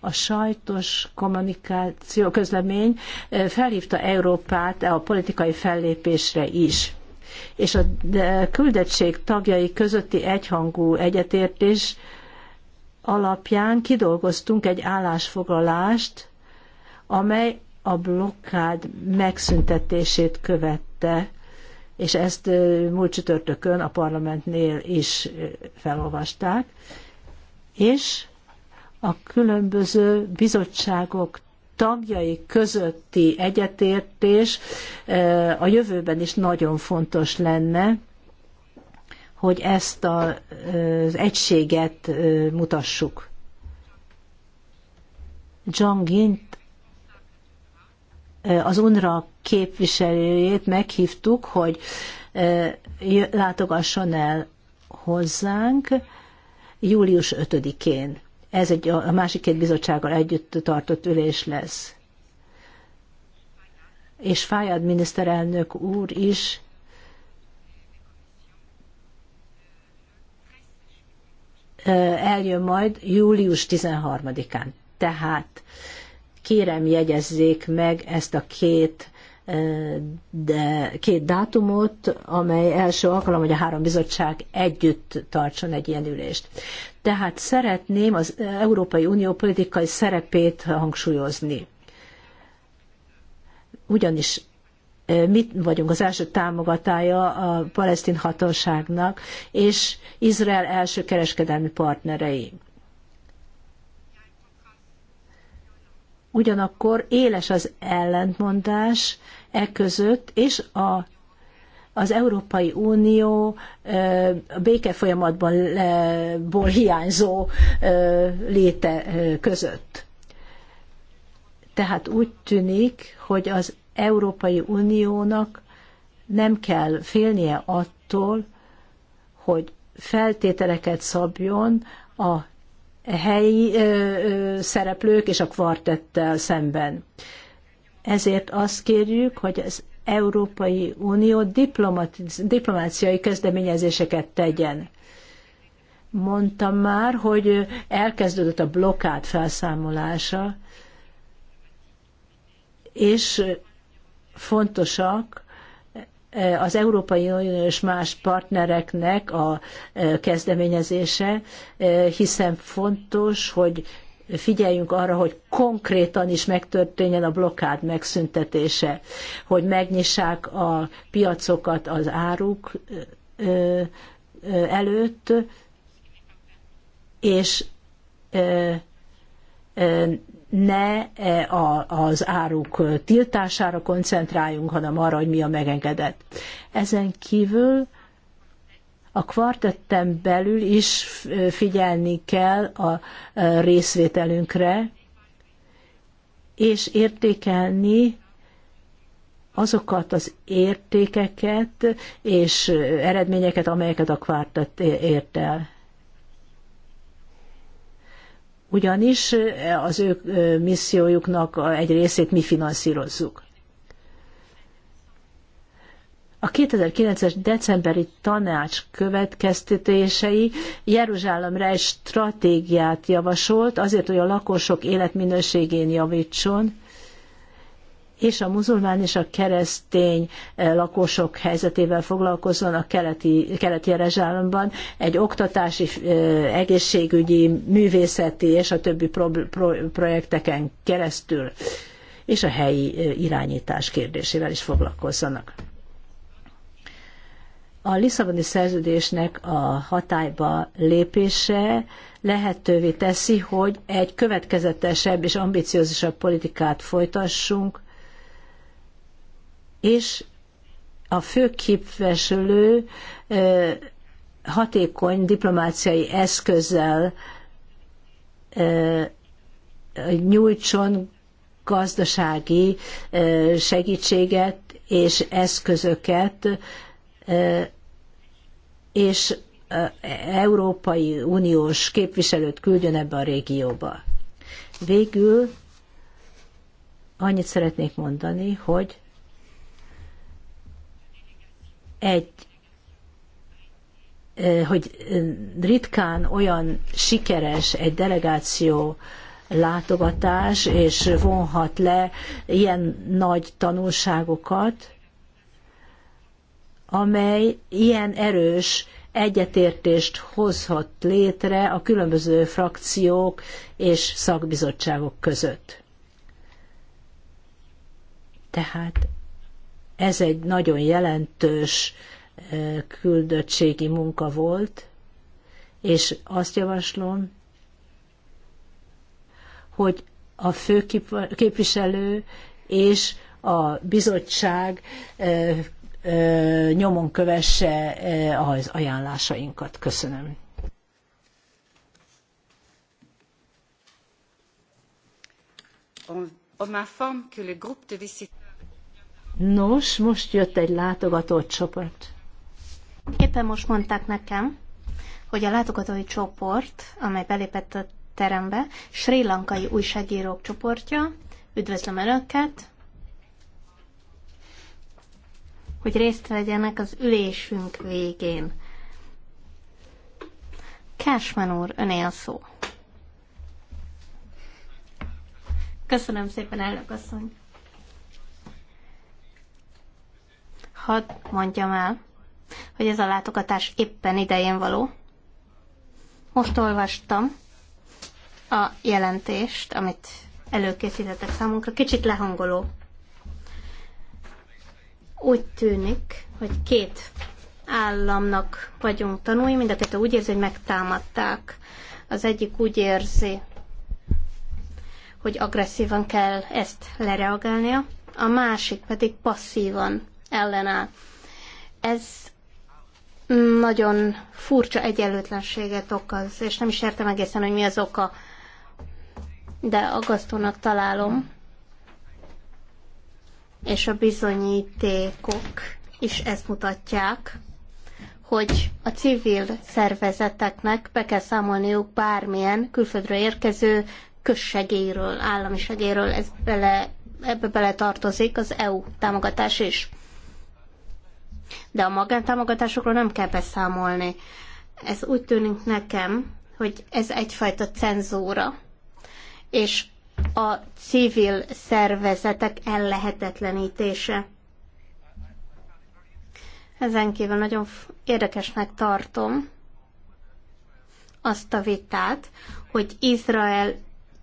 A sajtos kommunikáció közlemény felhívta Európát a politikai fellépésre is és a küldettség tagjai közötti egyhangú egyetértés alapján kidolgoztunk egy állásfoglalást, amely a blokkád megszüntetését követte és ezt múlt csütörtökön a parlamentnél is felolvasták, és a különböző bizottságok tagjai közötti egyetértés a jövőben is nagyon fontos lenne, hogy ezt az egységet mutassuk. Zhang Yint az UNRA képviselőjét meghívtuk, hogy látogasson el hozzánk július 5-én. Ez egy a másik két bizottsággal együtt tartott ülés lesz. És Fájad miniszterelnök úr is eljön majd július 13-án. Tehát Kérem jegyezzék meg ezt a két eh, de két dátumot, amely első alkalom, hogy a három bizottság együtt tartson egy ilyen ülést. Tehát szeretném az Európai Unió politikai szerepét hangsúlyozni. Ugyanis eh, mi vagyunk az első támogatája a palesztin hatóságnak, és Izrael első kereskedelmi partnerei. Ugyanakkor éles az ellentmondás e között, és a, az Európai Unió a béke folyamatban ból hiányzó léte között. Tehát úgy tűnik, hogy az Európai Uniónak nem kell félnie attól, hogy feltételeket szabjon a helyi szereplők és a kvartettel szemben. Ezért azt kérjük, hogy az Európai Unió diplomáciai kezdeményezéseket tegyen. Mondtam már, hogy elkezdődött a blokkád felszámolása, és fontosak az Európai Uniós más partnereknek a e, kezdeményezése, e, hiszen fontos, hogy figyeljünk arra, hogy konkrétan is megtörténjen a blokkád megszüntetése, hogy megnyissák a piacokat az áruk e, előtt, és ne eh, az áruk eh, tiltására koncentráljunk, hanem arra, hogy mi a megengedett. Ezen kívül a kvartetten belül is eh, figyelni kell a részvételünkre, és értékelni azokat az értékeket és eredményeket, amelyeket a kvartett ért el ugyanis az ő missziójuknak egy részét mi finanszírozzuk. A 2009-es decemberi tanács következtetései Jeruzsálemre egy stratégiát javasolt azért, hogy a lakosok életminőségén javítson, és a muzulmán és a keresztény eh, lakosok helyzetével foglalkozzon a keleti, keleti rezsálemban egy oktatási, eh, egészségügyi, művészeti és a többi pro, pro, projekteken keresztül, és a helyi eh, irányítás kérdésével is foglalkozzanak. A Lisszaboni szerződésnek a hatályba lépése lehetővé teszi, hogy egy következetesebb és ambiciózusabb politikát folytassunk, és a főképviselő hatékony diplomáciai eszközzel nyújtson gazdasági segítséget és eszközöket, és Európai Uniós képviselőt küldjön ebbe a régióba. Végül annyit szeretnék mondani, hogy egy hogy ritkán olyan sikeres egy delegáció látogatás, és vonhat le ilyen nagy tanulságokat, amely ilyen erős egyetértést hozhat létre a különböző frakciók és szakbizottságok között. Tehát ez egy nagyon jelentős eh, küldöttségi munka volt, és azt javaslom, hogy a főképviselő és a bizottság eh, eh, nyomon kövesse az ajánlásainkat. Köszönöm. On, on m'informe que le groupe de Nos, most jött egy látogatott csoport. Éppen most mondták nekem, hogy a látogatói csoport, amely belépett a terembe, Sri Lankai újságírók csoportja, üdvözlöm Önöket, hogy részt vegyenek az ülésünk végén. Cashman úr, öné a szó. Köszönöm szépen, elnök asszony. hadd mondjam el, hogy ez a látogatás éppen idején való. Most olvastam a jelentést, amit előkészítettek számunkra, kicsit lehangoló. Úgy tűnik, hogy két államnak vagyunk tanulni, mind a kettő úgy érzi, hogy megtámadták. Az egyik úgy érzi, hogy agresszívan kell ezt lereagálnia, a másik pedig passzívan ellenáll. Ez nagyon furcsa egyenlőtlenséget okoz, és nem is értem egészen, hogy mi az oka, de aggasztónak találom, és a bizonyítékok is ezt mutatják, hogy a civil szervezeteknek be kell számolniuk bármilyen külföldről érkező közsegélyről, állami segélyről, ez bele, ebbe bele tartozik az EU támogatás is. De a magántámogatásokról nem kell beszámolni. Ez úgy tűnik nekem, hogy ez egyfajta cenzúra, és a civil szervezetek ellehetetlenítése. Ezen kívül nagyon érdekesnek tartom azt a vitát, hogy Izrael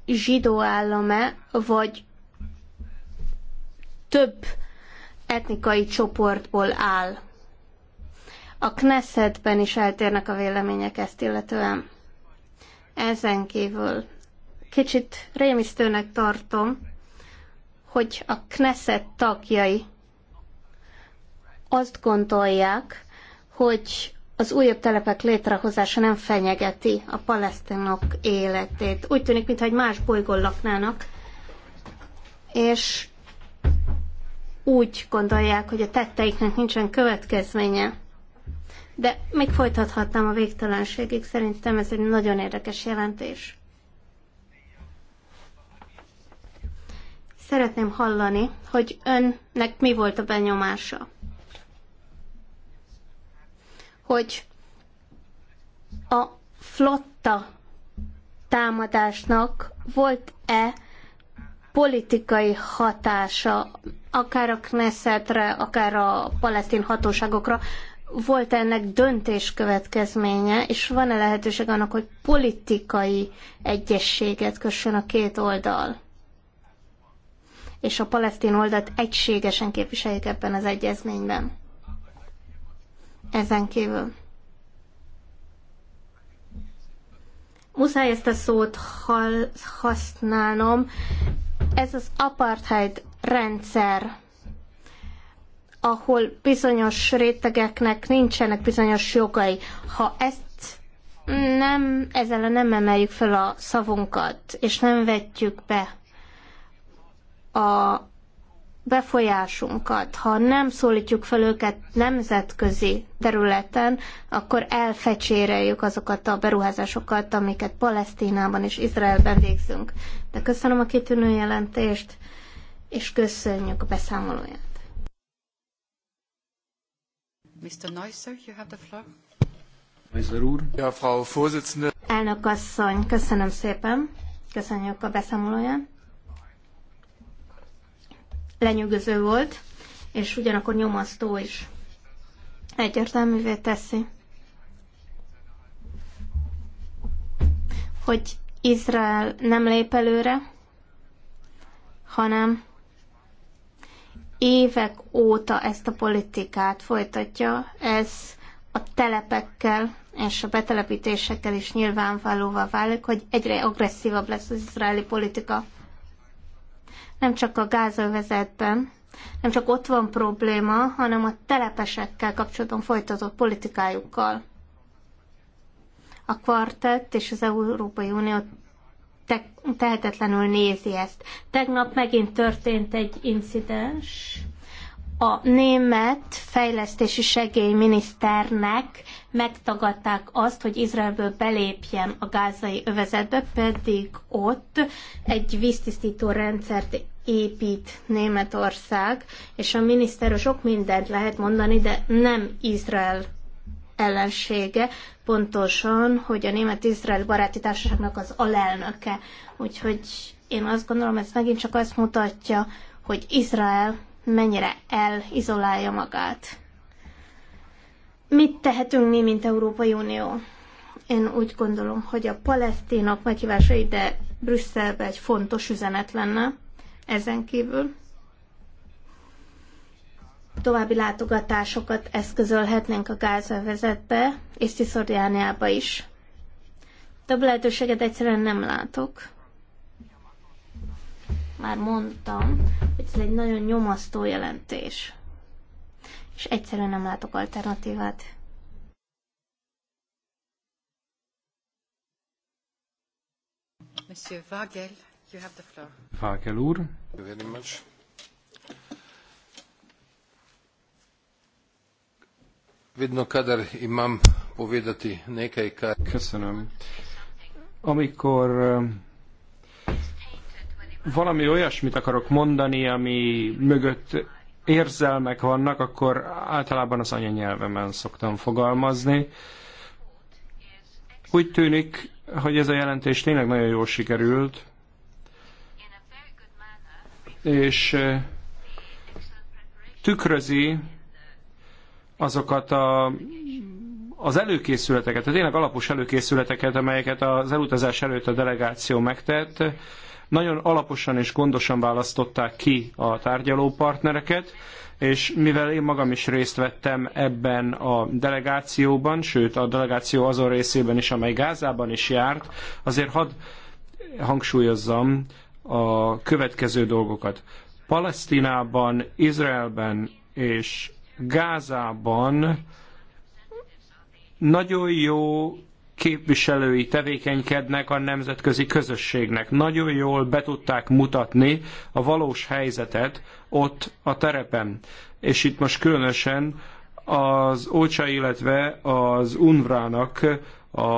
zsidó állame, vagy több etnikai csoportból áll. A Knessetben is eltérnek a vélemények ezt illetően. Ezen kívül kicsit rémisztőnek tartom, hogy a Knesset tagjai azt gondolják, hogy az újabb telepek létrehozása nem fenyegeti a palesztinok életét. Úgy tűnik, mintha egy más bolygón laknának, és úgy gondolják, hogy a tetteiknek nincsen következménye. De még folytathatnám a végtelenségig, szerintem ez egy nagyon érdekes jelentés. Szeretném hallani, hogy önnek mi volt a benyomása. Hogy a flotta támadásnak volt-e politikai hatása akár a Knessetre, akár a palesztin hatóságokra, volt -e ennek döntés következménye, és van-e lehetőség annak, hogy politikai egyességet kössön a két oldal? És a palesztin oldalt egységesen képviseljék ebben az egyezményben. Ezen kívül. Muszáj ezt a szót használnom. Ez az apartheid rendszer, ahol bizonyos rétegeknek nincsenek bizonyos jogai. Ha ezt nem, ezzel nem emeljük fel a szavunkat, és nem vetjük be a befolyásunkat, ha nem szólítjuk fel őket nemzetközi területen, akkor elfecséreljük azokat a beruházásokat, amiket Palesztinában és Izraelben végzünk. De köszönöm a kitűnő jelentést és köszönjük a beszámolóját. Mr. Neusser, you have the floor. Neusser úr. Ja, Frau Vorsitzende. Elnök asszony, köszönöm szépen. Köszönjük a beszámolóját. Lenyűgöző volt, és ugyanakkor nyomasztó is. Egyértelművé teszi, hogy Izrael nem lép előre, hanem évek óta ezt a politikát folytatja, ez a telepekkel és a betelepítésekkel is nyilvánvalóvá válik, hogy egyre agresszívabb lesz az izraeli politika. Nem csak a gázövezetben, nem csak ott van probléma, hanem a telepesekkel kapcsolatban folytatott politikájukkal. A kvartett és az Európai Unió te- tehetetlenül nézi ezt. Tegnap megint történt egy incidens. A német fejlesztési segélyminiszternek megtagadták azt, hogy Izraelből belépjen a gázai övezetbe, pedig ott egy víztisztító rendszert épít Németország, és a miniszter sok mindent lehet mondani, de nem Izrael ellensége, pontosan, hogy a Német-Izrael Baráti Társaságnak az alelnöke. Úgyhogy én azt gondolom, ez megint csak azt mutatja, hogy Izrael mennyire elizolálja magát. Mit tehetünk mi, mint Európai Unió? Én úgy gondolom, hogy a palesztinok meghívása ide Brüsszelbe egy fontos üzenet lenne ezen kívül további látogatásokat eszközölhetnénk a gázövezetbe és Cisordiániába is. Több lehetőséget egyszerűen nem látok. Már mondtam, hogy ez egy nagyon nyomasztó jelentés. És egyszerűen nem látok alternatívát. Monsieur Vagel, you have the floor. Vagel úr. Very much. Vidno, kader imam povedati nekaj, kar... Köszönöm. Amikor um, valami olyasmit akarok mondani, ami mögött érzelmek vannak, akkor általában az anyanyelvemen szoktam fogalmazni. Úgy tűnik, hogy ez a jelentés tényleg nagyon jól sikerült, és uh, tükrözi azokat a, az előkészületeket, a tényleg alapos előkészületeket, amelyeket az elutazás előtt a delegáció megtett, nagyon alaposan és gondosan választották ki a tárgyalópartnereket, és mivel én magam is részt vettem ebben a delegációban, sőt a delegáció azon részében is, amely Gázában is járt, azért hadd hangsúlyozzam a következő dolgokat. Palesztinában, Izraelben és Gázában nagyon jó képviselői tevékenykednek a nemzetközi közösségnek. Nagyon jól be tudták mutatni a valós helyzetet ott a terepen. És itt most különösen az OCSA, illetve az UNVRA-nak a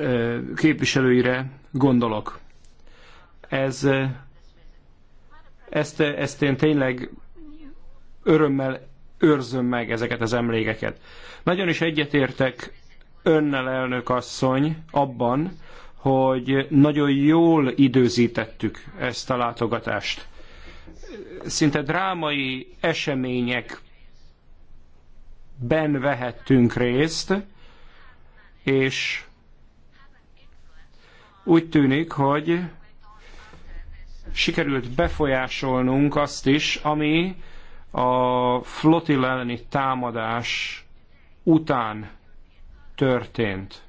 e, képviselőire gondolok. Ez, e, ezt, e, ezt én tényleg örömmel őrzöm meg ezeket az emlékeket. Nagyon is egyetértek önnel, elnök asszony, abban, hogy nagyon jól időzítettük ezt a látogatást. Szinte drámai események ben vehettünk részt, és úgy tűnik, hogy sikerült befolyásolnunk azt is, ami a flotilla elleni támadás után történt.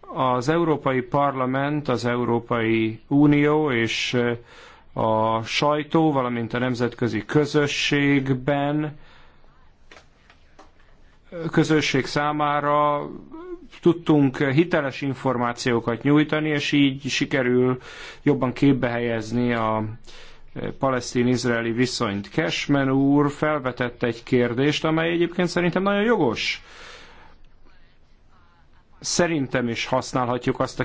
Az Európai Parlament, az Európai Unió és eh, a sajtó, valamint a nemzetközi közösségben eh, közösség számára tudtunk hiteles információkat nyújtani, és így sikerül jobban képbe helyezni a palesztin-izraeli viszonyt. Cashman úr felvetett egy kérdést, amely egyébként szerintem nagyon jogos. Szerintem is használhatjuk azt a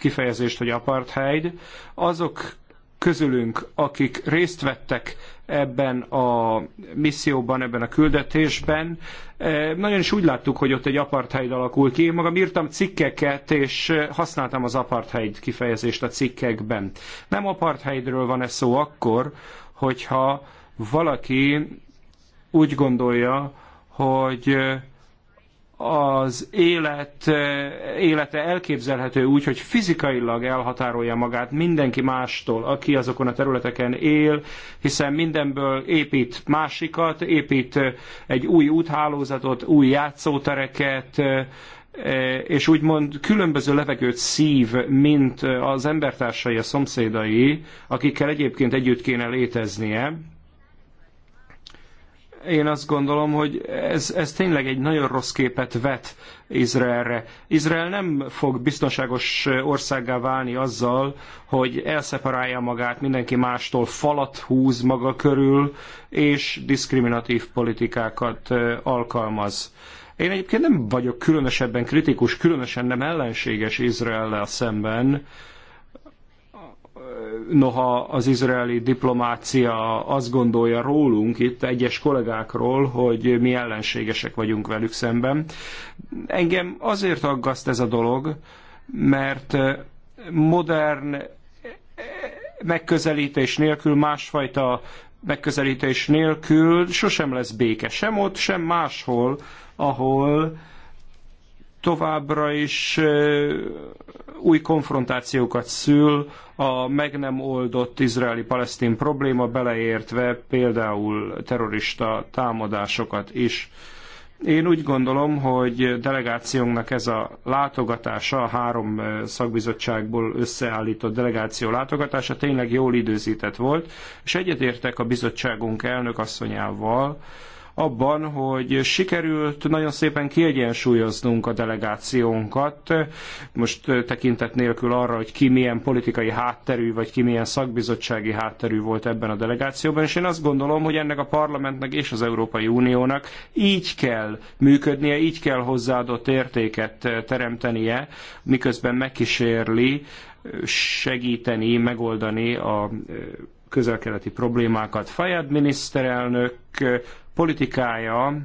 kifejezést, hogy apartheid. Azok közülünk, akik részt vettek ebben a misszióban, ebben a küldetésben. E, nagyon is úgy láttuk, hogy ott egy apartheid alakul ki. Én magam írtam cikkeket, és használtam az apartheid kifejezést a cikkekben. Nem apartheidről van ez szó akkor, hogyha valaki úgy gondolja, hogy az élet, eh, élete elképzelhető úgy, hogy fizikailag elhatárolja magát mindenki mástól, aki azokon a területeken él, hiszen mindenből épít másikat, épít eh, egy új úthálózatot, új játszótereket, eh, és úgymond különböző levegőt szív, mint az embertársai, a szomszédai, akikkel egyébként együtt kéne léteznie, én azt gondolom, hogy ez, ez tényleg egy nagyon rossz képet vet Izraelre. Izrael nem fog biztonságos országgá válni azzal, hogy elszeparálja magát mindenki mástól, falat húz maga körül, és diszkriminatív politikákat alkalmaz. Én egyébként nem vagyok különösebben kritikus, különösen nem ellenséges Izraellel szemben, noha az izraeli diplomácia azt gondolja rólunk, itt egyes kollégákról, hogy mi ellenségesek vagyunk velük szemben. Engem azért aggaszt ez a dolog, mert modern megközelítés nélkül, másfajta megközelítés nélkül sosem lesz béke, sem ott, sem máshol, ahol továbbra is új konfrontációkat szül a meg nem oldott izraeli-palesztin probléma, beleértve például terrorista támadásokat is. Én úgy gondolom, hogy delegációnknak ez a látogatása, a három eh, szakbizottságból összeállított delegáció látogatása tényleg jól időzített volt, és egyetértek a bizottságunk elnök asszonyával, abban, hogy sikerült nagyon szépen kiegyensúlyoznunk a delegációnkat, most tekintet nélkül arra, hogy ki milyen politikai hátterű, vagy ki milyen szakbizottsági hátterű volt ebben a delegációban, és én azt gondolom, hogy ennek a parlamentnek és az Európai Uniónak így kell működnie, így kell hozzáadott értéket teremtenie, miközben megkísérli segíteni, megoldani a közelkeleti problémákat. Fajad miniszterelnök politikája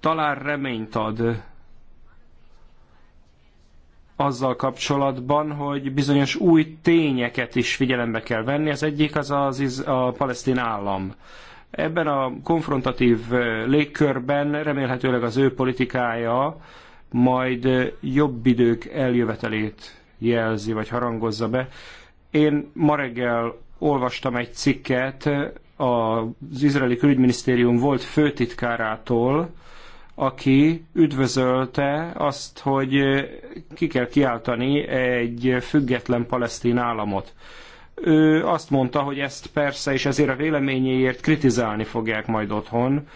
talán reményt ad azzal kapcsolatban, hogy bizonyos új tényeket is figyelembe kell venni. Az egyik az, az a palesztin állam. Ebben a konfrontatív légkörben remélhetőleg az ő politikája majd jobb idők eljövetelét jelzi, vagy harangozza be. Én ma reggel olvastam egy cikket az izraeli külügyminisztérium volt főtitkárától, aki üdvözölte azt, hogy ki kell kiáltani egy független palesztin államot. Ő azt mondta, hogy ezt persze, és ezért a véleményéért kritizálni fogják majd otthon,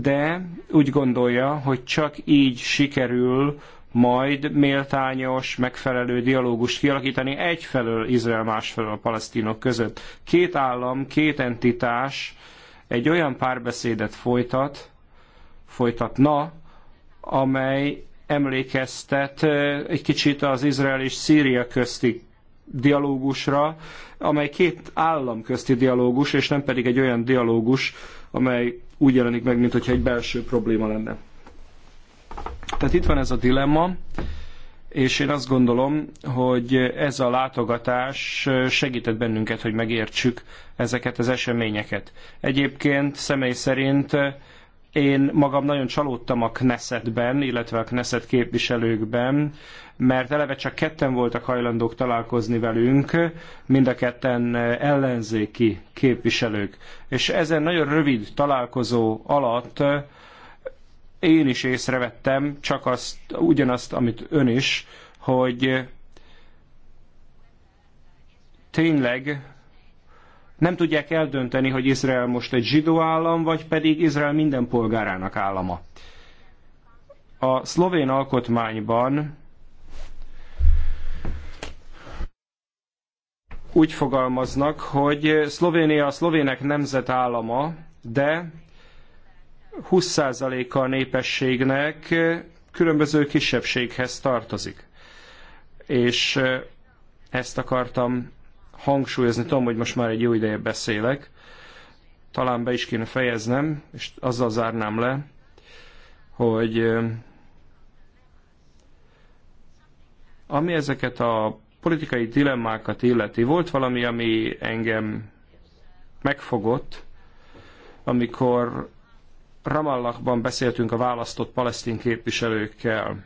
de úgy gondolja, hogy csak így sikerül majd méltányos, megfelelő dialógust kialakítani egyfelől Izrael, másfelől a palesztinok között. Két állam, két entitás egy olyan párbeszédet folytat, folytatna, amely emlékeztet egy kicsit az Izrael és Szíria közti dialógusra, amely két állam közti dialógus, és nem pedig egy olyan dialógus, amely úgy jelenik meg, mintha egy belső probléma lenne. Tehát itt van ez a dilemma, és én azt gondolom, hogy ez a látogatás segített bennünket, hogy megértsük ezeket az eseményeket. Egyébként személy szerint én magam nagyon csalódtam a Knessetben, illetve a Knesset képviselőkben, mert eleve csak ketten voltak hajlandók találkozni velünk, mind a ketten ellenzéki képviselők. És ezen nagyon rövid találkozó alatt én is észrevettem, csak azt, ugyanazt, amit ön is, hogy tényleg nem tudják eldönteni, hogy Izrael most egy zsidó állam, vagy pedig Izrael minden polgárának állama. A szlovén alkotmányban úgy fogalmaznak, hogy Szlovénia a szlovének nemzetállama, de 20%-a a népességnek különböző kisebbséghez tartozik. És ezt akartam hangsúlyozni, tudom, hogy most már egy jó ideje beszélek, talán be is kéne fejeznem, és azzal zárnám le, hogy ami ezeket a politikai dilemmákat illeti, volt valami, ami engem megfogott, amikor Ramallahban beszéltünk a választott palesztin képviselőkkel.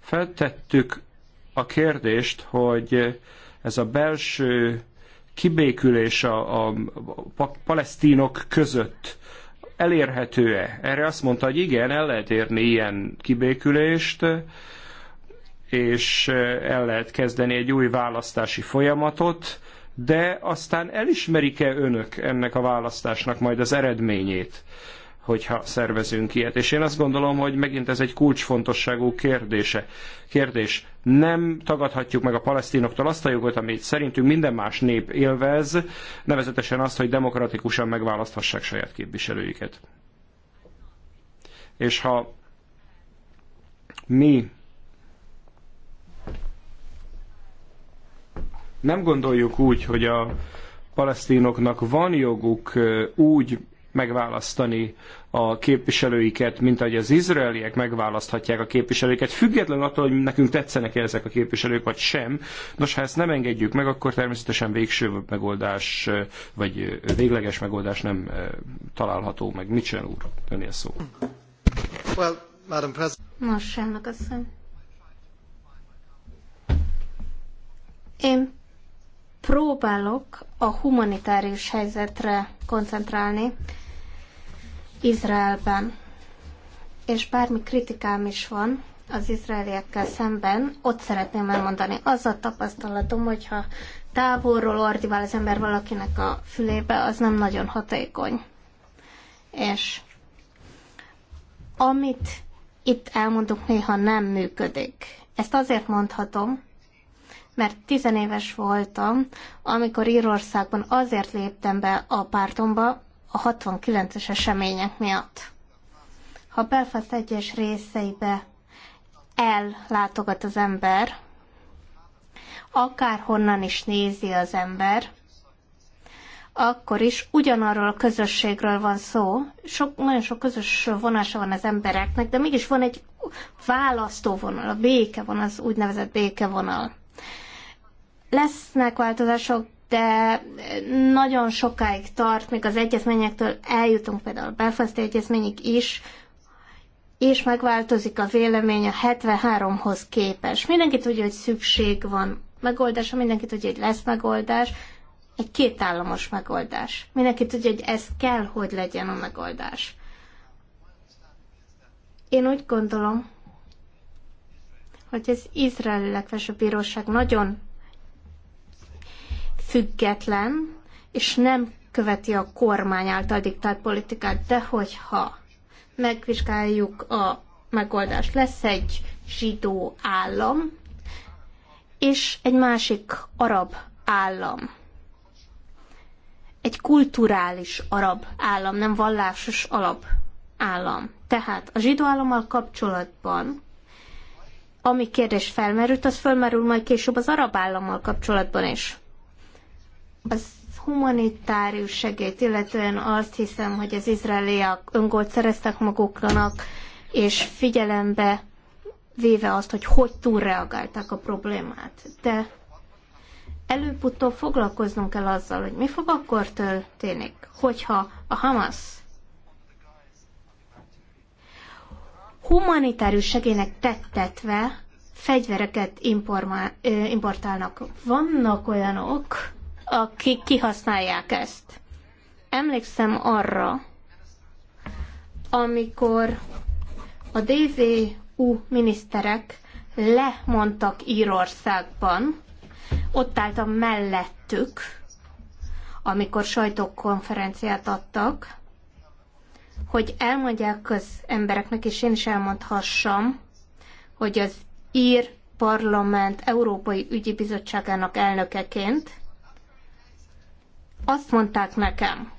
Feltettük a kérdést, hogy ez a belső kibékülés a, a palesztinok között elérhető-e? Erre azt mondta, hogy igen, el lehet érni ilyen kibékülést, és el lehet kezdeni egy új választási folyamatot, de aztán elismerik-e önök ennek a választásnak majd az eredményét? hogyha szervezünk ilyet. És én azt gondolom, hogy megint ez egy kulcsfontosságú kérdése. Kérdés. Nem tagadhatjuk meg a palesztinoktól azt a jogot, amit szerintünk minden más nép élvez, nevezetesen azt, hogy demokratikusan megválaszthassák saját képviselőiket. És ha mi nem gondoljuk úgy, hogy a palesztinoknak van joguk úgy megválasztani a képviselőiket, mint ahogy az izraeliek megválaszthatják a képviselőiket, függetlenül attól, hogy nekünk tetszenek -e ezek a képviselők, vagy sem. Nos, ha ezt nem engedjük meg, akkor természetesen végső megoldás, vagy végleges megoldás nem található meg. Mitchell úr, önél szó. Well, Madam President. Nos, elnök Én próbálok a humanitárius helyzetre koncentrálni, Izraelben. És bármi kritikám is van az izraeliekkel szemben, ott szeretném elmondani. Az a tapasztalatom, hogyha távolról ordivál az ember valakinek a fülébe, az nem nagyon hatékony. És amit itt elmondunk, néha nem működik. Ezt azért mondhatom, mert tizenéves voltam, amikor Írországban azért léptem be a pártomba, a 69-es események miatt. Ha Belfast egyes részeibe ellátogat az ember, akárhonnan is nézi az ember, akkor is ugyanarról a közösségről van szó. Sok, nagyon sok közös vonása van az embereknek, de mégis van egy választó vonal, a béke van, az úgynevezett békevonal. Lesznek változások de nagyon sokáig tart, még az egyezményektől eljutunk például a Belfasti egyezményig is, és megváltozik a vélemény a 73-hoz képes. Mindenki tudja, hogy szükség van megoldása, mindenki tudja, hogy lesz megoldás, egy kétállamos megoldás. Mindenki tudja, hogy ez kell, hogy legyen a megoldás. Én úgy gondolom, hogy az izraeli legfelsőbb bíróság nagyon független, és nem követi a kormány által diktált politikát, de hogyha megvizsgáljuk a megoldást, lesz egy zsidó állam, és egy másik arab állam. Egy kulturális arab állam, nem vallásos alap állam. Tehát a zsidó állammal kapcsolatban, ami kérdés felmerült, az felmerül majd később az arab állammal kapcsolatban is. Az humanitárius segélyt, illetően azt hiszem, hogy az izraeliak öngolt szereztek maguknak, és figyelembe véve azt, hogy hogy túlreagálták a problémát. De előbb-utóbb foglalkoznunk kell azzal, hogy mi fog akkor történni, hogyha a Hamas humanitárius segélynek tettetve fegyvereket importálnak. Vannak olyanok, akik kihasználják ezt. Emlékszem arra, amikor a DVU miniszterek lemondtak Írországban, ott álltam mellettük, amikor sajtókonferenciát adtak, hogy elmondják az embereknek, és én is elmondhassam, hogy az ír parlament Európai Ügyi Bizottságának elnökeként azt mondták nekem,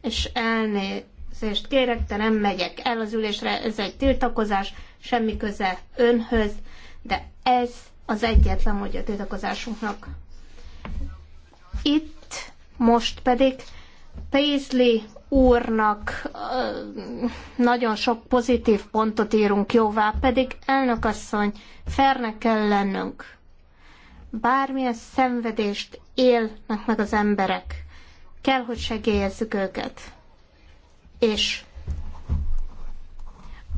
és elnézést kérek, de nem megyek el az ülésre, ez egy tiltakozás, semmi köze önhöz, de ez az egyetlen módja a tiltakozásunknak. Itt most pedig Paisley úrnak nagyon sok pozitív pontot írunk jóvá, pedig elnökasszony, fernek kell lennünk bármilyen szenvedést élnek meg az emberek, kell, hogy segélyezzük őket. És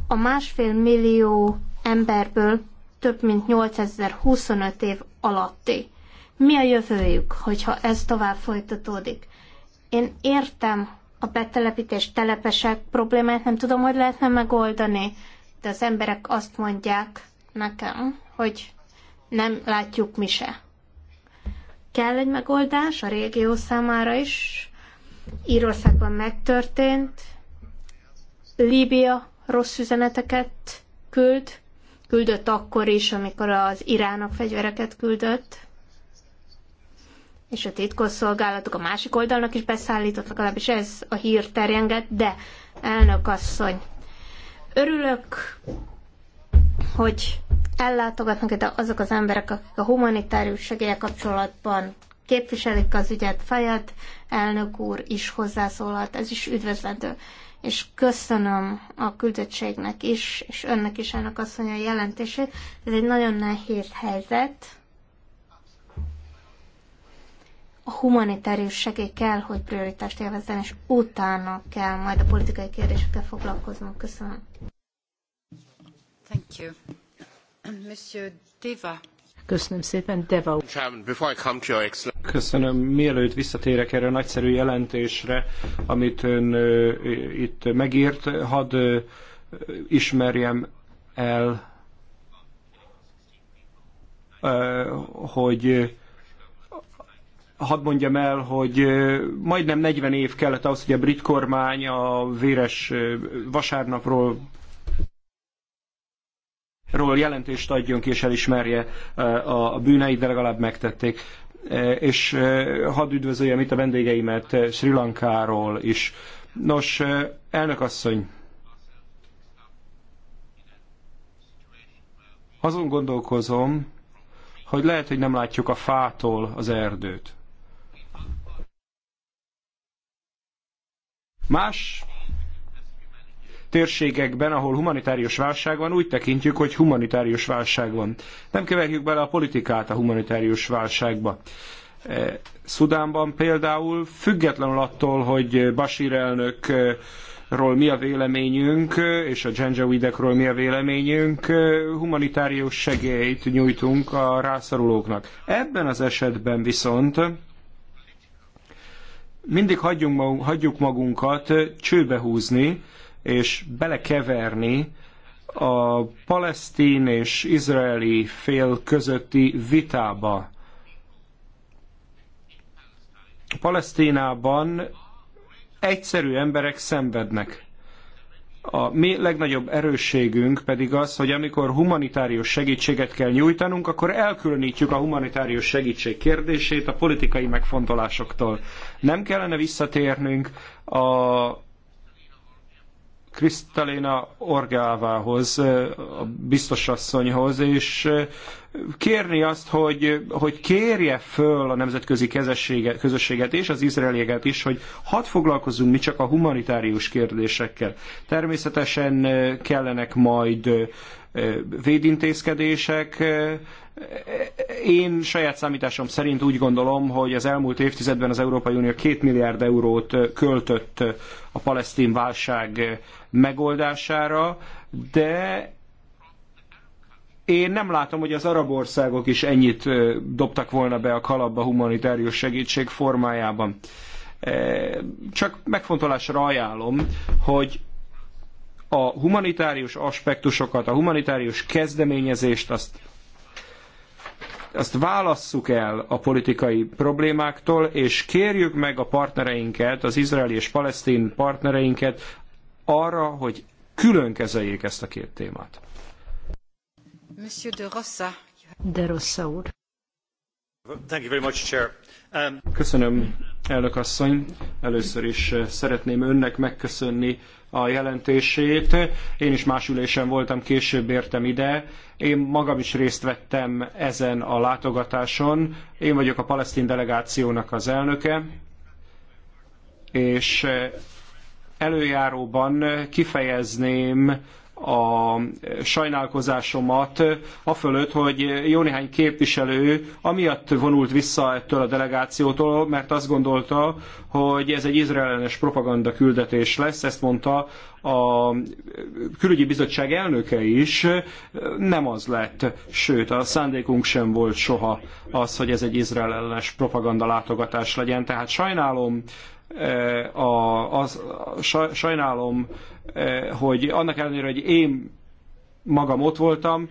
a másfél millió emberből több mint 8025 év alatti. Mi a jövőjük, hogyha ez tovább folytatódik? Én értem a betelepítés telepesek problémát, nem tudom, hogy lehetne megoldani, de az emberek azt mondják nekem, hogy nem látjuk mi se. Kell egy megoldás a régió számára is. Írországban megtörtént. Líbia rossz üzeneteket küld. Küldött akkor is, amikor az Iránok fegyvereket küldött. És a titkosszolgálatok a másik oldalnak is beszállított, legalábbis ez a hír terjengett, de elnök asszony, örülök hogy ellátogatnak ide azok az emberek, akik a humanitárius segélye kapcsolatban képviselik az ügyet, fejed, elnök úr is hozzászólhat, ez is üdvözlendő. És köszönöm a küldöttségnek is, és önnek is, ennek asszony a jelentését. Ez egy nagyon nehéz helyzet. A humanitárius segély kell, hogy prioritást élvezzen, és utána kell majd a politikai kérdésekkel foglalkoznunk. Köszönöm. Köszönöm szépen, Deva Köszönöm. Mielőtt visszatérek erre a nagyszerű jelentésre, amit ön itt megírt, hadd ismerjem el, hogy hadd mondjam el, hogy majdnem 40 év kellett ahhoz, hogy a brit kormány a véres vasárnapról ról jelentést ki és elismerje eh, a bűneit, de legalább megtették. Eh, és eh, hadd üdvözöljem itt a vendégeimet Sri Lankáról is. Nos, elnök asszony, azon gondolkozom, hogy lehet, hogy nem látjuk a fától az erdőt. Más térségekben, ahol humanitárius válság van, úgy tekintjük, hogy humanitárius válság van. Nem keverjük bele a politikát a humanitárius válságba. E, Szudánban például függetlenül attól, hogy Bashir elnökről mi a véleményünk, és a Janjaweedekről mi a véleményünk, humanitárius segélyt nyújtunk a rászorulóknak. Ebben az esetben viszont mindig hagyjuk magunkat csőbe húzni, és belekeverni a palesztin és izraeli fél közötti vitába. Palesztinában egyszerű emberek szenvednek. A mi legnagyobb erősségünk pedig az, hogy amikor humanitárius segítséget kell nyújtanunk, akkor elkülönítjük a humanitárius segítség kérdését a politikai megfontolásoktól. Nem kellene visszatérnünk a Kristalina Orgávához, a biztosasszonyhoz, és kérni azt, hogy, hogy kérje föl a nemzetközi közösséget, közösséget és az izraelieket is, hogy hadd foglalkozzunk mi csak a humanitárius kérdésekkel. Természetesen kellenek majd védintézkedések. Én saját számításom szerint úgy gondolom, hogy az elmúlt évtizedben az Európai Unió 2 milliárd eurót költött a palesztin válság megoldására, de én nem látom, hogy az arab országok is ennyit dobtak volna be a kalapba humanitárius segítség formájában. Csak megfontolásra ajánlom, hogy a humanitárius aspektusokat, a humanitárius kezdeményezést azt azt válasszuk el a politikai problémáktól, és kérjük meg a partnereinket, az izraeli és palesztin partnereinket arra, hogy külön kezeljék ezt a két témát. Monsieur de Rossa. De Rossa úr. Um, Köszönöm, elnök asszony. Először is eh, szeretném önnek megköszönni a jelentését. Én is más ülésen voltam, később értem ide. Én magam is részt vettem ezen a látogatáson. Én vagyok a palesztin delegációnak az elnöke, és eh, előjáróban kifejezném a sajnálkozásomat afölött, hogy jó néhány képviselő amiatt vonult vissza ettől a delegációtól, mert azt gondolta, hogy ez egy izraelenes propaganda küldetés lesz, ezt mondta a külügyi bizottság elnöke is, nem az lett, sőt a szándékunk sem volt soha az, hogy ez egy izraelenes propaganda látogatás legyen, tehát sajnálom, Eh, a, az, a, sajnálom, eh, hogy annak ellenére, hogy én magam ott voltam,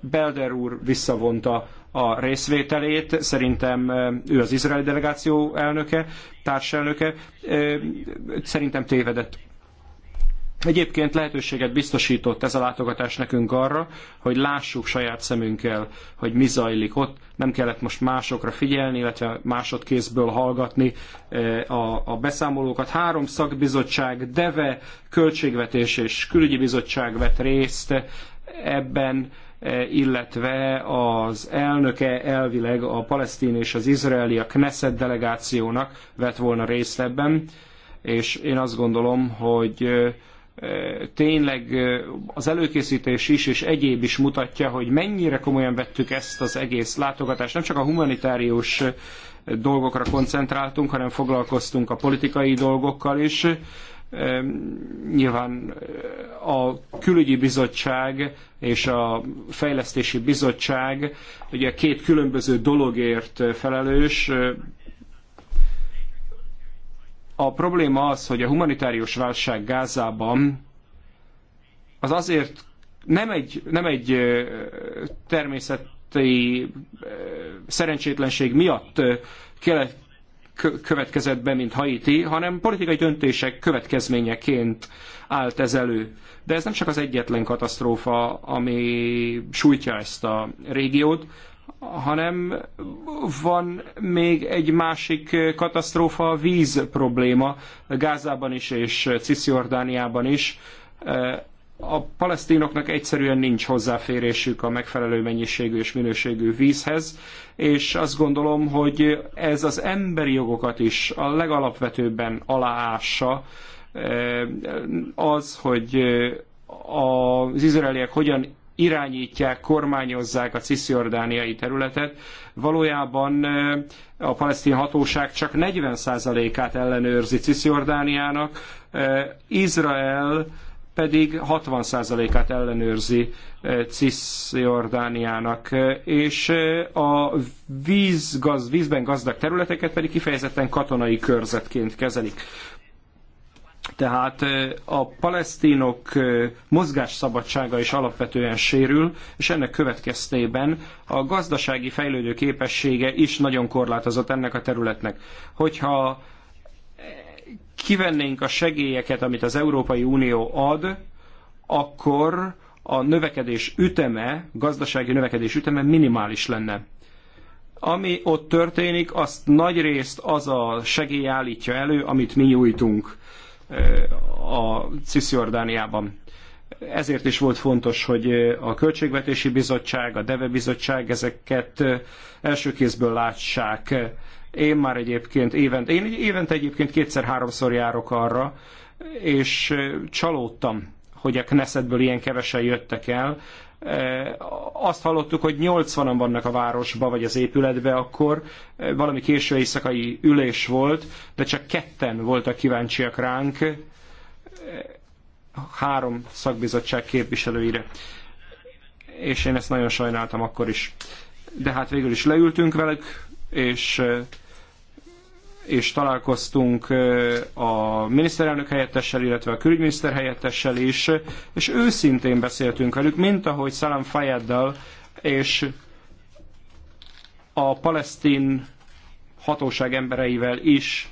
Belder úr visszavonta a részvételét, szerintem eh, ő az izraeli delegáció elnöke, társelnöke, szerintem tévedett. Egyébként lehetőséget biztosított ez a látogatás nekünk arra, hogy lássuk saját szemünkkel, hogy mi zajlik ott. Nem kellett most másokra figyelni, illetve másodkézből hallgatni eh, a, a beszámolókat. Három szakbizottság, DEVE, Költségvetés és Külügyi Bizottság vett részt ebben, eh, illetve az elnöke elvileg a palesztin és az izraeli, a Knesset delegációnak vett volna részt ebben, és én azt gondolom, hogy eh, tényleg az előkészítés is és egyéb is mutatja, hogy mennyire komolyan vettük ezt az egész látogatást. Nem csak a humanitárius dolgokra koncentráltunk, hanem foglalkoztunk a politikai dolgokkal is. Nyilván a külügyi bizottság és a fejlesztési bizottság ugye két különböző dologért felelős, a probléma az, hogy a humanitárius válság Gázában az azért nem egy, nem egy természeti szerencsétlenség miatt kelet, következett be, mint Haiti, hanem politikai döntések következményeként állt ez elő. De ez nem csak az egyetlen katasztrófa, ami sújtja ezt a régiót, hanem van még egy másik katasztrófa, a víz probléma, Gázában is és Cisziordániában is. Eh, a palesztinoknak egyszerűen nincs hozzáférésük a megfelelő mennyiségű és minőségű vízhez, és azt gondolom, hogy ez az emberi jogokat is a legalapvetőbben aláássa eh, az, hogy eh, az izraeliek hogyan irányítják, kormányozzák a cisziordániai területet. Valójában eh, a palesztin hatóság csak 40%-át ellenőrzi Cisziordániának, eh, Izrael pedig 60%-át ellenőrzi eh, Cisziordániának, és a víz, gaz, vízben gazdag területeket pedig kifejezetten katonai körzetként kezelik. Tehát a palesztinok mozgásszabadsága is alapvetően sérül, és ennek következtében a gazdasági fejlődő képessége is nagyon korlátozott ennek a területnek. Hogyha kivennénk a segélyeket, amit az Európai Unió ad, akkor a növekedés üteme, gazdasági növekedés üteme minimális lenne. Ami ott történik, azt nagyrészt az a segély állítja elő, amit mi nyújtunk a Cisjordániában. Ezért is volt fontos, hogy a Költségvetési Bizottság, a Deve Bizottság ezeket első kézből lássák. Én már egyébként évent, én évente egyébként kétszer-háromszor járok arra, és csalódtam, hogy a Knessetből ilyen kevesen jöttek el, Eh, azt hallottuk, hogy 80-an vannak a városba, vagy az épületbe akkor, eh, valami késő éjszakai ülés volt, de csak ketten voltak kíváncsiak ránk, eh, három szakbizottság képviselőire. És én ezt nagyon sajnáltam akkor is. De hát végül is leültünk velük, és és találkoztunk a miniszterelnök helyettessel, illetve a külügyminiszter helyettessel is, és őszintén beszéltünk velük, mint ahogy Salam Fayeddel és a palesztin hatóság embereivel is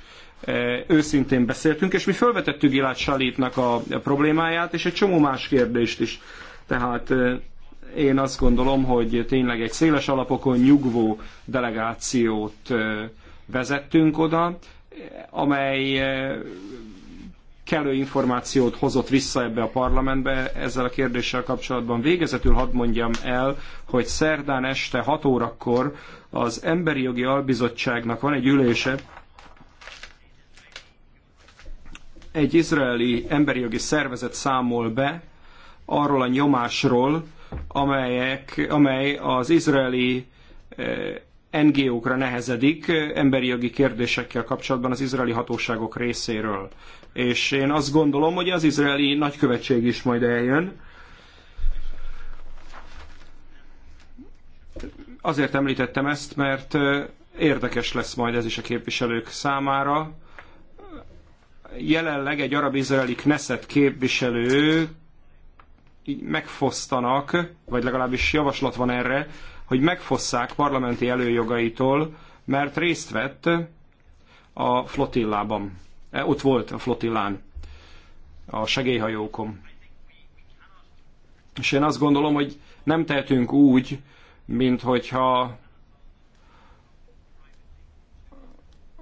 őszintén beszéltünk, és mi felvetettük Gilad Salitnak a problémáját, és egy csomó más kérdést is. Tehát én azt gondolom, hogy tényleg egy széles alapokon nyugvó delegációt vezettünk oda, amely eh, kellő információt hozott vissza ebbe a parlamentbe ezzel a kérdéssel kapcsolatban. Végezetül hadd mondjam el, hogy szerdán este 6 órakor az Emberi Jogi Albizottságnak van egy ülése, egy izraeli emberi jogi szervezet számol be arról a nyomásról, amelyek, amely az izraeli eh, NGO-kra nehezedik eh, emberi jogi kérdésekkel kapcsolatban az izraeli hatóságok részéről. És én azt gondolom, hogy az izraeli nagykövetség is majd eljön. Azért említettem ezt, mert eh, érdekes lesz majd ez is a képviselők számára. Jelenleg egy arab-izraeli Knesset képviselő megfosztanak, vagy legalábbis javaslat van erre, hogy megfosszák parlamenti előjogaitól, mert részt vett a flotillában. E, ott volt a flotillán, a segélyhajókon. És én azt gondolom, hogy nem tehetünk úgy, mint hogyha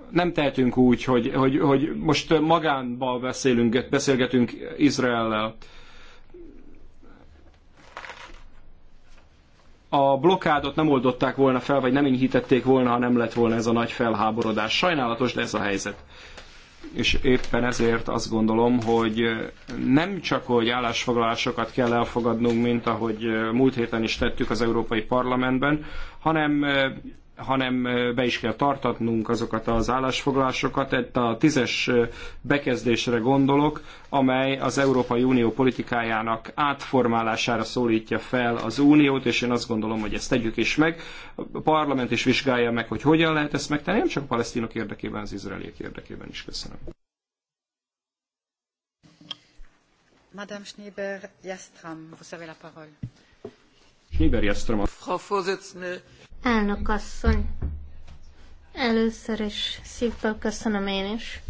nem tehetünk úgy, hogy, hogy, hogy most magánba beszélünk, beszélgetünk Izraellel. a blokádot nem oldották volna fel, vagy nem enyhítették volna, ha nem lett volna ez a nagy felháborodás. Sajnálatos, de ez a helyzet. És éppen ezért azt gondolom, hogy nem csak, hogy állásfoglalásokat kell elfogadnunk, mint ahogy múlt héten is tettük az Európai Parlamentben, hanem hanem be is kell tartatnunk azokat az állásfoglalásokat. Itt a tízes bekezdésre gondolok, amely az Európai Unió politikájának átformálására szólítja fel az Uniót, és én azt gondolom, hogy ezt tegyük is meg. A parlament is vizsgálja meg, hogy hogyan lehet ezt megtenni, nem csak a palesztinok érdekében, az izraeliek érdekében is. Köszönöm. Madame Schneeber-Jastram, vous avez la parole. Schneeber-Jastram. Frau Vorsitzende, Elnök asszony, először is szívből köszönöm én is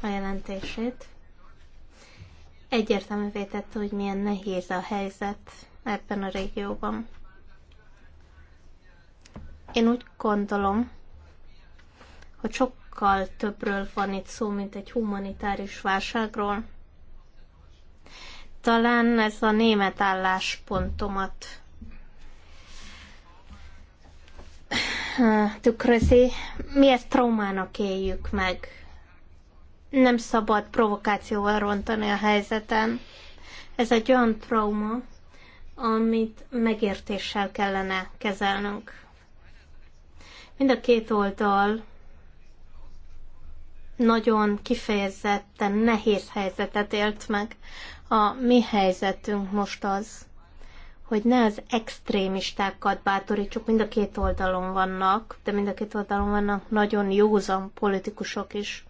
a jelentését. Egyértelművé tette, hogy milyen nehéz a helyzet ebben a régióban. Én úgy gondolom, hogy sokkal többről van itt szó, mint egy humanitáris válságról. Talán ez a német álláspontomat tükrözi, miért traumának éljük meg. Nem szabad provokációval rontani a helyzeten. Ez egy olyan trauma, amit megértéssel kellene kezelnünk. Mind a két oldal nagyon kifejezetten nehéz helyzetet élt meg. A mi helyzetünk most az, hogy ne az extrémistákat bátorítsuk, mind a két oldalon vannak, de mind a két oldalon vannak nagyon józan politikusok is.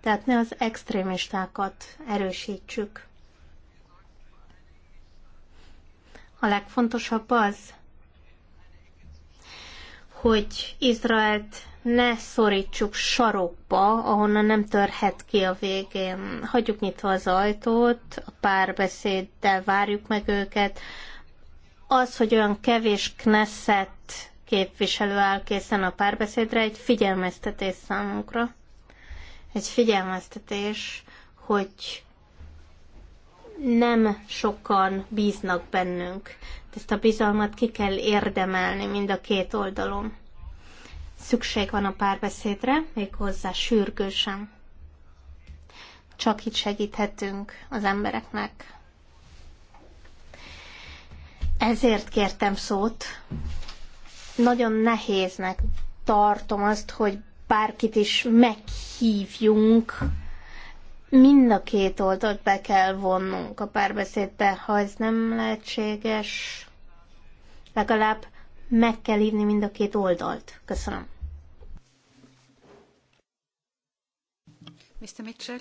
Tehát ne az extrémistákat erősítsük. A legfontosabb az, hogy Izraelt ne szorítsuk sarokba, ahonnan nem törhet ki a végén. Hagyjuk nyitva az ajtót, a párbeszéddel várjuk meg őket, az, hogy olyan kevés Knesset képviselő áll készen a párbeszédre, egy figyelmeztetés számunkra. Egy figyelmeztetés, hogy nem sokan bíznak bennünk. Ezt a bizalmat ki kell érdemelni mind a két oldalon. Szükség van a párbeszédre, méghozzá sürgősen. Csak itt segíthetünk az embereknek. Ezért kértem szót. Nagyon nehéznek tartom azt, hogy bárkit is meghívjunk. Mind a két oldalt be kell vonnunk a párbeszédbe, ha ez nem lehetséges. Legalább meg kell hívni mind a két oldalt. Köszönöm. Mr. Mitchell?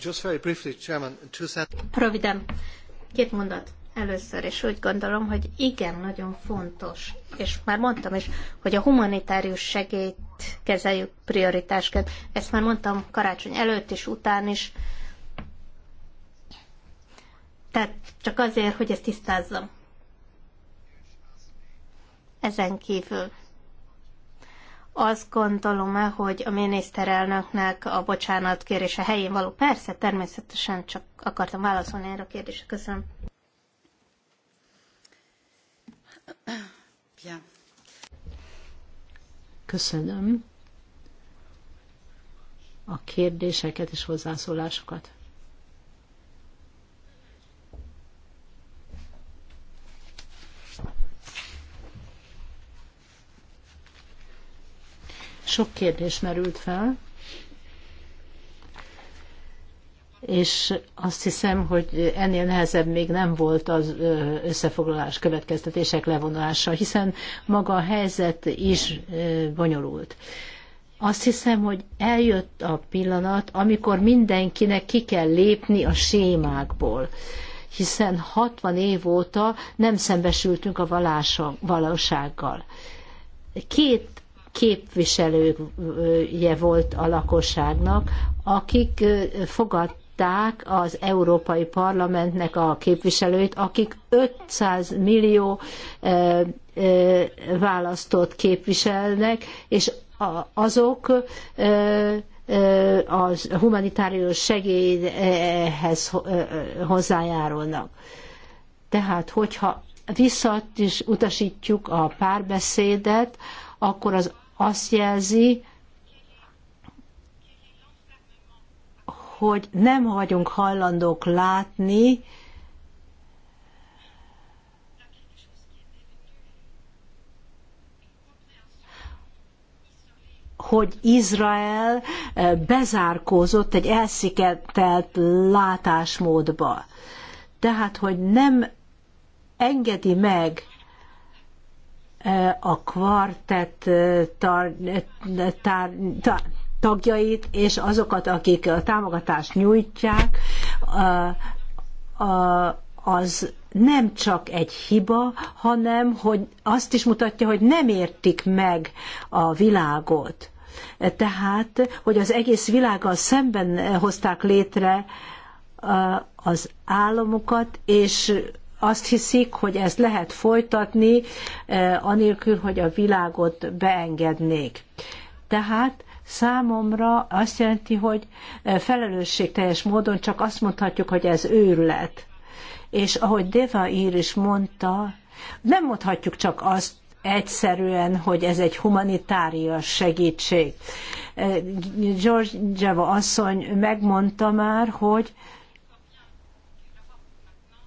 Just very briefly, Chairman, two Röviden, két mondat először, és úgy gondolom, hogy igen, nagyon fontos, és már mondtam is, hogy a humanitárius segélyt kezeljük prioritásként. Ezt már mondtam karácsony előtt és után is. Tehát csak azért, hogy ezt tisztázzam. Ezen kívül azt gondolom -e, hogy a miniszterelnöknek a bocsánat kérése helyén való? Persze, természetesen csak akartam válaszolni erre a kérdésre. Köszönöm. Köszönöm a kérdéseket és hozzászólásokat. Sok kérdés merült fel. és azt hiszem, hogy ennél nehezebb még nem volt az összefoglalás következtetések levonása, hiszen maga a helyzet is bonyolult. Azt hiszem, hogy eljött a pillanat, amikor mindenkinek ki kell lépni a sémákból hiszen 60 év óta nem szembesültünk a valósággal. Két képviselője volt a lakosságnak, akik fogad, hívták az Európai Parlamentnek a képviselőit, akik 500 millió választót képviselnek, és azok a humanitárius segélyhez hozzájárulnak. Tehát, hogyha visszat is utasítjuk a párbeszédet, akkor az azt jelzi, hogy nem vagyunk hajlandók látni, hogy Izrael eh, bezárkózott egy elsziketelt látásmódba. Tehát, hogy nem engedi meg eh, a kvartett eh, tar tar, tár, tagjait és azokat, akik a támogatást nyújtják, az nem csak egy hiba, hanem hogy azt is mutatja, hogy nem értik meg a világot. Tehát, hogy az egész világgal szemben hozták létre az államokat, és azt hiszik, hogy ezt lehet folytatni, eh, anélkül, hogy a világot beengednék. Tehát Számomra azt jelenti, hogy eh, felelősségteljes módon csak azt mondhatjuk, hogy ez őrület. És ahogy Deva ír is mondta, nem mondhatjuk csak azt egyszerűen, hogy ez egy humanitárias segítség. Java eh, asszony megmondta már, hogy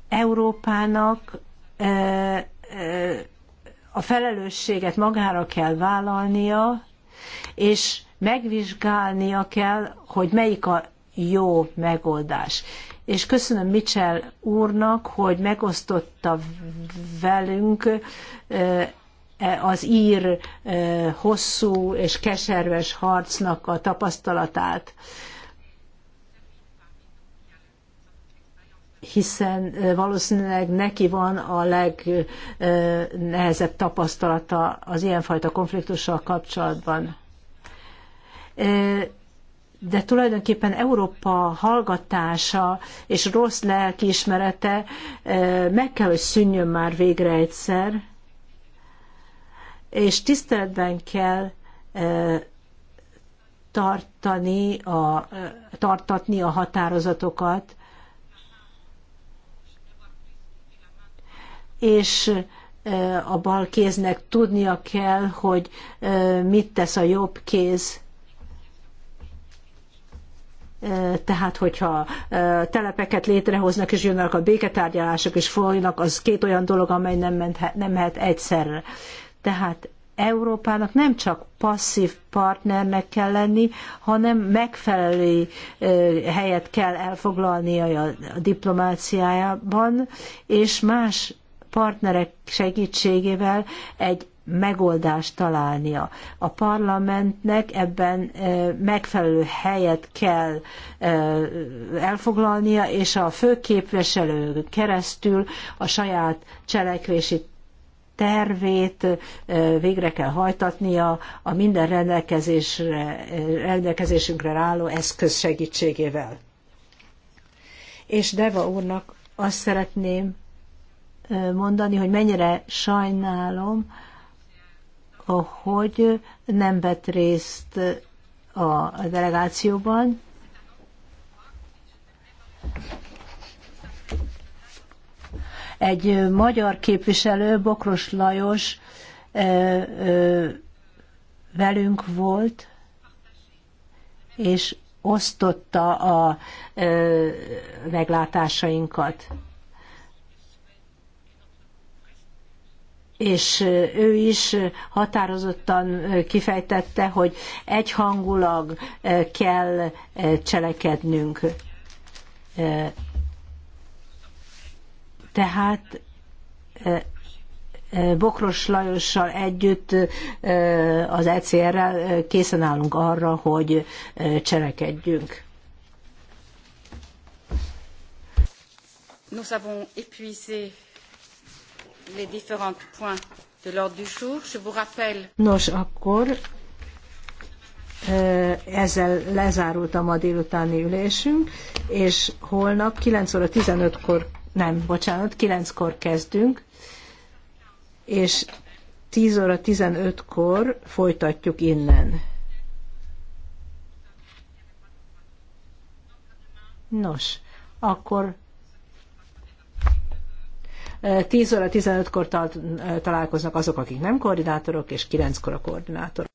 Európának eh, a felelősséget magára kell vállalnia, és megvizsgálnia kell, hogy melyik a jó megoldás. És köszönöm Mitchell úrnak, hogy megosztotta velünk e, az ír e, hosszú és keserves harcnak a tapasztalatát. hiszen e, valószínűleg neki van a legnehezebb tapasztalata az ilyenfajta konfliktussal kapcsolatban de tulajdonképpen Európa hallgatása és rossz lelkiismerete meg kell, hogy szűnjön már végre egyszer, és tiszteletben kell tartani a, tartatni a határozatokat, és a bal kéznek tudnia kell, hogy mit tesz a jobb kéz, tehát, hogyha telepeket létrehoznak, és jönnek a béketárgyalások, és folynak, az két olyan dolog, amely nem, menthet, nem mehet egyszerre. Tehát Európának nem csak passzív partnernek kell lenni, hanem megfelelő helyet kell elfoglalnia a diplomáciájában, és más partnerek segítségével egy megoldást találnia. A parlamentnek ebben megfelelő helyet kell elfoglalnia, és a főképviselő keresztül a saját cselekvési tervét végre kell hajtatnia a minden rendelkezésre, rendelkezésünkre álló eszköz segítségével. És Deva úrnak azt szeretném mondani, hogy mennyire sajnálom, ahogy nem vett részt a delegációban. Egy magyar képviselő, Bokros Lajos, velünk volt, és osztotta a meglátásainkat. és ő is határozottan kifejtette, hogy egyhangulag kell cselekednünk. Tehát Bokros Lajossal együtt az ECR-rel készen állunk arra, hogy cselekedjünk. Nous avons épuisé les différents points de l'ordre du jour. Je vous rappelle... Nos, akkor eh, ezzel lezárult a ma délutáni ülésünk, és holnap 9 óra 15-kor, nem, bocsánat, 9-kor kezdünk, és 10 óra 15-kor folytatjuk innen. Nos, akkor 10 óra 15-kor találkoznak azok, akik nem koordinátorok, és 9-kor a koordinátor.